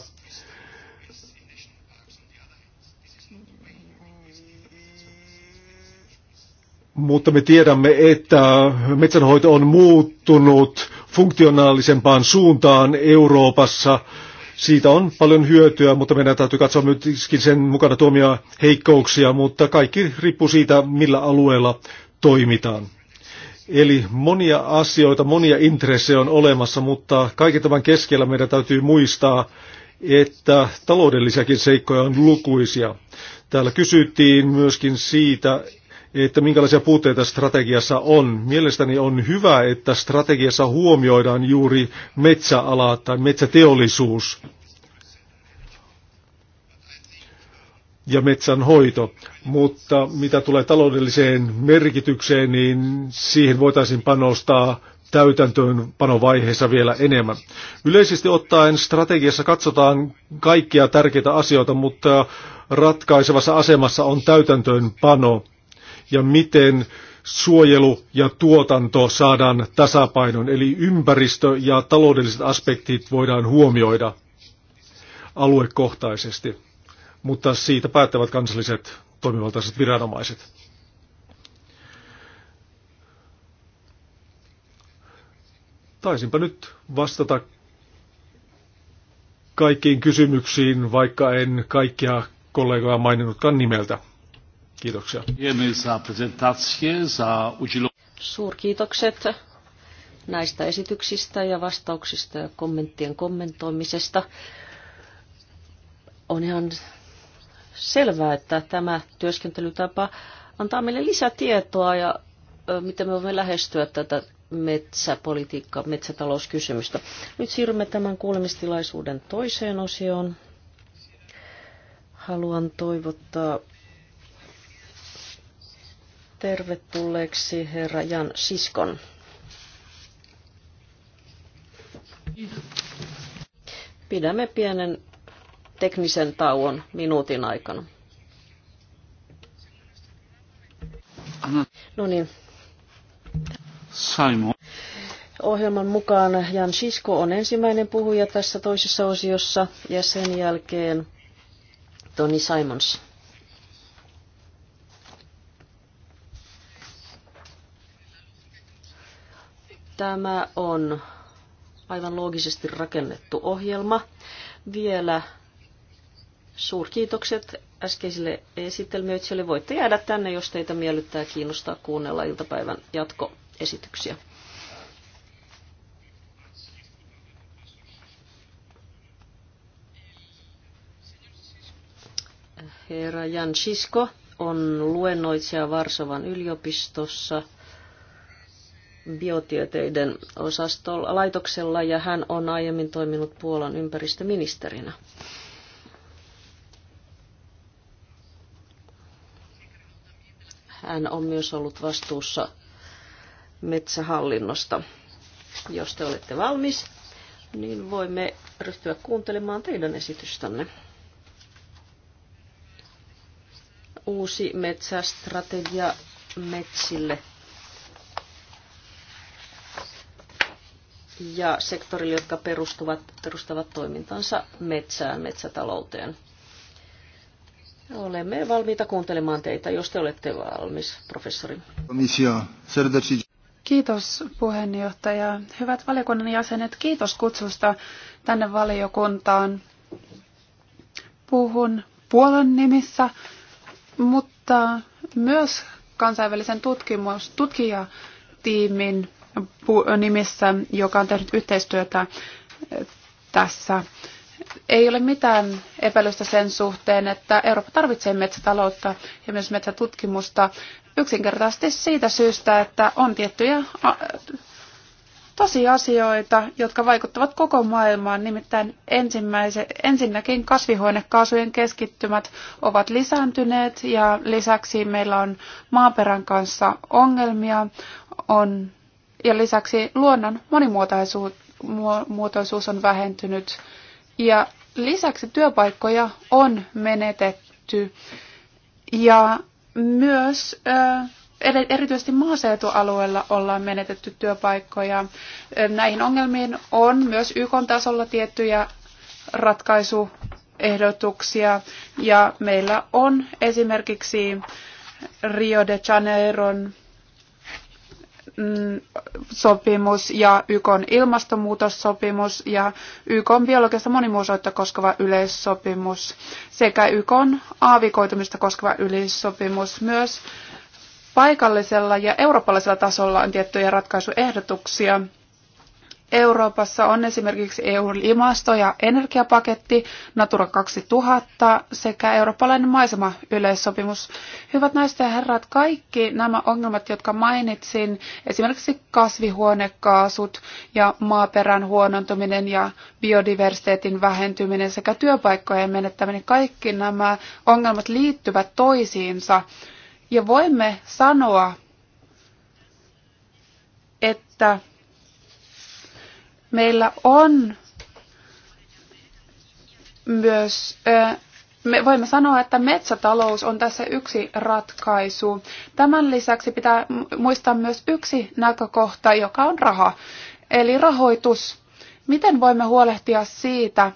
Mutta me tiedämme, että metsänhoito on muuttunut funktionaalisempaan suuntaan Euroopassa. Siitä on paljon hyötyä, mutta meidän täytyy katsoa myöskin sen mukana tuomia heikkouksia, mutta kaikki riippuu siitä, millä alueella toimitaan. Eli monia asioita, monia intressejä on olemassa, mutta kaiken tämän keskellä meidän täytyy muistaa, että taloudellisiakin seikkoja on lukuisia. Täällä kysyttiin myöskin siitä, että minkälaisia puutteita strategiassa on. Mielestäni on hyvä, että strategiassa huomioidaan juuri metsäala tai metsäteollisuus. ja metsän hoito, Mutta mitä tulee taloudelliseen merkitykseen, niin siihen voitaisiin panostaa täytäntöönpanovaiheessa vielä enemmän. Yleisesti ottaen strategiassa katsotaan kaikkia tärkeitä asioita, mutta ratkaisevassa asemassa on täytäntöönpano ja miten suojelu ja tuotanto saadaan tasapainon, eli ympäristö ja taloudelliset aspektit voidaan huomioida aluekohtaisesti mutta siitä päättävät kansalliset toimivaltaiset viranomaiset. Taisinpa nyt vastata kaikkiin kysymyksiin, vaikka en kaikkia kollegaa maininnutkaan nimeltä. Kiitoksia. Suurkiitokset näistä esityksistä ja vastauksista ja kommenttien kommentoimisesta. On ihan selvää, että tämä työskentelytapa antaa meille lisätietoa ja miten me voimme lähestyä tätä metsäpolitiikkaa, metsätalouskysymystä. Nyt siirrymme tämän kuulemistilaisuuden toiseen osioon. Haluan toivottaa tervetulleeksi herra Jan Siskon. Pidämme pienen teknisen tauon minuutin aikana. No niin. Simon. Ohjelman mukaan Jan Sisko on ensimmäinen puhuja tässä toisessa osiossa ja sen jälkeen Toni Simons. Tämä on aivan loogisesti rakennettu ohjelma. Vielä Suurkiitokset äskeisille esittelmöitsijöille. Voitte jäädä tänne, jos teitä miellyttää kiinnostaa kuunnella iltapäivän jatkoesityksiä. Herra Jan Sisko on luennoitsija Varsovan yliopistossa biotieteiden osastolla laitoksella ja hän on aiemmin toiminut Puolan ympäristöministerinä. Hän on myös ollut vastuussa metsähallinnosta. Jos te olette valmis, niin voimme ryhtyä kuuntelemaan teidän esitystänne. Uusi metsästrategia metsille ja sektorille, jotka perustuvat, perustavat toimintansa metsään, metsätalouteen. Olemme valmiita kuuntelemaan teitä, jos te olette valmis, professori. Kiitos puheenjohtaja. Hyvät valiokunnan jäsenet, kiitos kutsusta tänne valiokuntaan. Puhun Puolan nimissä, mutta myös kansainvälisen tutkimus, tutkijatiimin nimissä, joka on tehnyt yhteistyötä tässä ei ole mitään epäilystä sen suhteen, että Eurooppa tarvitsee metsätaloutta ja myös metsätutkimusta yksinkertaisesti siitä syystä, että on tiettyjä tosiasioita, jotka vaikuttavat koko maailmaan. Nimittäin ensinnäkin kasvihuonekaasujen keskittymät ovat lisääntyneet ja lisäksi meillä on maaperän kanssa ongelmia on, ja lisäksi luonnon monimuotoisuus on vähentynyt ja lisäksi työpaikkoja on menetetty. Ja myös erityisesti maaseutualueella ollaan menetetty työpaikkoja. Näihin ongelmiin on myös YK-tasolla tiettyjä ratkaisuehdotuksia. Ja meillä on esimerkiksi Rio de Janeiron sopimus ja YKn ilmastonmuutossopimus ja YKn biologista monimuotoisuutta koskeva yleissopimus sekä YKn aavikoitumista koskeva yleissopimus. Myös paikallisella ja eurooppalaisella tasolla on tiettyjä ratkaisuehdotuksia. Euroopassa on esimerkiksi EU-ilmasto- ja energiapaketti, Natura 2000 sekä eurooppalainen maisema-yleissopimus. Hyvät naiset ja herrat, kaikki nämä ongelmat, jotka mainitsin, esimerkiksi kasvihuonekaasut ja maaperän huonontuminen ja biodiversiteetin vähentyminen sekä työpaikkojen menettäminen, kaikki nämä ongelmat liittyvät toisiinsa. Ja voimme sanoa, että meillä on myös, me voimme sanoa, että metsätalous on tässä yksi ratkaisu. Tämän lisäksi pitää muistaa myös yksi näkökohta, joka on raha, eli rahoitus. Miten voimme huolehtia siitä,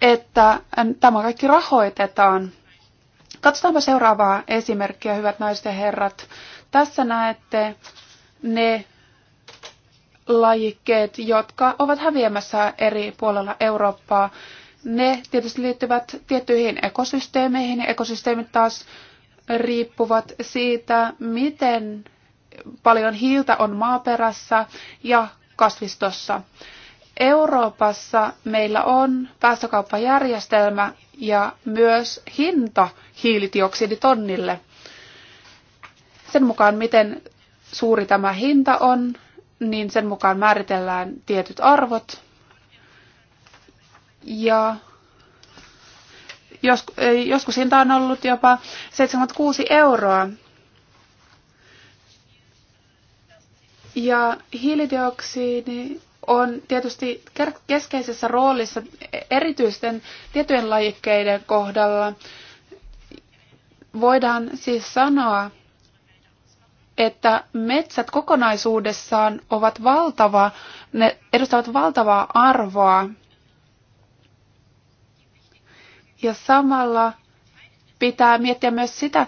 että tämä kaikki rahoitetaan? Katsotaanpa seuraavaa esimerkkiä, hyvät naiset ja herrat. Tässä näette ne lajikkeet, jotka ovat häviämässä eri puolella Eurooppaa. Ne tietysti liittyvät tiettyihin ekosysteemeihin ja ekosysteemit taas riippuvat siitä, miten paljon hiiltä on maaperässä ja kasvistossa. Euroopassa meillä on päästökauppajärjestelmä ja myös hinta hiilidioksiditonnille. Sen mukaan, miten suuri tämä hinta on, niin sen mukaan määritellään tietyt arvot. Ja jos, joskus hinta on ollut jopa 76 euroa. Ja hiilidioksidi on tietysti keskeisessä roolissa erityisten tiettyjen lajikkeiden kohdalla. Voidaan siis sanoa, että metsät kokonaisuudessaan ovat valtava, ne edustavat valtavaa arvoa. Ja samalla pitää miettiä myös sitä,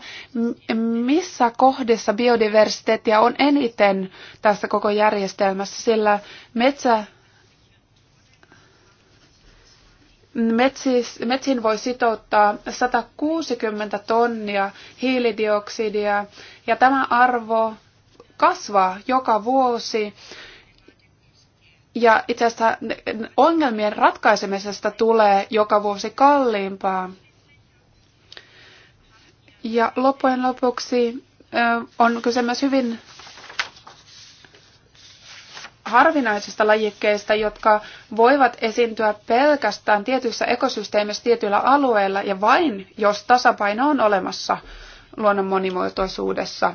missä kohdissa biodiversiteettia on eniten tässä koko järjestelmässä, sillä metsä Metsis, metsiin voi sitouttaa 160 tonnia hiilidioksidia ja tämä arvo kasvaa joka vuosi. Ja itse asiassa ongelmien ratkaisemisesta tulee joka vuosi kalliimpaa. Ja loppujen lopuksi on kyse myös hyvin harvinaisista lajikkeista, jotka voivat esiintyä pelkästään tietyissä ekosysteemissä tietyillä alueilla ja vain jos tasapaino on olemassa luonnon monimuotoisuudessa.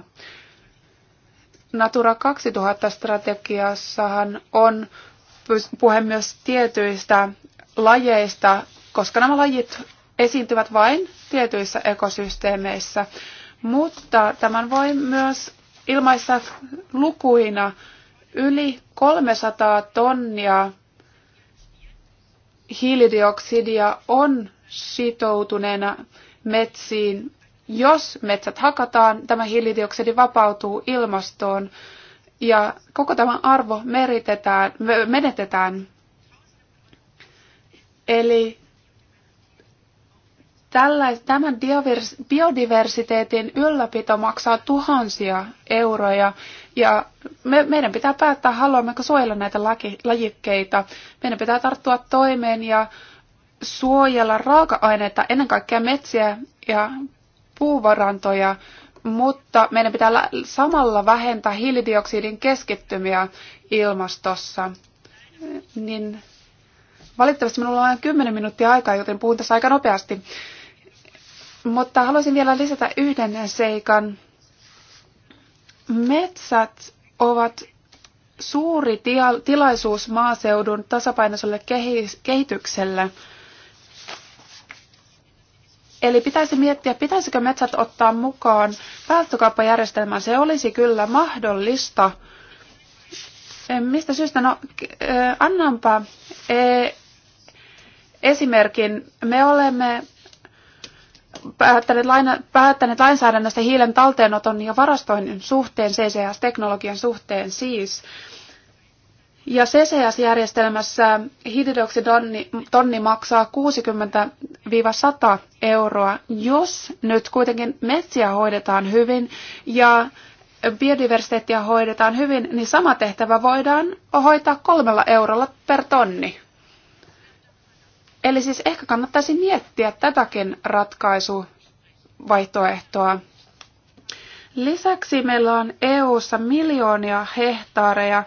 Natura 2000-strategiassahan on puhe myös tietyistä lajeista, koska nämä lajit esiintyvät vain tietyissä ekosysteemeissä. Mutta tämän voi myös ilmaista lukuina yli 300 tonnia hiilidioksidia on sitoutuneena metsiin. Jos metsät hakataan, tämä hiilidioksidi vapautuu ilmastoon ja koko tämä arvo meritetään, menetetään. Eli tämän biodiversiteetin ylläpito maksaa tuhansia euroja ja me, meidän pitää päättää, haluammeko suojella näitä laki, lajikkeita. Meidän pitää tarttua toimeen ja suojella raaka-aineita, ennen kaikkea metsiä ja puuvarantoja, mutta meidän pitää samalla vähentää hiilidioksidin keskittymiä ilmastossa. Niin valitettavasti minulla on 10 minuuttia aikaa, joten puhun tässä aika nopeasti. Mutta haluaisin vielä lisätä yhden seikan. Metsät ovat suuri tilaisuus maaseudun tasapainoiselle kehitykselle. Eli pitäisi miettiä, pitäisikö metsät ottaa mukaan päästökauppajärjestelmään. Se olisi kyllä mahdollista. Mistä syystä? No, annanpa e, esimerkin. Me olemme päättäneet, laina, päättäneet lainsäädännöstä hiilen talteenoton ja varastoinnin suhteen, CCS-teknologian suhteen siis. Ja CCS-järjestelmässä hiilidioksiditonni maksaa 60-100 euroa, jos nyt kuitenkin metsiä hoidetaan hyvin ja biodiversiteettia hoidetaan hyvin, niin sama tehtävä voidaan hoitaa kolmella eurolla per tonni. Eli siis ehkä kannattaisi miettiä tätäkin ratkaisuvaihtoehtoa. Lisäksi meillä on EU:ssa miljoonia hehtaareja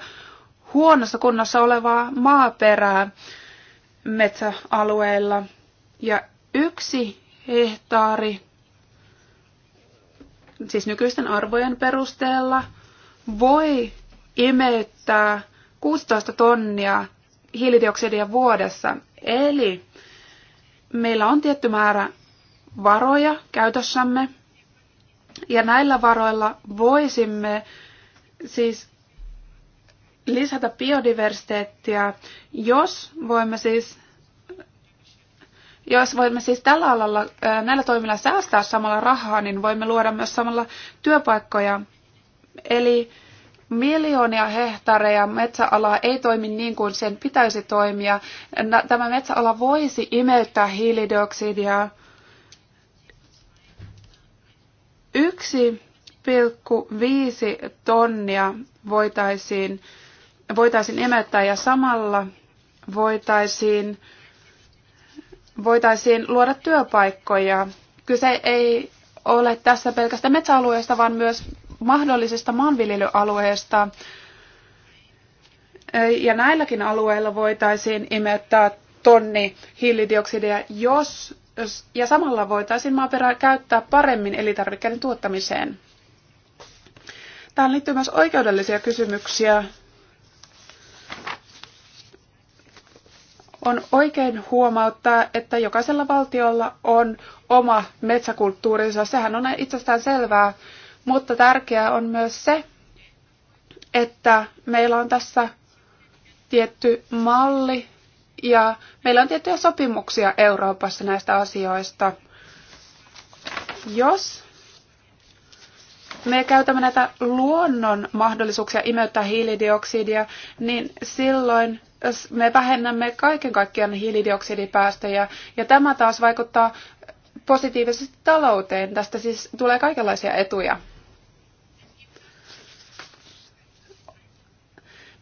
huonossa kunnossa olevaa maaperää metsäalueilla. Ja yksi hehtaari, siis nykyisten arvojen perusteella, voi imeyttää 16 tonnia hiilidioksidia vuodessa. Eli meillä on tietty määrä varoja käytössämme, ja näillä varoilla voisimme siis lisätä biodiversiteettiä, jos voimme siis jos voimme siis tällä alalla, näillä toimilla säästää samalla rahaa, niin voimme luoda myös samalla työpaikkoja. Eli Miljoonia hehtaareja metsäalaa ei toimi niin kuin sen pitäisi toimia. Tämä metsäala voisi imeyttää hiilidioksidia. 1,5 tonnia voitaisiin, voitaisiin imettää ja samalla voitaisiin, voitaisiin luoda työpaikkoja. Kyse ei ole tässä pelkästä metsäalueesta, vaan myös mahdollisesta maanviljelyalueesta. Ja näilläkin alueilla voitaisiin imettää tonni hiilidioksidia, jos, ja samalla voitaisiin maaperää käyttää paremmin elintarvikkeiden tuottamiseen. Tähän liittyy myös oikeudellisia kysymyksiä. On oikein huomauttaa, että jokaisella valtiolla on oma metsäkulttuurinsa. Sehän on itsestään selvää, mutta tärkeää on myös se, että meillä on tässä tietty malli ja meillä on tiettyjä sopimuksia Euroopassa näistä asioista. Jos me käytämme näitä luonnon mahdollisuuksia imeyttää hiilidioksidia, niin silloin me vähennämme kaiken kaikkiaan hiilidioksidipäästöjä, ja tämä taas vaikuttaa positiivisesti talouteen. Tästä siis tulee kaikenlaisia etuja.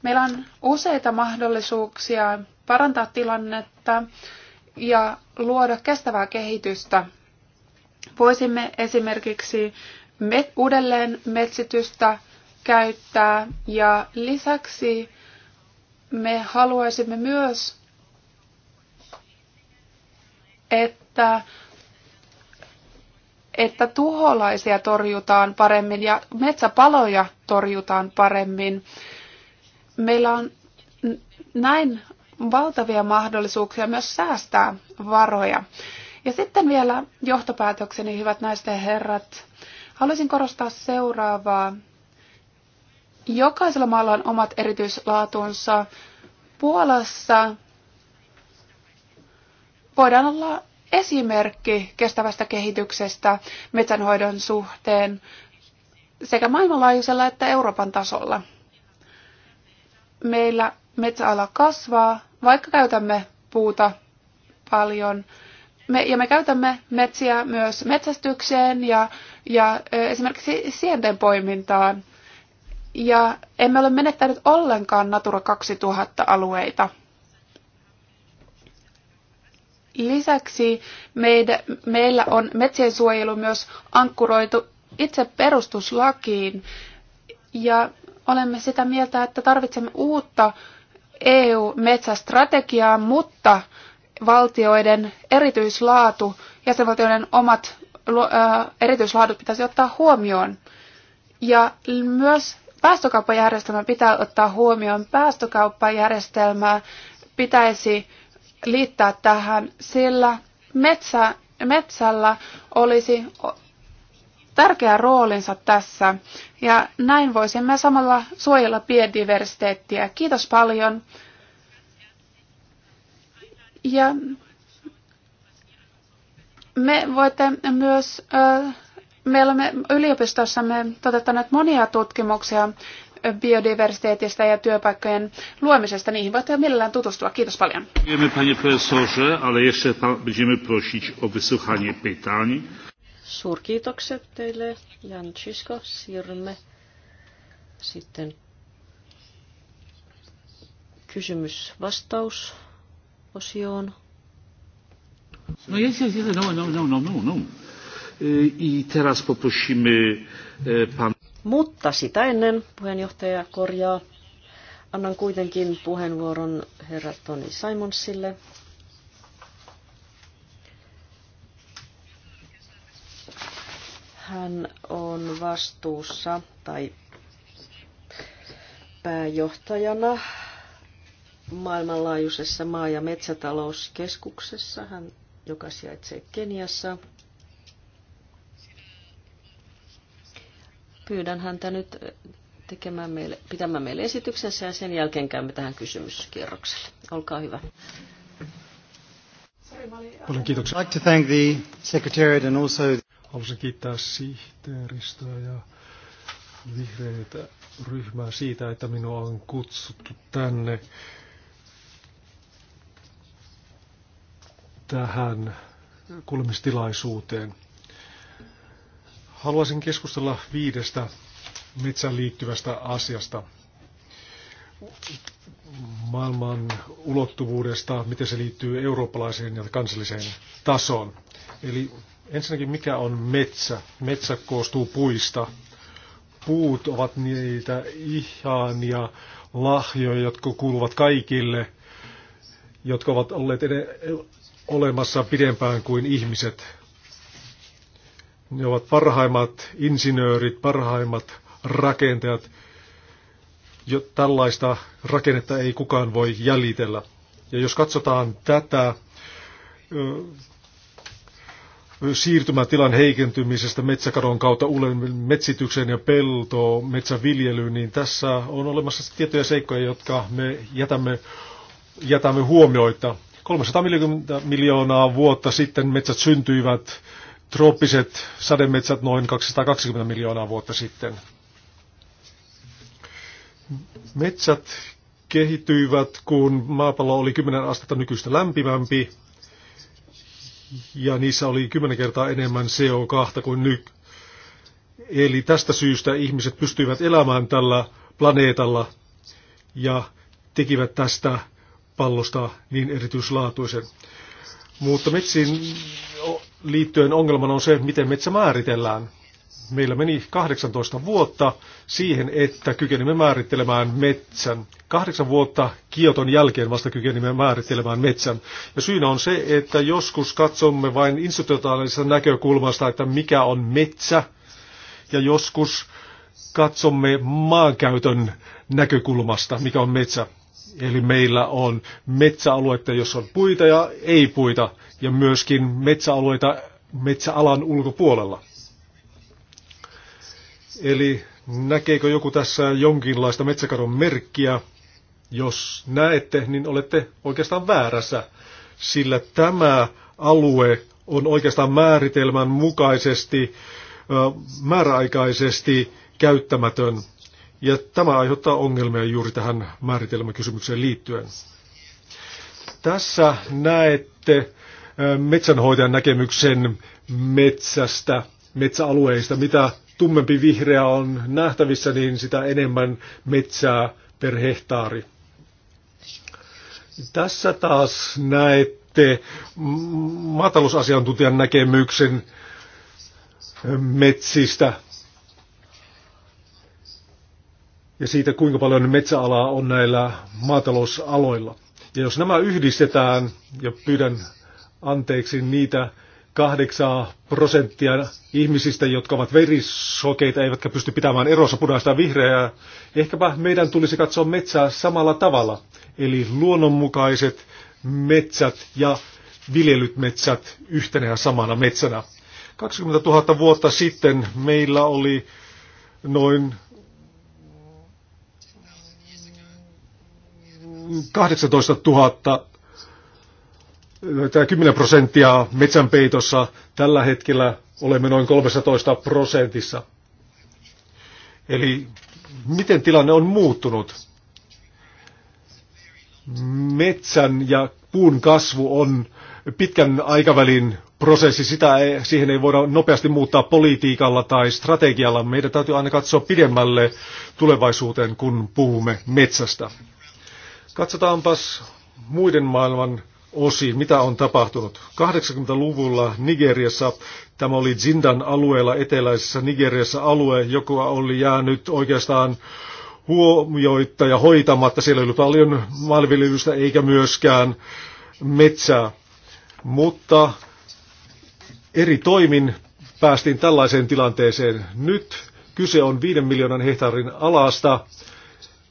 Meillä on useita mahdollisuuksia parantaa tilannetta ja luoda kestävää kehitystä. Voisimme esimerkiksi met- uudelleen metsitystä käyttää ja lisäksi me haluaisimme myös, että, että tuholaisia torjutaan paremmin ja metsäpaloja torjutaan paremmin meillä on näin valtavia mahdollisuuksia myös säästää varoja. Ja sitten vielä johtopäätökseni, hyvät naisten ja herrat. Haluaisin korostaa seuraavaa. Jokaisella maalla on omat erityislaatunsa. Puolassa voidaan olla esimerkki kestävästä kehityksestä metsänhoidon suhteen sekä maailmanlaajuisella että Euroopan tasolla meillä metsäala kasvaa, vaikka käytämme puuta paljon. Me, ja me käytämme metsiä myös metsästykseen ja, ja esimerkiksi sienten poimintaan. Ja emme ole menettäneet ollenkaan Natura 2000-alueita. Lisäksi meid, meillä on metsien suojelu myös ankkuroitu itse perustuslakiin. Ja olemme sitä mieltä, että tarvitsemme uutta EU-metsästrategiaa, mutta valtioiden erityislaatu, jäsenvaltioiden omat erityislaadut pitäisi ottaa huomioon. Ja myös päästökauppajärjestelmä pitää ottaa huomioon. Päästökauppajärjestelmää pitäisi liittää tähän, sillä metsä, metsällä olisi tärkeä roolinsa tässä ja näin voisimme samalla suojella biodiversiteettiä. Kiitos paljon. Ja me voitte myös, me olemme yliopistossamme toteuttaneet monia tutkimuksia biodiversiteetistä ja työpaikkojen luomisesta. Niihin voitte mielellään tutustua. Kiitos paljon. Panie profesorze, ale jeszcze będziemy prosić o wysłuchanie pytań. Suurkiitokset teille, Jan Chisko. Siirrymme sitten kysymys-vastaus-osioon. No jest, jest, jest, no, no, no, no, no, no. I teraz poprosimy e, pan... Mutta sitä ennen puheenjohtaja korjaa. Annan kuitenkin puheenvuoron herra Toni Simonsille, Hän on vastuussa tai pääjohtajana maailmanlaajuisessa maa- ja metsätalouskeskuksessa, hän, joka sijaitsee Keniassa. Pyydän häntä nyt tekemään meille, pitämään meille esityksensä ja sen jälkeen käymme tähän kysymyskierrokselle. Olkaa hyvä. Paljon kiitoksia. I'd like to thank the secretariat and also Haluaisin kiittää sihteeristöä ja vihreitä ryhmää siitä, että minua on kutsuttu tänne tähän kuulemistilaisuuteen. Haluaisin keskustella viidestä metsään liittyvästä asiasta. Maailman ulottuvuudesta, miten se liittyy eurooppalaiseen ja kansalliseen tasoon. Eli Ensinnäkin mikä on metsä? Metsä koostuu puista. Puut ovat niitä ihania lahjoja, jotka kuuluvat kaikille, jotka ovat olleet olemassa pidempään kuin ihmiset. Ne ovat parhaimmat insinöörit, parhaimmat rakentajat. Jo tällaista rakennetta ei kukaan voi jäljitellä. Ja jos katsotaan tätä siirtymätilan heikentymisestä metsäkadon kautta uuden metsitykseen ja peltoon, metsäviljelyyn, niin tässä on olemassa tiettyjä seikkoja, jotka me jätämme, jätämme huomioita. 340 miljoonaa vuotta sitten metsät syntyivät, trooppiset sademetsät noin 220 miljoonaa vuotta sitten. Metsät kehityivät, kun maapallo oli 10 astetta nykyistä lämpimämpi, ja niissä oli kymmenen kertaa enemmän CO2 kuin nyt. Eli tästä syystä ihmiset pystyivät elämään tällä planeetalla ja tekivät tästä pallosta niin erityislaatuisen. Mutta metsiin liittyen ongelmana on se, miten metsä määritellään meillä meni 18 vuotta siihen, että kykenimme määrittelemään metsän. Kahdeksan vuotta kioton jälkeen vasta kykenimme määrittelemään metsän. Ja syynä on se, että joskus katsomme vain institutionaalisesta näkökulmasta, että mikä on metsä, ja joskus katsomme maankäytön näkökulmasta, mikä on metsä. Eli meillä on metsäalueita, jossa on puita ja ei-puita, ja myöskin metsäalueita metsäalan ulkopuolella. Eli näkeekö joku tässä jonkinlaista metsäkadon merkkiä? Jos näette, niin olette oikeastaan väärässä, sillä tämä alue on oikeastaan määritelmän mukaisesti, määräaikaisesti käyttämätön. Ja tämä aiheuttaa ongelmia juuri tähän määritelmäkysymykseen liittyen. Tässä näette metsänhoitajan näkemyksen metsästä, metsäalueista, mitä tummempi vihreä on nähtävissä, niin sitä enemmän metsää per hehtaari. Tässä taas näette maatalousasiantuntijan näkemyksen metsistä ja siitä, kuinka paljon metsäalaa on näillä maatalousaloilla. Ja jos nämä yhdistetään, ja pyydän anteeksi niitä, 8 prosenttia ihmisistä, jotka ovat verisokeita eivätkä pysty pitämään erossa punaista ja vihreää. Ehkäpä meidän tulisi katsoa metsää samalla tavalla, eli luonnonmukaiset metsät ja viljelyt metsät yhtenä ja samana metsänä. 20 000 vuotta sitten meillä oli noin 18 000 tämä 10 prosenttia metsänpeitossa. Tällä hetkellä olemme noin 13 prosentissa. Eli miten tilanne on muuttunut? Metsän ja puun kasvu on pitkän aikavälin prosessi. Sitä ei, siihen ei voida nopeasti muuttaa politiikalla tai strategialla. Meidän täytyy aina katsoa pidemmälle tulevaisuuteen, kun puhumme metsästä. Katsotaanpas muiden maailman Osiin, mitä on tapahtunut. 80-luvulla Nigeriassa, tämä oli Zindan alueella, eteläisessä Nigeriassa alue, joka oli jäänyt oikeastaan huomioitta ja hoitamatta. Siellä oli paljon maanviljelystä eikä myöskään metsää. Mutta eri toimin päästiin tällaiseen tilanteeseen. Nyt kyse on 5 miljoonan hehtaarin alasta,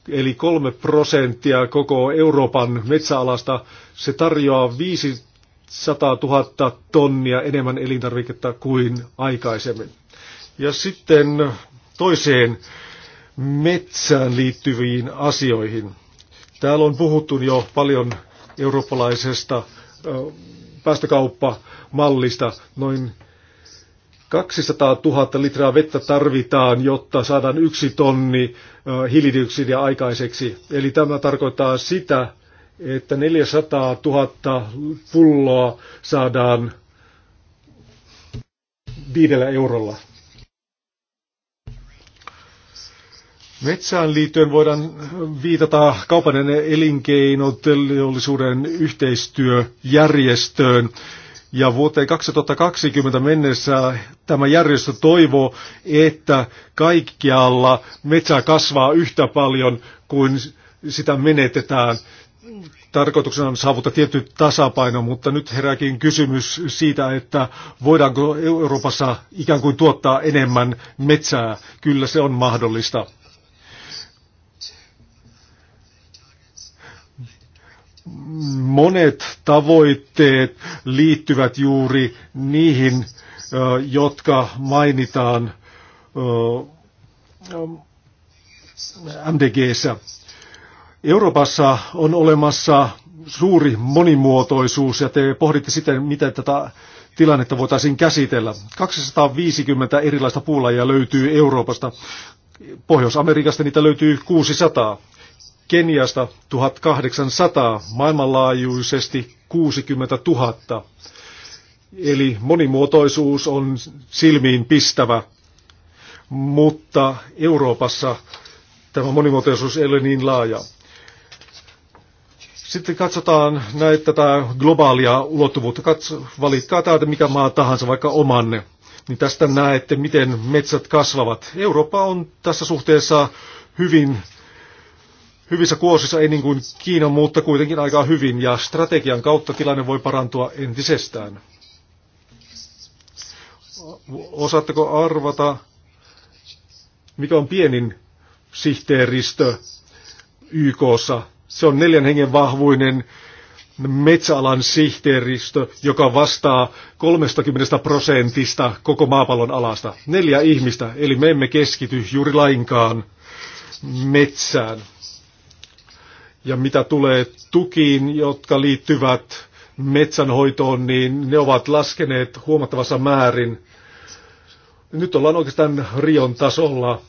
eli kolme prosenttia koko Euroopan metsäalasta. Se tarjoaa 500 000 tonnia enemmän elintarviketta kuin aikaisemmin. Ja sitten toiseen metsään liittyviin asioihin. Täällä on puhuttu jo paljon eurooppalaisesta päästökauppamallista. Noin 200 000 litraa vettä tarvitaan, jotta saadaan yksi tonni hiilidioksidia aikaiseksi. Eli tämä tarkoittaa sitä, että 400 000 pulloa saadaan viidellä eurolla. Metsään liittyen voidaan viitata kaupan elinkeinoteollisuuden yhteistyöjärjestöön. Ja vuoteen 2020 mennessä tämä järjestö toivoo, että kaikkialla metsää kasvaa yhtä paljon kuin sitä menetetään. Tarkoituksena on saavuttaa tietty tasapaino, mutta nyt herääkin kysymys siitä, että voidaanko Euroopassa ikään kuin tuottaa enemmän metsää. Kyllä se on mahdollista. monet tavoitteet liittyvät juuri niihin, jotka mainitaan MDGssä. Euroopassa on olemassa suuri monimuotoisuus ja te pohditte sitten, miten tätä tilannetta voitaisiin käsitellä. 250 erilaista puulajia löytyy Euroopasta. Pohjois-Amerikasta niitä löytyy 600. Keniasta 1800, maailmanlaajuisesti 60 000. Eli monimuotoisuus on silmiin pistävä, mutta Euroopassa tämä monimuotoisuus ei ole niin laaja. Sitten katsotaan näitä tätä globaalia ulottuvuutta. Katso, valitkaa täältä mikä maa tahansa, vaikka omanne. Niin tästä näette, miten metsät kasvavat. Eurooppa on tässä suhteessa hyvin hyvissä kuosissa, ei niin kuin Kiinan, mutta kuitenkin aika hyvin, ja strategian kautta tilanne voi parantua entisestään. Osaatteko arvata, mikä on pienin sihteeristö YKssa? Se on neljän hengen vahvuinen metsäalan sihteeristö, joka vastaa 30 prosentista koko maapallon alasta. Neljä ihmistä, eli me emme keskity juuri lainkaan metsään. Ja mitä tulee tukiin, jotka liittyvät metsänhoitoon, niin ne ovat laskeneet huomattavassa määrin. Nyt ollaan oikeastaan Rion tasolla.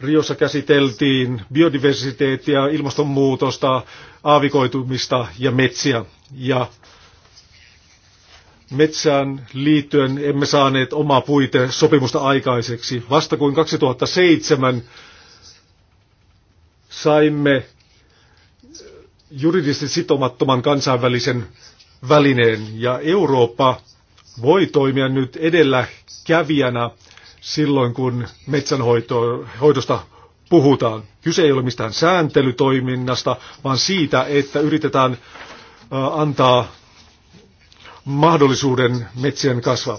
Riossa käsiteltiin biodiversiteettiä, ilmastonmuutosta, aavikoitumista ja metsiä. Ja metsään liittyen emme saaneet omaa puite sopimusta aikaiseksi. Vasta kuin 2007 saimme juridisesti sitomattoman kansainvälisen välineen ja Eurooppa voi toimia nyt edellä kävijänä silloin, kun metsänhoidosta puhutaan. Kyse ei ole mistään sääntelytoiminnasta, vaan siitä, että yritetään antaa mahdollisuuden metsien kasvaa.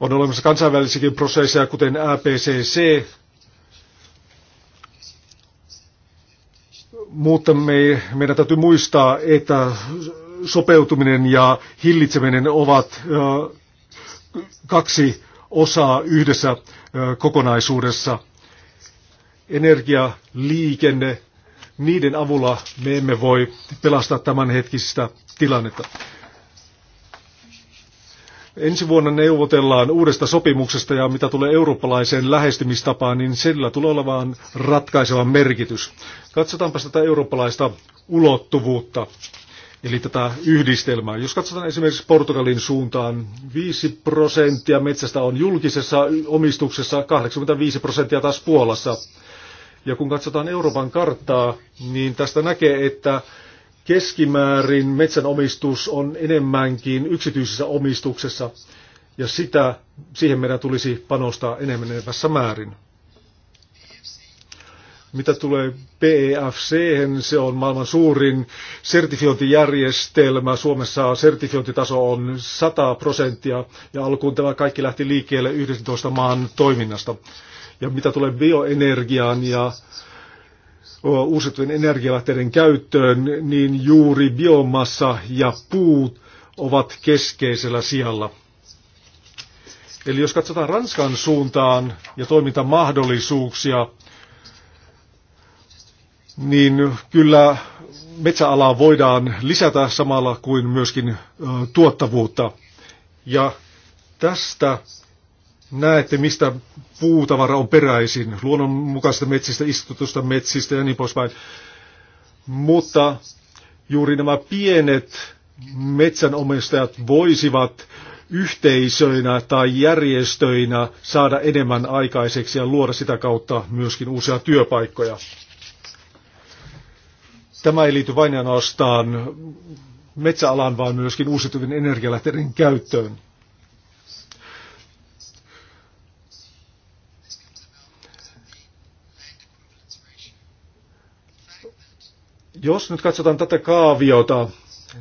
On olemassa kansainvälisikin prosesseja, kuten APCC, Mutta me, meidän täytyy muistaa, että sopeutuminen ja hillitseminen ovat kaksi osaa yhdessä kokonaisuudessa. Energia, liikenne, niiden avulla me emme voi pelastaa tämänhetkistä tilannetta. Ensi vuonna neuvotellaan uudesta sopimuksesta ja mitä tulee eurooppalaiseen lähestymistapaan, niin sillä tulee olemaan ratkaiseva merkitys. Katsotaanpa tätä eurooppalaista ulottuvuutta, eli tätä yhdistelmää. Jos katsotaan esimerkiksi Portugalin suuntaan, 5 prosenttia metsästä on julkisessa omistuksessa, 85 prosenttia taas Puolassa. Ja kun katsotaan Euroopan karttaa, niin tästä näkee, että keskimäärin metsänomistus on enemmänkin yksityisessä omistuksessa ja sitä, siihen meidän tulisi panostaa enemmän enemmässä määrin. Mitä tulee PEFC, se on maailman suurin sertifiointijärjestelmä. Suomessa sertifiointitaso on 100 prosenttia ja alkuun tämä kaikki lähti liikkeelle 11 maan toiminnasta. Ja mitä tulee bioenergiaan ja uusiutuvien energialähteiden käyttöön, niin juuri biomassa ja puut ovat keskeisellä sijalla. Eli jos katsotaan Ranskan suuntaan ja toimintamahdollisuuksia, niin kyllä metsäalaa voidaan lisätä samalla kuin myöskin tuottavuutta. Ja tästä näette, mistä puutavara on peräisin, luonnonmukaisista metsistä, istutusta metsistä ja niin poispäin. Mutta juuri nämä pienet metsänomistajat voisivat yhteisöinä tai järjestöinä saada enemmän aikaiseksi ja luoda sitä kautta myöskin uusia työpaikkoja. Tämä ei liity vain ainoastaan metsäalan, vaan myöskin uusiutuvien energialähteiden käyttöön. Jos nyt katsotaan tätä kaaviota,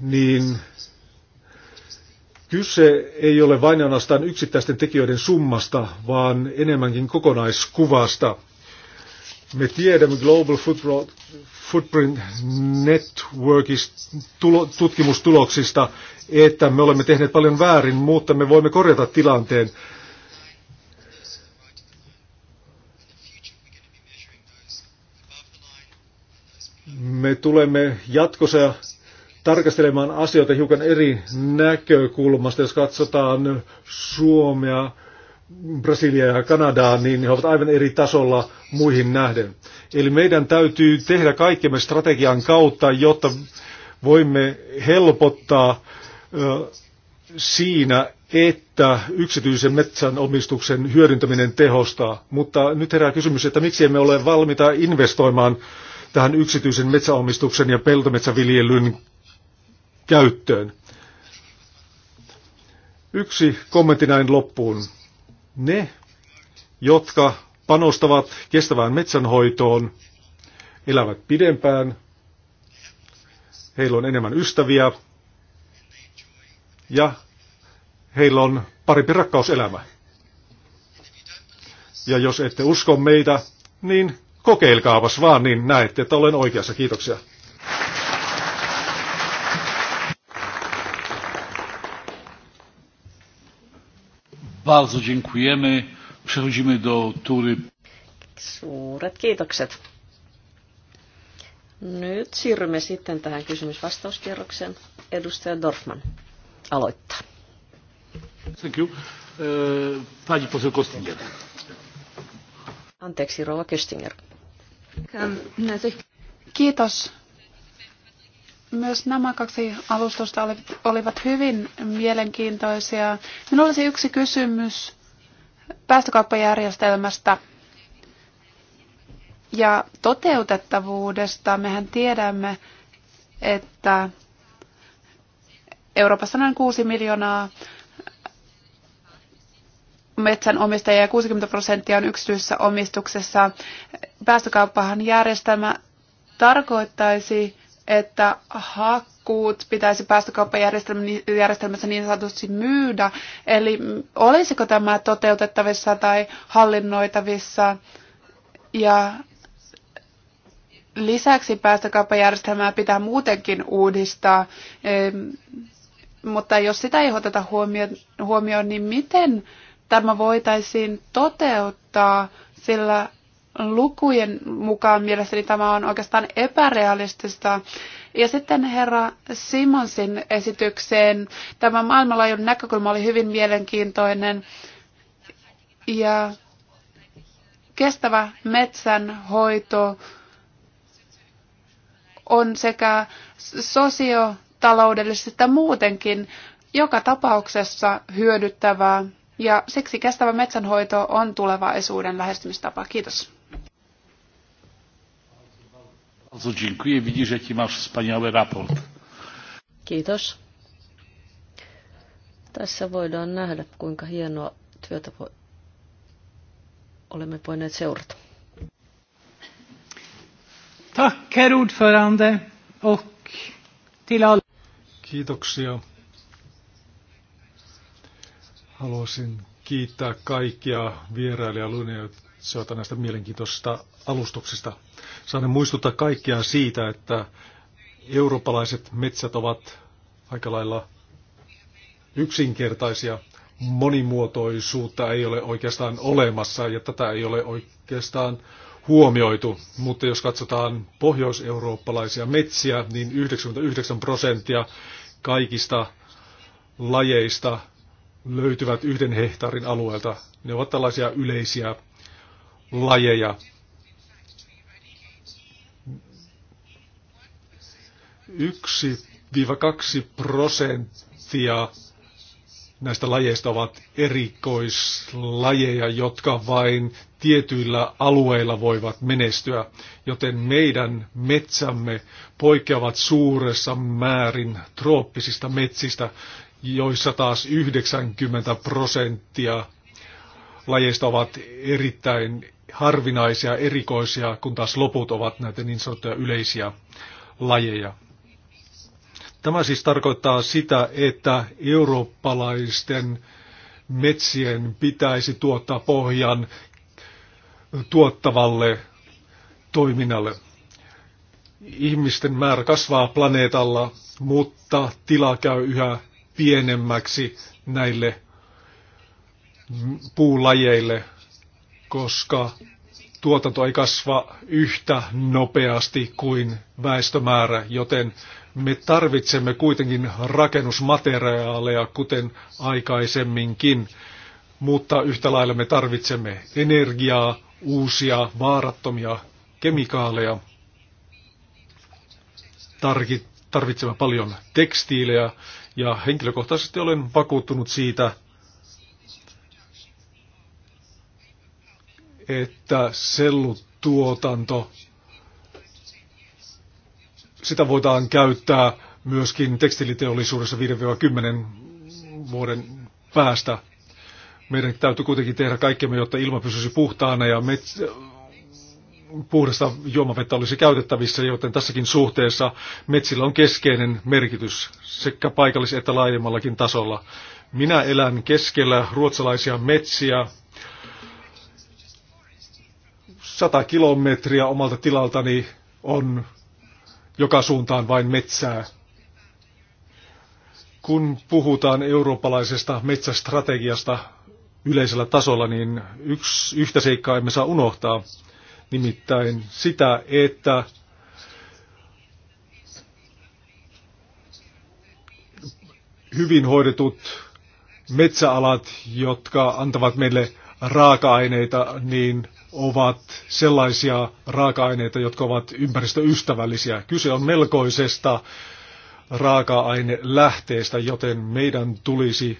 niin kyse ei ole vain ainoastaan yksittäisten tekijöiden summasta, vaan enemmänkin kokonaiskuvasta. Me tiedämme Global Footprint Networkin tutkimustuloksista, että me olemme tehneet paljon väärin, mutta me voimme korjata tilanteen. me tulemme jatkossa tarkastelemaan asioita hiukan eri näkökulmasta. Jos katsotaan Suomea, Brasilia ja Kanadaa, niin ne ovat aivan eri tasolla muihin nähden. Eli meidän täytyy tehdä kaikkemme strategian kautta, jotta voimme helpottaa siinä, että yksityisen metsänomistuksen hyödyntäminen tehostaa. Mutta nyt herää kysymys, että miksi emme ole valmiita investoimaan tähän yksityisen metsäomistuksen ja peltometsäviljelyn käyttöön. Yksi kommentti näin loppuun. Ne, jotka panostavat kestävään metsänhoitoon, elävät pidempään, heillä on enemmän ystäviä ja heillä on parempi rakkauselämä. Ja jos ette usko meitä, niin Kokeilkaapas vaan, niin näette, että olen oikeassa. Kiitoksia. Bardzo dziękujemy. Przechodzimy do tury. Suuret kiitokset. Nyt siirrymme sitten tähän kysymysvastauskierrokseen. Edustaja Dorfman aloittaa. Thank you. E, pani poseł Kostinger. Anteeksi, rouva Köstinger. Kiitos. Myös nämä kaksi alustusta olivat hyvin mielenkiintoisia. Minulla olisi yksi kysymys päästökauppajärjestelmästä ja toteutettavuudesta. Mehän tiedämme, että Euroopassa noin 6 miljoonaa metsänomistajia ja 60 prosenttia on yksityisessä omistuksessa. Päästökauppahan järjestelmä tarkoittaisi, että hakkuut pitäisi päästökauppajärjestelmässä niin sanotusti myydä. Eli olisiko tämä toteutettavissa tai hallinnoitavissa? Ja lisäksi päästökauppajärjestelmää pitää muutenkin uudistaa, mutta jos sitä ei oteta huomioon, niin miten tämä voitaisiin toteuttaa, sillä lukujen mukaan mielestäni tämä on oikeastaan epärealistista. Ja sitten herra Simonsin esitykseen tämä maailmanlaajuinen näkökulma oli hyvin mielenkiintoinen. Ja kestävä metsänhoito on sekä sosiotaloudellisesti että muutenkin joka tapauksessa hyödyttävää ja siksi kestävä metsänhoito on tulevaisuuden lähestymistapa. Kiitos. Kiitos. Tässä voidaan nähdä, kuinka hienoa työtä voi, olemme voineet seurata. Tack, herr ordförande. Och till all... Kiitoksia Haluaisin kiittää kaikkia lunioitsijoita näistä mielenkiintoisista alustuksista. Saan muistuttaa kaikkia siitä, että eurooppalaiset metsät ovat aika lailla yksinkertaisia. Monimuotoisuutta ei ole oikeastaan olemassa ja tätä ei ole oikeastaan huomioitu. Mutta jos katsotaan pohjoiseurooppalaisia metsiä, niin 99 prosenttia kaikista lajeista löytyvät yhden hehtaarin alueelta. Ne ovat tällaisia yleisiä lajeja. Yksi 1-2 prosenttia näistä lajeista ovat erikoislajeja, jotka vain tietyillä alueilla voivat menestyä, joten meidän metsämme poikkeavat suuressa määrin trooppisista metsistä, joissa taas 90 prosenttia lajeista ovat erittäin harvinaisia, erikoisia, kun taas loput ovat näitä niin sanottuja yleisiä lajeja. Tämä siis tarkoittaa sitä, että eurooppalaisten metsien pitäisi tuottaa pohjan tuottavalle toiminnalle. Ihmisten määrä kasvaa planeetalla, mutta tila käy yhä pienemmäksi näille puulajeille, koska tuotanto ei kasva yhtä nopeasti kuin väestömäärä, joten me tarvitsemme kuitenkin rakennusmateriaaleja, kuten aikaisemminkin, mutta yhtä lailla me tarvitsemme energiaa, uusia vaarattomia kemikaaleja. Tarvitsemme paljon tekstiilejä, ja henkilökohtaisesti olen vakuuttunut siitä, että sellutuotanto, sitä voidaan käyttää myöskin tekstiliteollisuudessa 5-10 vuoden päästä. Meidän täytyy kuitenkin tehdä kaikkemme, jotta ilma pysyisi puhtaana ja metsä, puhdasta juomavettä olisi käytettävissä, joten tässäkin suhteessa metsillä on keskeinen merkitys sekä paikallis- että laajemmallakin tasolla. Minä elän keskellä ruotsalaisia metsiä, 100 kilometriä omalta tilaltani on joka suuntaan vain metsää. Kun puhutaan eurooppalaisesta metsästrategiasta yleisellä tasolla, niin yksi, yhtä seikkaa emme saa unohtaa – nimittäin sitä, että hyvin hoidetut metsäalat, jotka antavat meille raaka-aineita, niin ovat sellaisia raaka-aineita, jotka ovat ympäristöystävällisiä. Kyse on melkoisesta raaka-ainelähteestä, joten meidän tulisi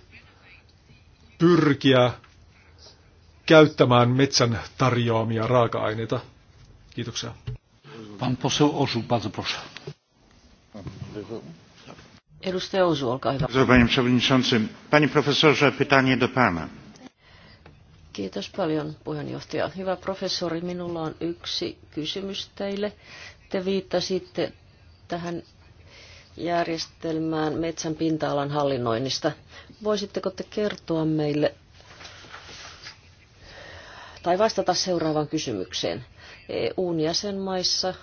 pyrkiä käyttämään metsän tarjoamia raaka-aineita. Kiitoksia. Pan poseł Osu, proszę. Edustaja Osu, olkaa hyvä. Panie przewodniczący, panie profesorze, pytanie do pana. Kiitos paljon puheenjohtaja. Hyvä professori, minulla on yksi kysymys teille. Te viittasitte tähän järjestelmään metsän pinta-alan hallinnoinnista. Voisitteko te kertoa meille tai vastata seuraavaan kysymykseen. EUn jäsenmaissa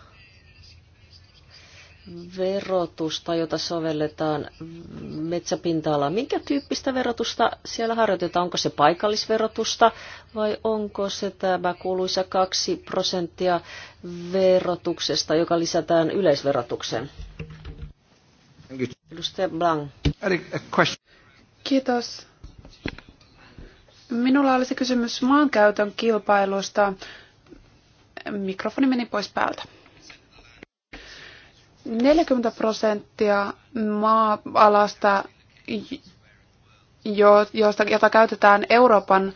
verotusta, jota sovelletaan metsäpinta-alaan. Minkä tyyppistä verotusta siellä harjoitetaan? Onko se paikallisverotusta vai onko se tämä kuuluisa 2 prosenttia verotuksesta, joka lisätään yleisverotukseen? Edustaja Blanc. Kiitos. Minulla olisi kysymys maankäytön kilpailusta. Mikrofoni meni pois päältä. 40 prosenttia maa-alasta, josta, jota käytetään Euroopan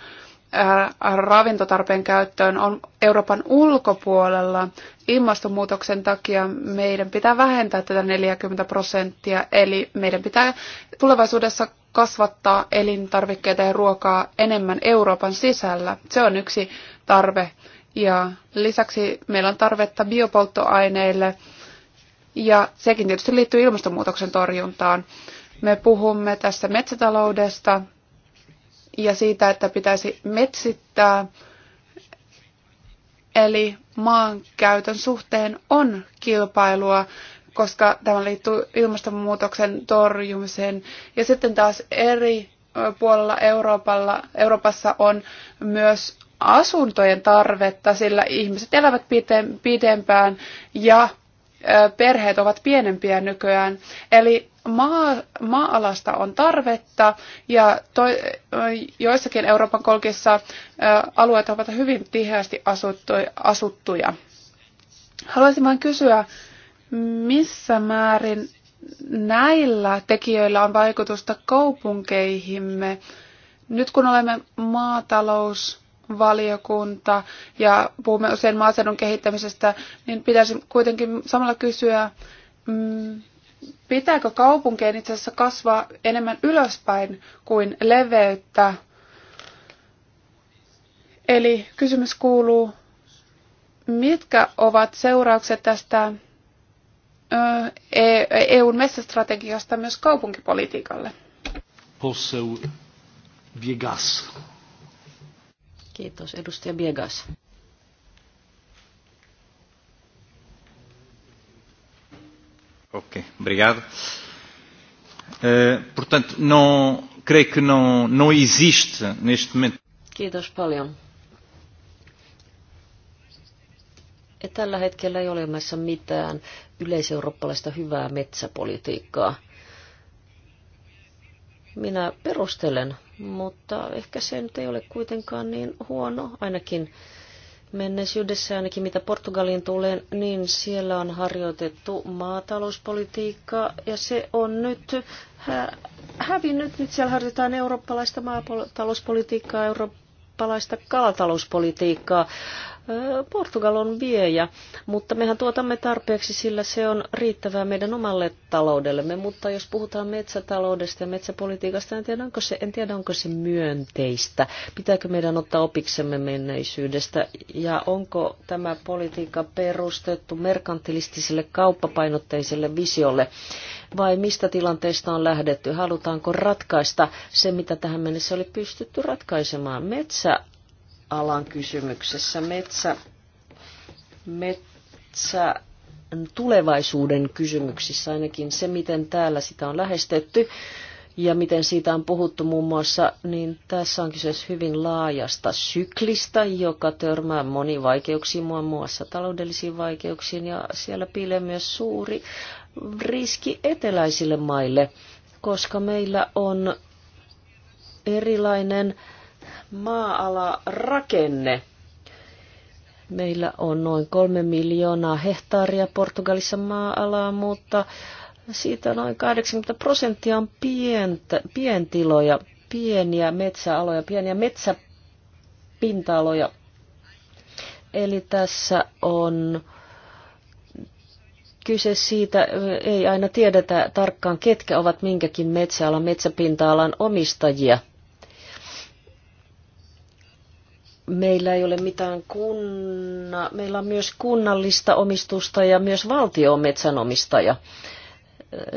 äh, ravintotarpeen käyttöön, on Euroopan ulkopuolella. Ilmastonmuutoksen takia meidän pitää vähentää tätä 40 prosenttia, eli meidän pitää tulevaisuudessa kasvattaa elintarvikkeita ja ruokaa enemmän Euroopan sisällä. Se on yksi tarve. Ja lisäksi meillä on tarvetta biopolttoaineille ja sekin tietysti liittyy ilmastonmuutoksen torjuntaan. Me puhumme tässä metsätaloudesta ja siitä, että pitäisi metsittää. Eli maankäytön suhteen on kilpailua koska tämä liittyy ilmastonmuutoksen torjumiseen. Ja sitten taas eri puolella Euroopalla, Euroopassa on myös asuntojen tarvetta, sillä ihmiset elävät pidempään ja perheet ovat pienempiä nykyään. Eli maa, maa-alasta on tarvetta ja to, joissakin Euroopan kolkissa alueet ovat hyvin tiheästi asuttuja. Haluaisin vain kysyä, missä määrin näillä tekijöillä on vaikutusta kaupunkeihimme? Nyt kun olemme maatalousvaliokunta ja puhumme usein maaseudun kehittämisestä, niin pitäisi kuitenkin samalla kysyä, mm, pitääkö kaupunkeen itse asiassa kasvaa enemmän ylöspäin kuin leveyttä? Eli kysymys kuuluu, mitkä ovat seuraukset tästä EUn e metsästrategiasta myös kaupunkipolitiikalle. Posseu Viegas. Kiitos, edustaja Viegas. Ok, obrigado. Uh, portanto, não, creio que não, não existe neste momento. Kiitos paljon. Ja tällä hetkellä ei ole olemassa mitään yleiseurooppalaista hyvää metsäpolitiikkaa. Minä perustelen, mutta ehkä se nyt ei ole kuitenkaan niin huono, ainakin menneisyydessä, ainakin mitä Portugaliin tulee, niin siellä on harjoitettu maatalouspolitiikkaa ja se on nyt hä- hävinnyt. Nyt siellä harjoitetaan eurooppalaista maatalouspolitiikkaa, eurooppalaista kalatalouspolitiikkaa. Portugal on viejä, mutta mehän tuotamme tarpeeksi, sillä se on riittävää meidän omalle taloudellemme. Mutta jos puhutaan metsätaloudesta ja metsäpolitiikasta, en tiedä, onko se, en tiedä, onko se myönteistä. Pitääkö meidän ottaa opiksemme menneisyydestä ja onko tämä politiikka perustettu merkantilistiselle kauppapainotteiselle visiolle? vai mistä tilanteesta on lähdetty? Halutaanko ratkaista se, mitä tähän mennessä oli pystytty ratkaisemaan? Metsä alan kysymyksessä. Metsä, metsä tulevaisuuden kysymyksissä ainakin se, miten täällä sitä on lähestetty ja miten siitä on puhuttu muun muassa, niin tässä on kyse hyvin laajasta syklistä, joka törmää moniin vaikeuksiin, muun muassa taloudellisiin vaikeuksiin, ja siellä piilee myös suuri riski eteläisille maille, koska meillä on erilainen äh, maa rakenne. Meillä on noin kolme miljoonaa hehtaaria Portugalissa maa-alaa, mutta siitä noin 80 prosenttia on pientä, pientiloja, pieniä metsäaloja, pieniä metsäpinta-aloja. Eli tässä on kyse siitä, ei aina tiedetä tarkkaan, ketkä ovat minkäkin metsäalan, metsäpinta-alan omistajia – meillä ei ole mitään kunna, meillä on myös kunnallista omistusta ja myös valtio on metsänomistaja.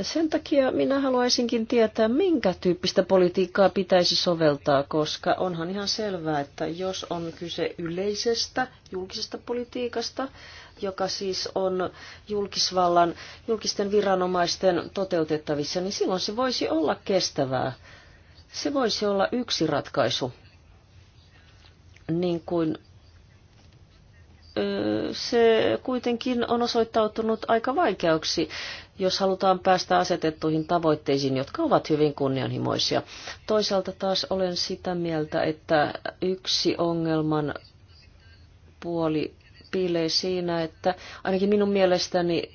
Sen takia minä haluaisinkin tietää, minkä tyyppistä politiikkaa pitäisi soveltaa, koska onhan ihan selvää, että jos on kyse yleisestä julkisesta politiikasta, joka siis on julkisvallan, julkisten viranomaisten toteutettavissa, niin silloin se voisi olla kestävää. Se voisi olla yksi ratkaisu niin kuin se kuitenkin on osoittautunut aika vaikeaksi, jos halutaan päästä asetettuihin tavoitteisiin, jotka ovat hyvin kunnianhimoisia. Toisaalta taas olen sitä mieltä, että yksi ongelman puoli piilee siinä, että ainakin minun mielestäni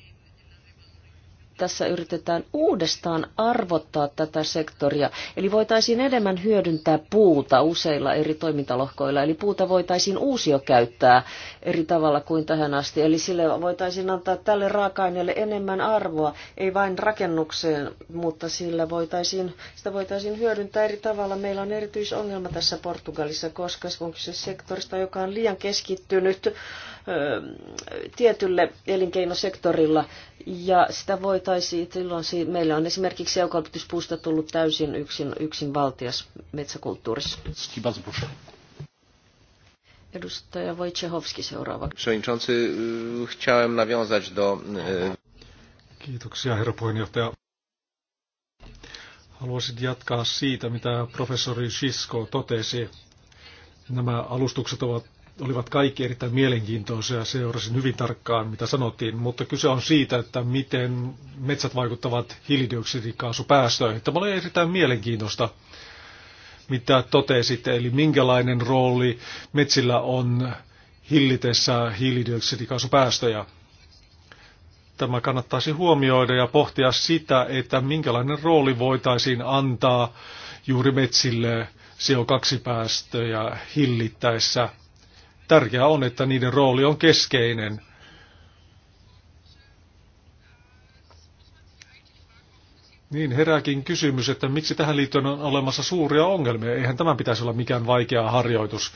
tässä yritetään uudestaan arvottaa tätä sektoria. Eli voitaisiin enemmän hyödyntää puuta useilla eri toimintalohkoilla. Eli puuta voitaisiin uusio käyttää eri tavalla kuin tähän asti. Eli sille voitaisiin antaa tälle raaka-aineelle enemmän arvoa, ei vain rakennukseen, mutta sillä voitaisiin, sitä voitaisiin hyödyntää eri tavalla. Meillä on erityisongelma tässä Portugalissa, koska se on kyse sektorista, joka on liian keskittynyt tietylle elinkeinosektorilla ja sitä voitaisiin silloin, meillä on esimerkiksi eukalyptuspuusta tullut täysin yksin, yksin valtias metsäkulttuurissa. Edustaja Wojciechowski seuraava. chciałem nawiązać do... Kiitoksia, herra puheenjohtaja. Haluaisin jatkaa siitä, mitä professori Sisko totesi. Nämä alustukset ovat olivat kaikki erittäin mielenkiintoisia. Seurasin hyvin tarkkaan, mitä sanottiin, mutta kyse on siitä, että miten metsät vaikuttavat hiilidioksidikaasupäästöihin. Tämä oli erittäin mielenkiintoista, mitä totesitte, eli minkälainen rooli metsillä on hillitessä hiilidioksidikaasupäästöjä. Tämä kannattaisi huomioida ja pohtia sitä, että minkälainen rooli voitaisiin antaa juuri metsille CO2-päästöjä hillittäessä – Tärkeää on, että niiden rooli on keskeinen. Niin herääkin kysymys, että miksi tähän liittyen on olemassa suuria ongelmia. Eihän tämän pitäisi olla mikään vaikea harjoitus.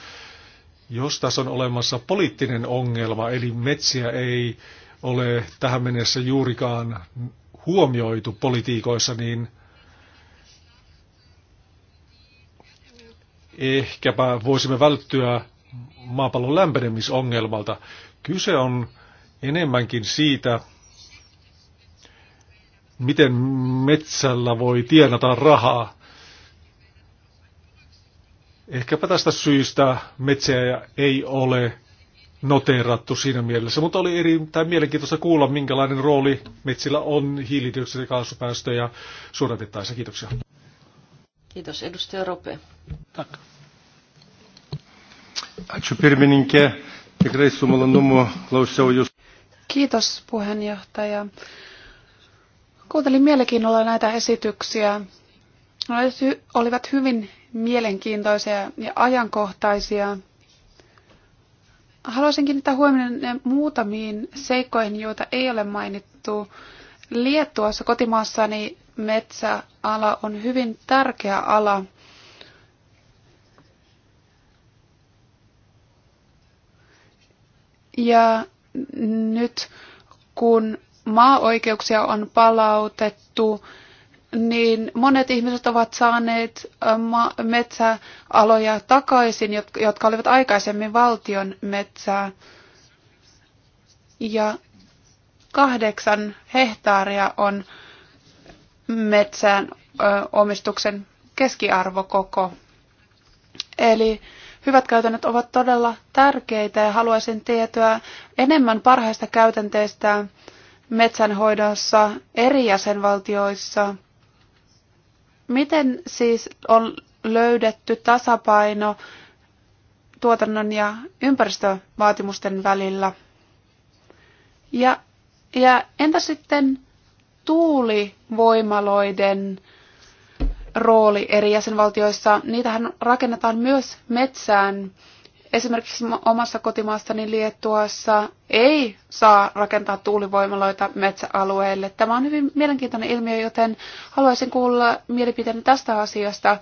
Jos tässä on olemassa poliittinen ongelma, eli metsiä ei ole tähän mennessä juurikaan huomioitu politiikoissa, niin ehkäpä voisimme välttyä maapallon lämpenemisongelmalta. Kyse on enemmänkin siitä, miten metsällä voi tienata rahaa. Ehkäpä tästä syystä metsää ei ole noteerattu siinä mielessä, mutta oli erittäin mielenkiintoista kuulla, minkälainen rooli metsillä on hiilidioksidikaasupäästöjä suodatettaessa. Kiitoksia. Kiitos. Edustaja Rope. Tack. Ačiū pirmininkė, tikrai su malonumu klausiau jūs. Kiitos puheenjohtaja. Kuuntelin mielenkiinnolla näitä esityksiä. Ne olivat hyvin mielenkiintoisia ja ajankohtaisia. Haluaisin kiinnittää huomioon muutamiin seikkoihin, joita ei ole mainittu. Liettuassa kotimaassani metsäala on hyvin tärkeä ala. Ja nyt kun maa-oikeuksia on palautettu, niin monet ihmiset ovat saaneet metsäaloja takaisin, jotka olivat aikaisemmin valtion metsää. Ja kahdeksan hehtaaria on metsään omistuksen keskiarvo koko. Eli hyvät käytännöt ovat todella tärkeitä ja haluaisin tietoa enemmän parhaista käytänteistä metsänhoidossa eri jäsenvaltioissa. Miten siis on löydetty tasapaino tuotannon ja ympäristövaatimusten välillä? Ja, ja entä sitten tuulivoimaloiden rooli eri jäsenvaltioissa. Niitähän rakennetaan myös metsään. Esimerkiksi omassa kotimaassani Liettuassa ei saa rakentaa tuulivoimaloita metsäalueelle. Tämä on hyvin mielenkiintoinen ilmiö, joten haluaisin kuulla mielipiteeni tästä asiasta.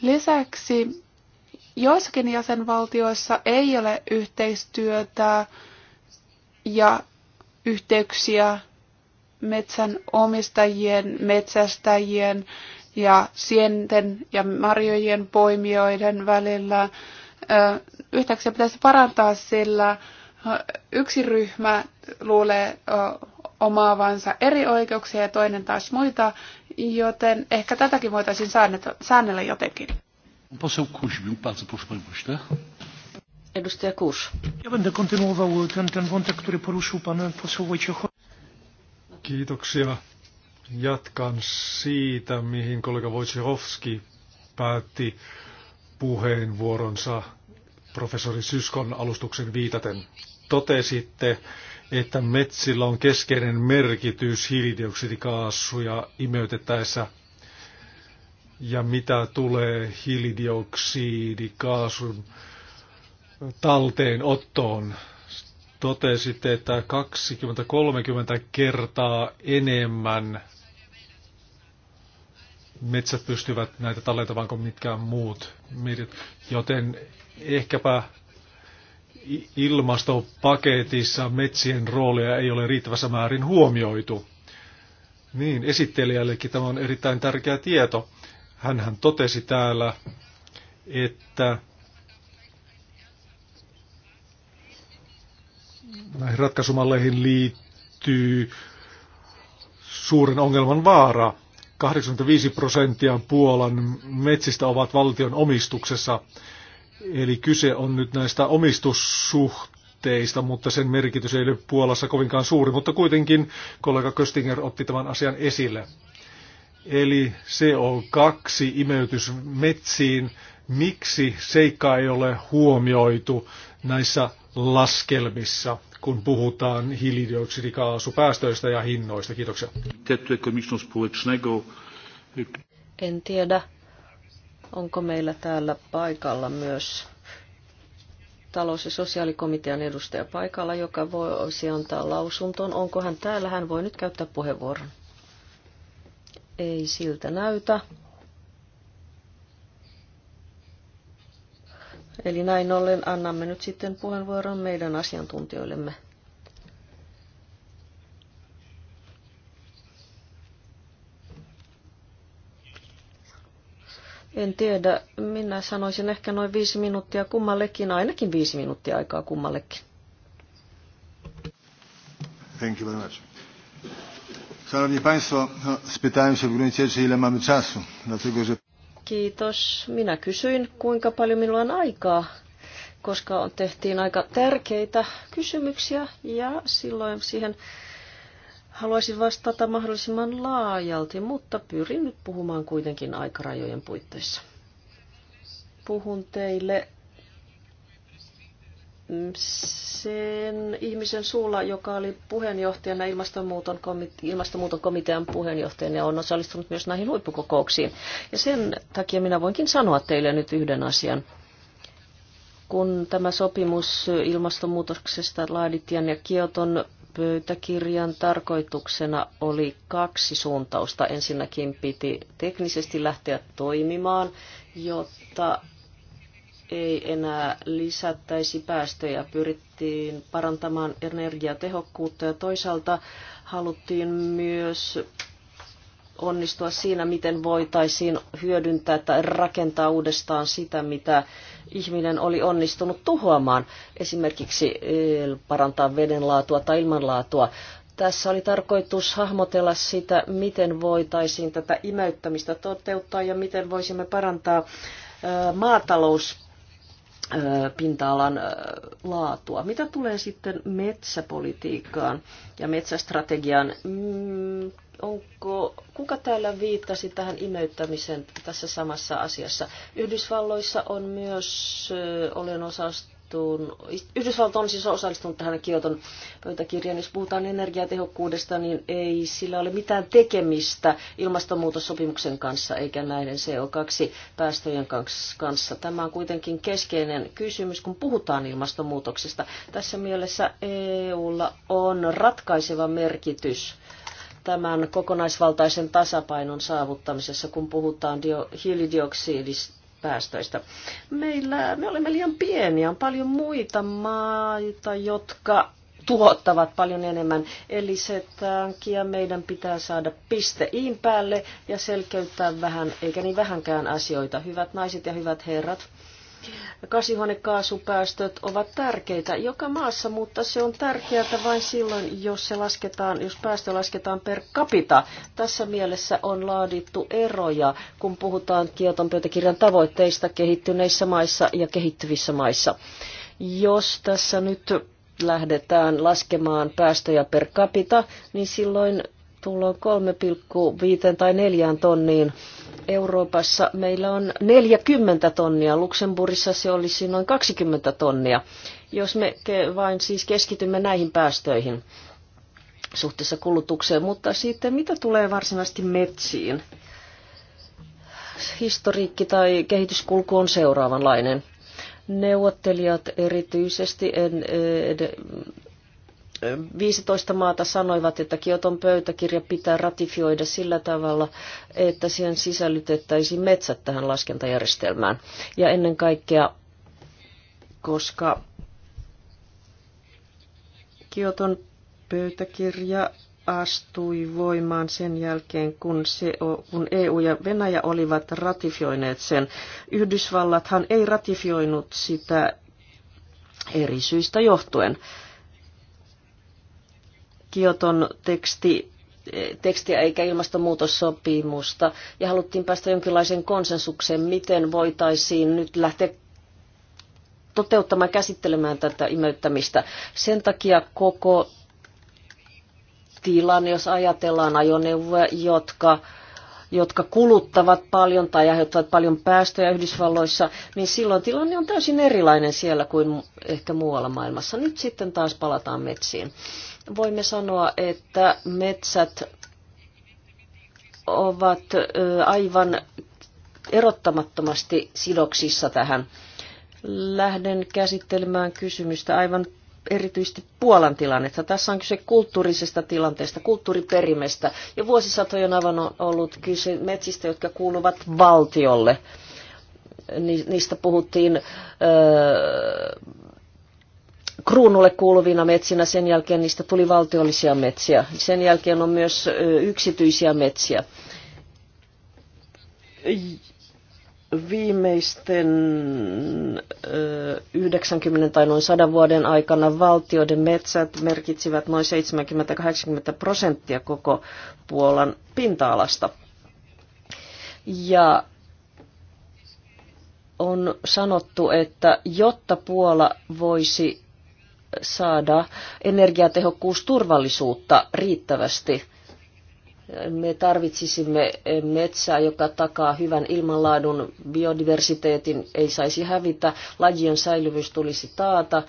Lisäksi joissakin jäsenvaltioissa ei ole yhteistyötä ja yhteyksiä metsän omistajien, metsästäjien ja sienten ja marjojen poimijoiden välillä. Yhtäkkiä pitäisi parantaa, sillä yksi ryhmä luulee omaavansa eri oikeuksia ja toinen taas muita, joten ehkä tätäkin voitaisiin säännellä jotenkin. Edustaja Kuus. Ja będę kontynuował ten, ten wątek, który poruszył pan poseł Wojciech. Kiitoksia. Jatkan siitä, mihin kollega Wojciechowski päätti puheenvuoronsa professori Syskon alustuksen viitaten. Totesitte, että metsillä on keskeinen merkitys hiilidioksidikaasuja imeytettäessä. Ja mitä tulee hiilidioksidikaasun talteenottoon totesitte, että 20-30 kertaa enemmän metsät pystyvät näitä tallentamaan kuin mitkään muut mediat. Joten ehkäpä ilmastopaketissa metsien roolia ei ole riittävässä määrin huomioitu. Niin, esittelijällekin tämä on erittäin tärkeä tieto. Hänhän totesi täällä, että näihin ratkaisumalleihin liittyy suuren ongelman vaara. 85 prosenttia Puolan metsistä ovat valtion omistuksessa. Eli kyse on nyt näistä omistussuhteista, mutta sen merkitys ei ole Puolassa kovinkaan suuri. Mutta kuitenkin kollega Köstinger otti tämän asian esille. Eli CO2-imeytys metsiin, miksi seikka ei ole huomioitu näissä laskelmissa, kun puhutaan hiilidioksidikaasupäästöistä ja hinnoista. Kiitoksia. En tiedä, onko meillä täällä paikalla myös talous- ja sosiaalikomitean edustaja paikalla, joka voisi antaa lausunton. Onko hän täällä? Hän voi nyt käyttää puheenvuoron. Ei siltä näytä. Eli näin ollen annamme nyt sitten puheenvuoron meidän asiantuntijoillemme. En tiedä, minä sanoisin ehkä noin viisi minuuttia kummallekin, ainakin viisi minuuttia aikaa kummallekin. Thank you very much. Szanowni Państwo, no, spytałem się w gruncie czy ile mamy czasu, dlatego że... Kiitos. Minä kysyin, kuinka paljon minulla on aikaa, koska on tehtiin aika tärkeitä kysymyksiä ja silloin siihen haluaisin vastata mahdollisimman laajalti, mutta pyrin nyt puhumaan kuitenkin aikarajojen puitteissa. Puhun teille sen ihmisen suulla, joka oli puheenjohtajana ilmastonmuuton, komite- ilmastonmuuton komitean puheenjohtajana ja on osallistunut myös näihin huippukokouksiin. Ja sen takia minä voinkin sanoa teille nyt yhden asian. Kun tämä sopimus ilmastonmuutoksesta laadittiin ja Kioton pöytäkirjan tarkoituksena oli kaksi suuntausta. Ensinnäkin piti teknisesti lähteä toimimaan, jotta ei enää lisättäisi päästöjä. Pyrittiin parantamaan energiatehokkuutta ja toisaalta haluttiin myös onnistua siinä, miten voitaisiin hyödyntää tai rakentaa uudestaan sitä, mitä ihminen oli onnistunut tuhoamaan, esimerkiksi eh, parantaa vedenlaatua tai ilmanlaatua. Tässä oli tarkoitus hahmotella sitä, miten voitaisiin tätä imeyttämistä toteuttaa ja miten voisimme parantaa eh, maatalous pinta-alan laatua. Mitä tulee sitten metsäpolitiikkaan ja metsästrategiaan? Mm, onko, kuka täällä viittasi tähän imeyttämiseen tässä samassa asiassa? Yhdysvalloissa on myös, olen osasta osallistunut, Yhdysvalto on siis osallistunut tähän Kioton pöytäkirjaan. Jos puhutaan energiatehokkuudesta, niin ei sillä ole mitään tekemistä ilmastonmuutossopimuksen kanssa eikä näiden CO2-päästöjen kanssa. Tämä on kuitenkin keskeinen kysymys, kun puhutaan ilmastonmuutoksesta. Tässä mielessä EUlla on ratkaiseva merkitys tämän kokonaisvaltaisen tasapainon saavuttamisessa, kun puhutaan hiilidioksidista päästöistä. Meillä, me olemme liian pieniä, on paljon muita maita, jotka tuottavat paljon enemmän. Eli se tankia meidän pitää saada piste iin päälle ja selkeyttää vähän, eikä niin vähänkään asioita. Hyvät naiset ja hyvät herrat, Kasvihuonekaasupäästöt ovat tärkeitä joka maassa, mutta se on tärkeää vain silloin, jos, se lasketaan, jos päästö lasketaan per capita. Tässä mielessä on laadittu eroja, kun puhutaan Kioton pöytäkirjan tavoitteista kehittyneissä maissa ja kehittyvissä maissa. Jos tässä nyt lähdetään laskemaan päästöjä per capita, niin silloin tullaan 3,5 tai 4 tonniin Euroopassa meillä on 40 tonnia, Luxemburgissa se olisi noin 20 tonnia, jos me vain siis keskitymme näihin päästöihin suhteessa kulutukseen. Mutta sitten mitä tulee varsinaisesti metsiin? Historiikki tai kehityskulku on seuraavanlainen. Neuvottelijat erityisesti en, 15 maata sanoivat, että Kioton pöytäkirja pitää ratifioida sillä tavalla, että siihen sisällytettäisiin metsät tähän laskentajärjestelmään. Ja ennen kaikkea, koska Kioton pöytäkirja astui voimaan sen jälkeen, kun, se, kun EU ja Venäjä olivat ratifioineet sen. Yhdysvallathan ei ratifioinut sitä eri syistä johtuen. Kioton teksti tekstiä eikä ilmastonmuutossopimusta. Ja haluttiin päästä jonkinlaiseen konsensukseen, miten voitaisiin nyt lähteä toteuttamaan ja käsittelemään tätä imeyttämistä. Sen takia koko tilanne, jos ajatellaan ajoneuvoja, jotka jotka kuluttavat paljon tai aiheuttavat paljon päästöjä Yhdysvalloissa, niin silloin tilanne on täysin erilainen siellä kuin ehkä muualla maailmassa. Nyt sitten taas palataan metsiin voimme sanoa, että metsät ovat aivan erottamattomasti sidoksissa tähän. Lähden käsittelemään kysymystä aivan erityisesti Puolan tilannetta. Tässä on kyse kulttuurisesta tilanteesta, kulttuuriperimestä. Ja vuosisatojen aivan ollut kyse metsistä, jotka kuuluvat valtiolle. Niistä puhuttiin öö, kruunulle kuuluvina metsinä, sen jälkeen niistä tuli valtiollisia metsiä. Sen jälkeen on myös yksityisiä metsiä. Viimeisten 90 tai noin 100 vuoden aikana valtioiden metsät merkitsivät noin 70-80 prosenttia koko Puolan pinta-alasta. Ja on sanottu, että jotta Puola voisi saada energiatehokkuusturvallisuutta riittävästi. Me tarvitsisimme metsää, joka takaa hyvän ilmanlaadun, biodiversiteetin ei saisi hävitä, lajien säilyvyys tulisi taata.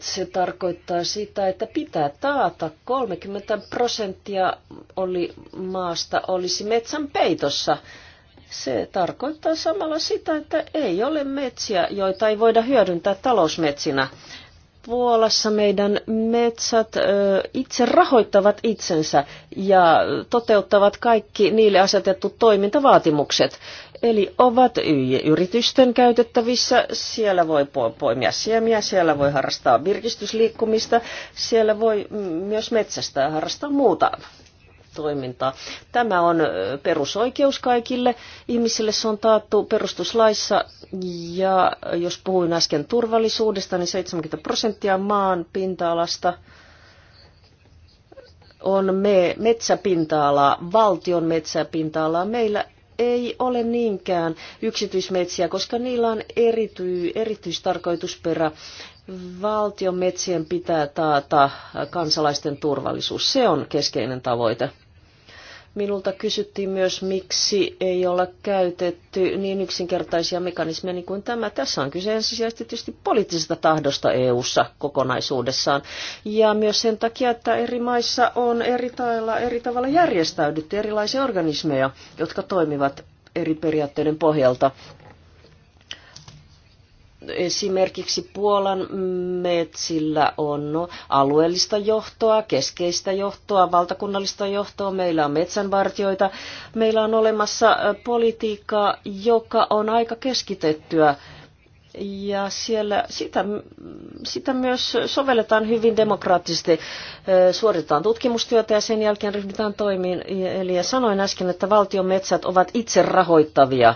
Se tarkoittaa sitä, että pitää taata 30 prosenttia oli maasta olisi metsän peitossa se tarkoittaa samalla sitä, että ei ole metsiä, joita ei voida hyödyntää talousmetsinä. Puolassa meidän metsät ö, itse rahoittavat itsensä ja toteuttavat kaikki niille asetettu toimintavaatimukset. Eli ovat yritysten käytettävissä, siellä voi poimia siemiä, siellä voi harrastaa virkistysliikkumista, siellä voi myös metsästä ja harrastaa muuta toimintaa. Tämä on perusoikeus kaikille ihmisille, se on taattu perustuslaissa ja jos puhuin äsken turvallisuudesta, niin 70 prosenttia maan pinta-alasta on me, metsäpinta-alaa, valtion metsäpinta-alaa. Meillä ei ole niinkään yksityismetsiä, koska niillä on erity, erityistarkoitusperä. Valtion metsien pitää taata kansalaisten turvallisuus. Se on keskeinen tavoite. Minulta kysyttiin myös, miksi ei olla käytetty niin yksinkertaisia mekanismeja niin kuin tämä. Tässä on kyse ensisijaisesti tietysti poliittisesta tahdosta EU-ssa kokonaisuudessaan. Ja myös sen takia, että eri maissa on eri tavalla, eri tavalla järjestäydytty erilaisia organismeja, jotka toimivat eri periaatteiden pohjalta Esimerkiksi Puolan metsillä on alueellista johtoa, keskeistä johtoa, valtakunnallista johtoa, meillä on metsänvartioita, meillä on olemassa politiikkaa, joka on aika keskitettyä. Ja siellä sitä, sitä myös sovelletaan hyvin demokraattisesti. Suoritetaan tutkimustyötä ja sen jälkeen ryhdytään toimiin. Eli sanoin äsken, että valtion metsät ovat itse rahoittavia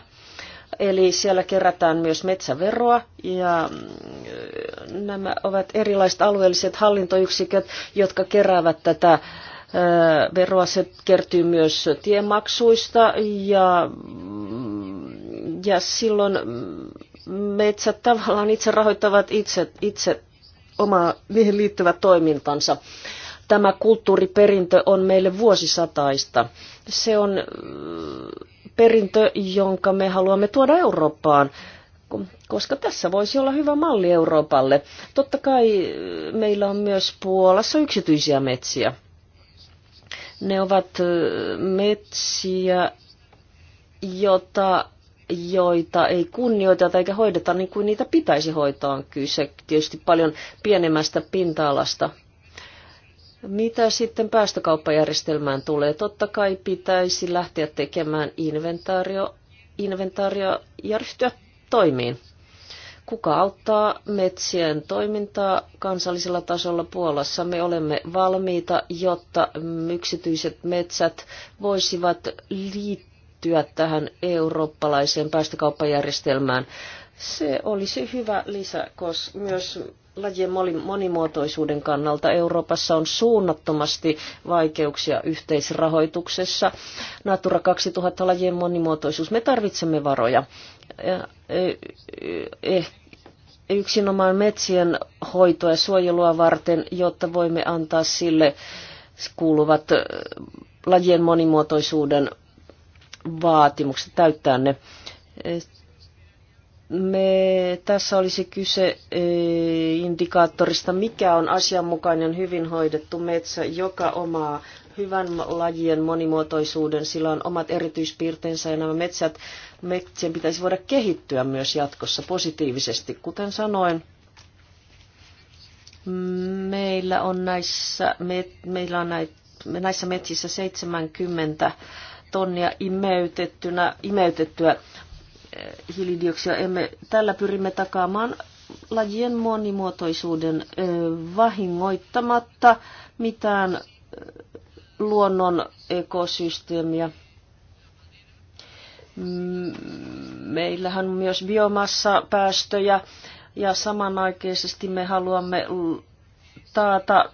Eli siellä kerätään myös metsäveroa ja mm, nämä ovat erilaiset alueelliset hallintoyksiköt, jotka keräävät tätä veroa. Se kertyy myös tiemaksuista ja, mm, ja silloin metsät tavallaan itse rahoittavat itse, itse omaa niihin liittyvät toimintansa. Tämä kulttuuriperintö on meille vuosisataista. Se on mm, perintö, jonka me haluamme tuoda Eurooppaan koska tässä voisi olla hyvä malli Euroopalle. Totta kai eh, meillä on myös Puolassa yksityisiä metsiä. Ne ovat eh, metsiä, jota, joita ei kunnioiteta eikä hoideta niin kuin niitä pitäisi hoitaa. On kyse tietysti paljon pienemmästä pinta-alasta mitä sitten päästökauppajärjestelmään tulee? Totta kai pitäisi lähteä tekemään inventaario, inventaario ja ryhtyä toimiin. Kuka auttaa metsien toimintaa kansallisella tasolla Puolassa? Me olemme valmiita, jotta yksityiset metsät voisivat liittyä tähän eurooppalaiseen päästökauppajärjestelmään. Se olisi hyvä lisä, koska myös lajien monimuotoisuuden kannalta Euroopassa on suunnattomasti vaikeuksia yhteisrahoituksessa. Natura 2000 lajien monimuotoisuus, me tarvitsemme varoja. E, e, eh, yksinomaan metsien hoitoa ja suojelua varten, jotta voimme antaa sille kuuluvat e, lajien monimuotoisuuden vaatimukset, täyttää ne. Me, tässä olisi kyse e, indikaattorista, mikä on asianmukainen hyvin hoidettu metsä, joka omaa hyvän lajien monimuotoisuuden, sillä on omat erityispiirteensä ja nämä metsät, metsien pitäisi voida kehittyä myös jatkossa positiivisesti. Kuten sanoin, meillä on näissä, me, meillä on näitä, näissä metsissä 70 tonnia imeytettynä, imeytettyä hiilidioksidia. Emme, tällä pyrimme takaamaan lajien monimuotoisuuden vahingoittamatta mitään luonnon ekosysteemiä. Mm, meillähän on myös biomassapäästöjä ja samanaikaisesti me haluamme taata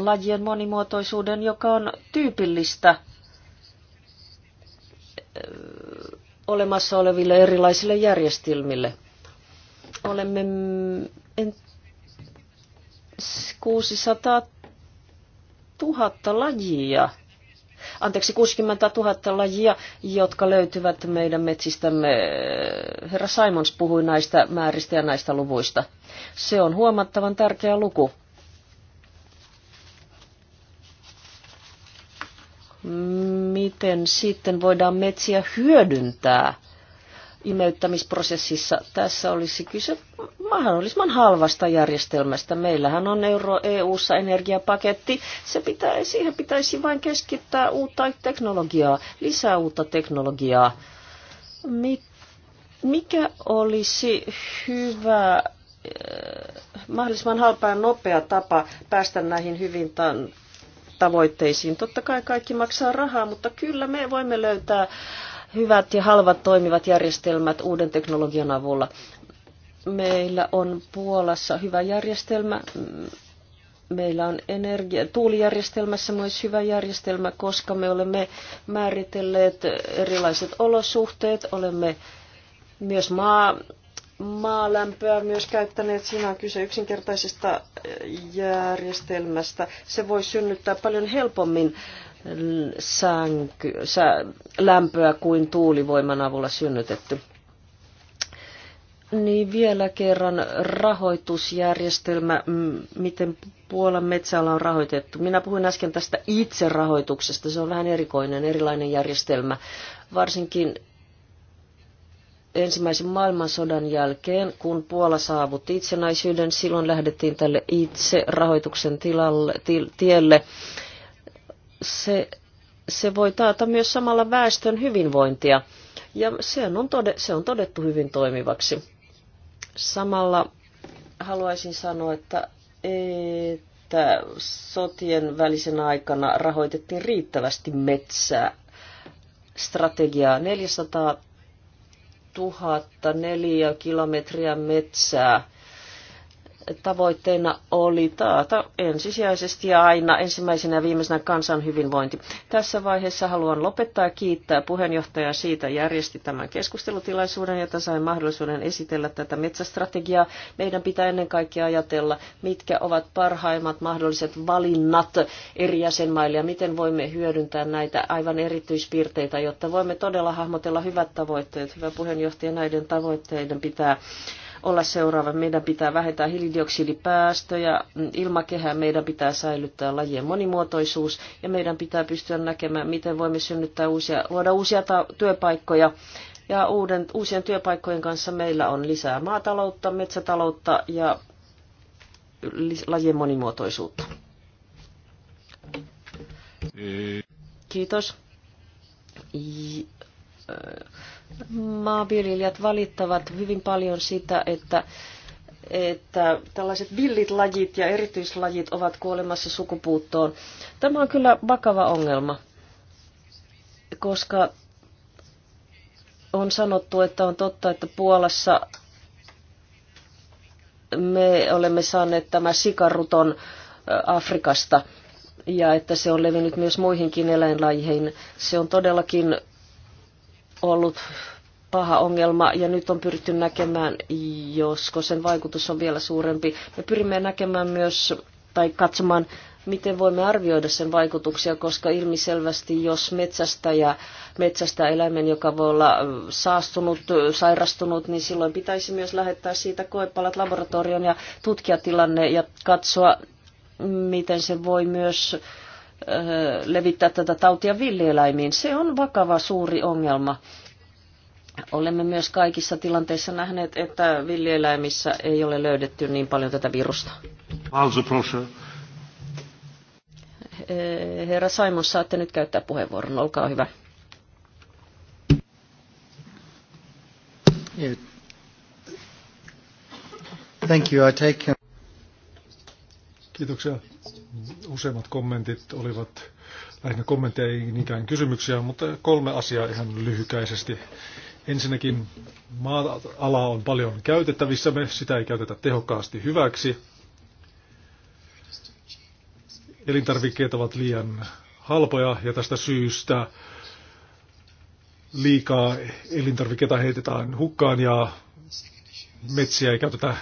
lajien monimuotoisuuden, joka on tyypillistä olemassa oleville erilaisille järjestelmille. Olemme en, 600 000 lajia, anteeksi 60 000 lajia, jotka löytyvät meidän metsistämme. Herra Simons puhui näistä määristä ja näistä luvuista. Se on huomattavan tärkeä luku miten sitten voidaan metsiä hyödyntää imeyttämisprosessissa. Tässä olisi kyse mahdollisimman halvasta järjestelmästä. Meillähän on Euro EU-ssa energiapaketti. Se pitää, siihen pitäisi vain keskittää uutta teknologiaa, lisää uutta teknologiaa. Mikä olisi hyvä eh, mahdollisimman halpa ja nopea tapa päästä näihin hyvin tavoitteisiin. Totta kai kaikki maksaa rahaa, mutta kyllä me voimme löytää hyvät ja halvat toimivat järjestelmät uuden teknologian avulla. Meillä on Puolassa hyvä järjestelmä. Meillä on energia, tuulijärjestelmässä myös hyvä järjestelmä, koska me olemme määritelleet erilaiset olosuhteet, olemme myös maa, maalämpöä myös käyttäneet. Siinä on kyse yksinkertaisesta eh, järjestelmästä. Se voi synnyttää paljon helpommin eh, sänky, sä, lämpöä kuin tuulivoiman avulla synnytetty. Niin vielä kerran rahoitusjärjestelmä, mm, miten Puolan metsäala on rahoitettu. Minä puhuin äsken tästä itserahoituksesta, se on vähän erikoinen, erilainen järjestelmä. Varsinkin ensimmäisen maailmansodan jälkeen, kun Puola saavutti itsenäisyyden, silloin lähdettiin tälle itse rahoituksen tilalle, tielle. Se, se voi taata myös samalla väestön hyvinvointia, ja se on, tode, se on todettu hyvin toimivaksi. Samalla haluaisin sanoa, että, että sotien välisen aikana rahoitettiin riittävästi metsää strategiaa 400 tuhatta neliökilometriä metsää tavoitteena oli taata ensisijaisesti ja aina ensimmäisenä ja viimeisenä kansan hyvinvointi. Tässä vaiheessa haluan lopettaa ja kiittää puheenjohtajaa siitä järjesti tämän keskustelutilaisuuden, jota sain mahdollisuuden esitellä tätä metsästrategiaa. Meidän pitää ennen kaikkea ajatella, mitkä ovat parhaimmat mahdolliset valinnat eri jäsenmaille ja miten voimme hyödyntää näitä aivan erityispiirteitä, jotta voimme todella hahmotella hyvät tavoitteet. Hyvä puheenjohtaja, näiden tavoitteiden pitää olla seuraava. Meidän pitää vähentää hiilidioksidipäästöjä, ilmakehää meidän pitää säilyttää lajien monimuotoisuus ja meidän pitää pystyä näkemään, miten voimme synnyttää uusia, luoda uusia työpaikkoja. Ja uuden, uusien työpaikkojen kanssa meillä on lisää maataloutta, metsätaloutta ja lajien monimuotoisuutta. Kiitos. J- maanviljelijät valittavat hyvin paljon sitä, että, että tällaiset villit lajit ja erityislajit ovat kuolemassa sukupuuttoon. Tämä on kyllä vakava ongelma, koska on sanottu, että on totta, että Puolassa me olemme saaneet tämä sikaruton Afrikasta ja että se on levinnyt myös muihinkin eläinlajeihin. Se on todellakin ollut paha ongelma ja nyt on pyritty näkemään, josko sen vaikutus on vielä suurempi. Me pyrimme näkemään myös tai katsomaan, miten voimme arvioida sen vaikutuksia, koska ilmiselvästi jos metsästäjä metsästä eläimen, joka voi olla saastunut, sairastunut, niin silloin pitäisi myös lähettää siitä koepalat laboratorioon ja tutkijatilanne ja katsoa, miten se voi myös Eh, levittää tätä tautia villieläimiin. Se on vakava suuri ongelma. Olemme myös kaikissa tilanteissa nähneet, että villieläimissä ei ole löydetty niin paljon tätä virusta. Eh, herra Simon, saatte nyt käyttää puheenvuoron. Olkaa hyvä. Thank you. I take... Uh, Kiitoksia. Useimmat kommentit olivat lähinnä kommentteja, ei niinkään kysymyksiä, mutta kolme asiaa ihan lyhykäisesti. Ensinnäkin maa-ala on paljon käytettävissä, me sitä ei käytetä tehokkaasti hyväksi. Elintarvikkeet ovat liian halpoja ja tästä syystä liikaa elintarvikkeita heitetään hukkaan ja metsiä ei käytetä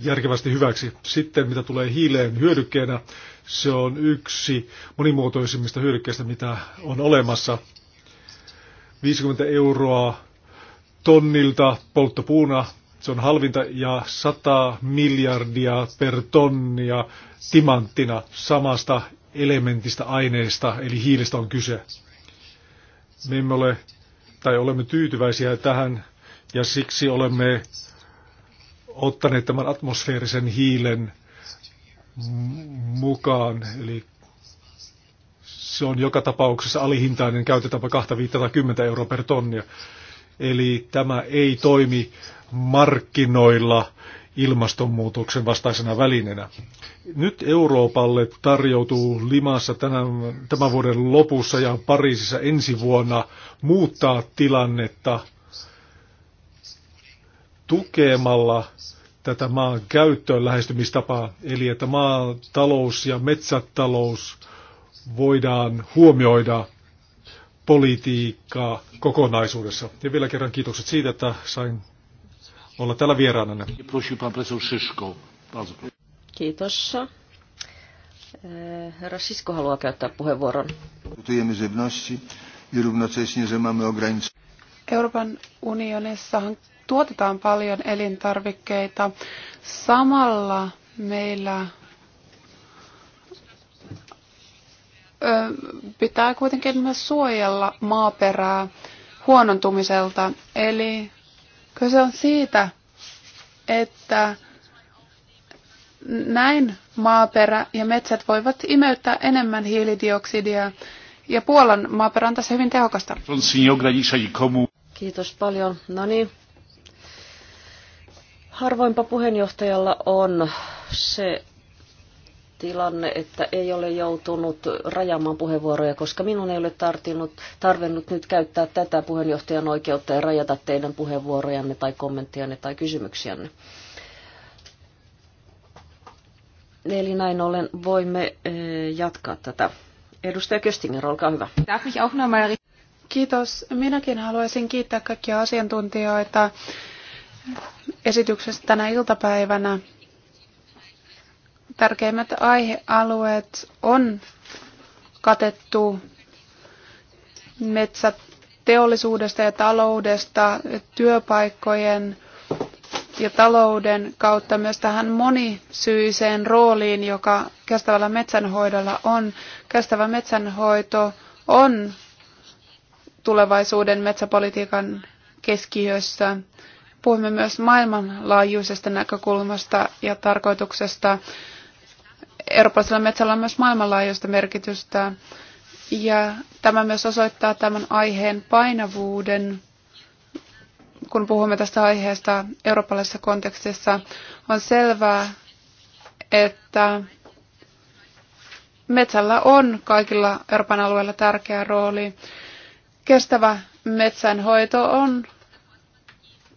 järkevästi hyväksi. Sitten mitä tulee hiileen hyödykkeenä, se on yksi monimuotoisimmista hyödykkeistä, mitä on olemassa. 50 euroa tonnilta polttopuuna, se on halvinta, ja 100 miljardia per tonnia timanttina samasta elementistä, aineesta, eli hiilestä on kyse. Me emme ole, tai olemme tyytyväisiä tähän, ja siksi olemme ottaneet tämän atmosfeerisen hiilen mukaan, eli se on joka tapauksessa alihintainen, käytetäänpä 250 euroa per tonnia. Eli tämä ei toimi markkinoilla ilmastonmuutoksen vastaisena välineenä. Nyt Euroopalle tarjoutuu Limassa tänä, tämän vuoden lopussa ja Pariisissa ensi vuonna muuttaa tilannetta – tukemalla tätä maan käyttöön lähestymistapaa, eli että maatalous ja metsätalous voidaan huomioida politiikkaa kokonaisuudessa. Ja vielä kerran kiitokset siitä, että sain olla täällä vieraana. Kiitos. Herra Sisko haluaa käyttää puheenvuoron. Euroopan unionissahan tuotetaan paljon elintarvikkeita. Samalla meillä pitää kuitenkin myös suojella maaperää huonontumiselta. Eli kyse on siitä, että näin maaperä ja metsät voivat imeyttää enemmän hiilidioksidia. Ja Puolan maaperä on tässä hyvin tehokasta. Kiitos paljon. No niin, Harvoinpa puheenjohtajalla on se tilanne, että ei ole joutunut rajaamaan puheenvuoroja, koska minun ei ole tartinut, tarvinnut nyt käyttää tätä puheenjohtajan oikeutta ja rajata teidän puheenvuorojanne tai kommenttianne tai kysymyksiänne. Eli näin ollen voimme eh, jatkaa tätä. Edustaja Köstinger, olkaa hyvä. Kiitos. Minäkin haluaisin kiittää kaikkia asiantuntijoita esityksestä tänä iltapäivänä. Tärkeimmät aihealueet on katettu metsäteollisuudesta ja taloudesta, työpaikkojen ja talouden kautta myös tähän monisyiseen rooliin, joka kestävällä metsänhoidolla on. Kestävä metsänhoito on tulevaisuuden metsäpolitiikan keskiössä. Puhumme myös maailmanlaajuisesta näkökulmasta ja tarkoituksesta. Eurooppalaisella metsällä on myös maailmanlaajuista merkitystä. Ja tämä myös osoittaa tämän aiheen painavuuden, kun puhumme tästä aiheesta eurooppalaisessa kontekstissa. On selvää, että metsällä on kaikilla Euroopan alueilla tärkeä rooli. Kestävä metsänhoito on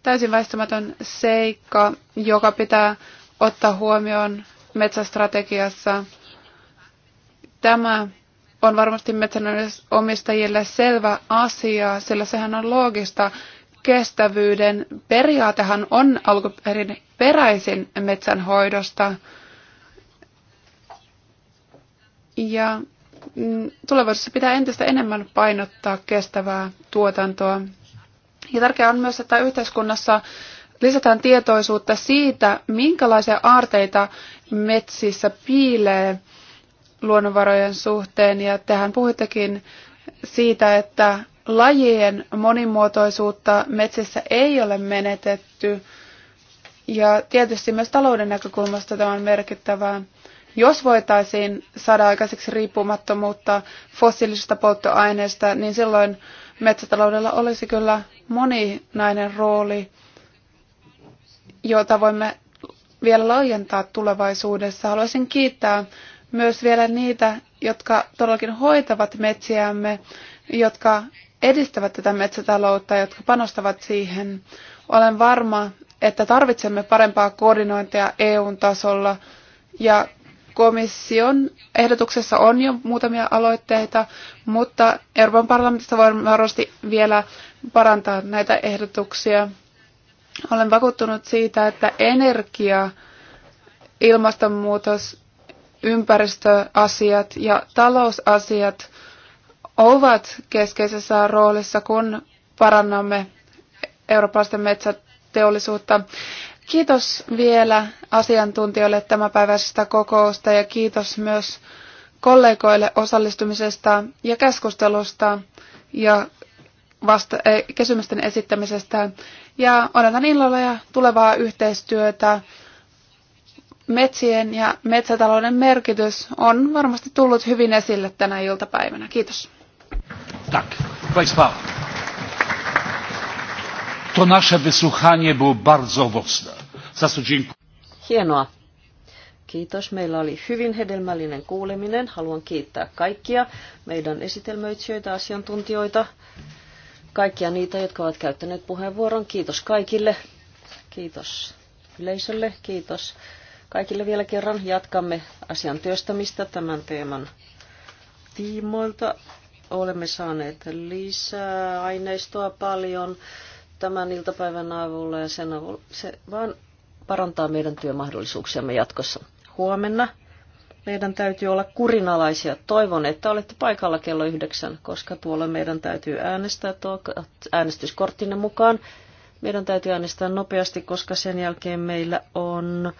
täysin väistämätön seikka, joka pitää ottaa huomioon metsästrategiassa. Tämä on varmasti metsänomistajille selvä asia, sillä sehän on loogista. Kestävyyden periaatehan on alkuperin peräisin metsänhoidosta. Ja mm, tulevaisuudessa pitää entistä enemmän painottaa kestävää tuotantoa ja tärkeää on myös, että yhteiskunnassa lisätään tietoisuutta siitä, minkälaisia aarteita metsissä piilee luonnonvarojen suhteen. Ja tehän puhuittekin siitä, että lajien monimuotoisuutta metsissä ei ole menetetty. Ja tietysti myös talouden näkökulmasta tämä on merkittävää. Jos voitaisiin saada aikaiseksi riippumattomuutta fossiilisista polttoaineista, niin silloin metsätaloudella olisi kyllä moninainen rooli, jota voimme vielä laajentaa tulevaisuudessa. Haluaisin kiittää myös vielä niitä, jotka todellakin hoitavat metsiämme, jotka edistävät tätä metsätaloutta, jotka panostavat siihen. Olen varma, että tarvitsemme parempaa koordinointia eu tasolla ja Komission ehdotuksessa on jo muutamia aloitteita, mutta Euroopan parlamentista varmasti vielä parantaa näitä ehdotuksia. Olen vakuuttunut siitä, että energia, ilmastonmuutos, ympäristöasiat ja talousasiat ovat keskeisessä roolissa, kun parannamme eurooppalaisten metsäteollisuutta. Kiitos vielä asiantuntijoille tämänpäiväisestä kokousta ja kiitos myös kollegoille osallistumisesta ja keskustelusta ja vasta- eh, kysymysten esittämisestä. Ja odotan illalla ja tulevaa yhteistyötä. Metsien ja metsätalouden merkitys on varmasti tullut hyvin esille tänä iltapäivänä. Kiitos. Tack. To nasze wysłuchanie było bardzo owocne. Za co dziękuję. Hienoa. Kiitos. Meillä oli hyvin hedelmällinen kuuleminen. Haluan kiittää kaikkia meidän esitelmöitsijöitä, asiantuntijoita, kaikkia niitä, jotka ovat käyttäneet puheenvuoron. Kiitos kaikille. Kiitos yleisölle. Kiitos kaikille vielä kerran. Jatkamme asian työstämistä tämän teeman tiimoilta. Olemme saaneet lisää aineistoa paljon tämän iltapäivän avulla ja sen avulla. Se vaan parantaa meidän työmahdollisuuksiamme jatkossa. Huomenna meidän täytyy olla kurinalaisia. Toivon, että olette paikalla kello yhdeksän, koska tuolla meidän täytyy äänestää tuo äänestyskorttinne mukaan. Meidän täytyy äänestää nopeasti, koska sen jälkeen meillä on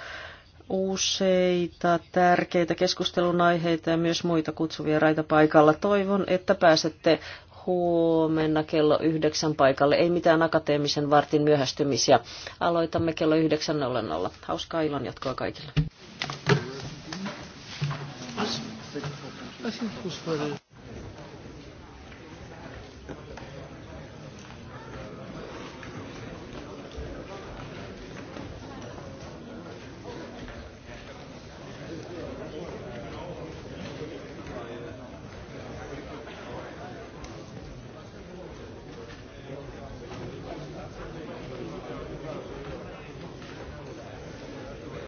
useita tärkeitä keskustelun aiheita ja myös muita kutsuvia raita paikalla. Toivon, että pääsette huomenna kello yhdeksän paikalle. Ei mitään akateemisen vartin myöhästymisiä. Aloitamme kello 9.00. Hauskaa ilon jatkoa kaikille.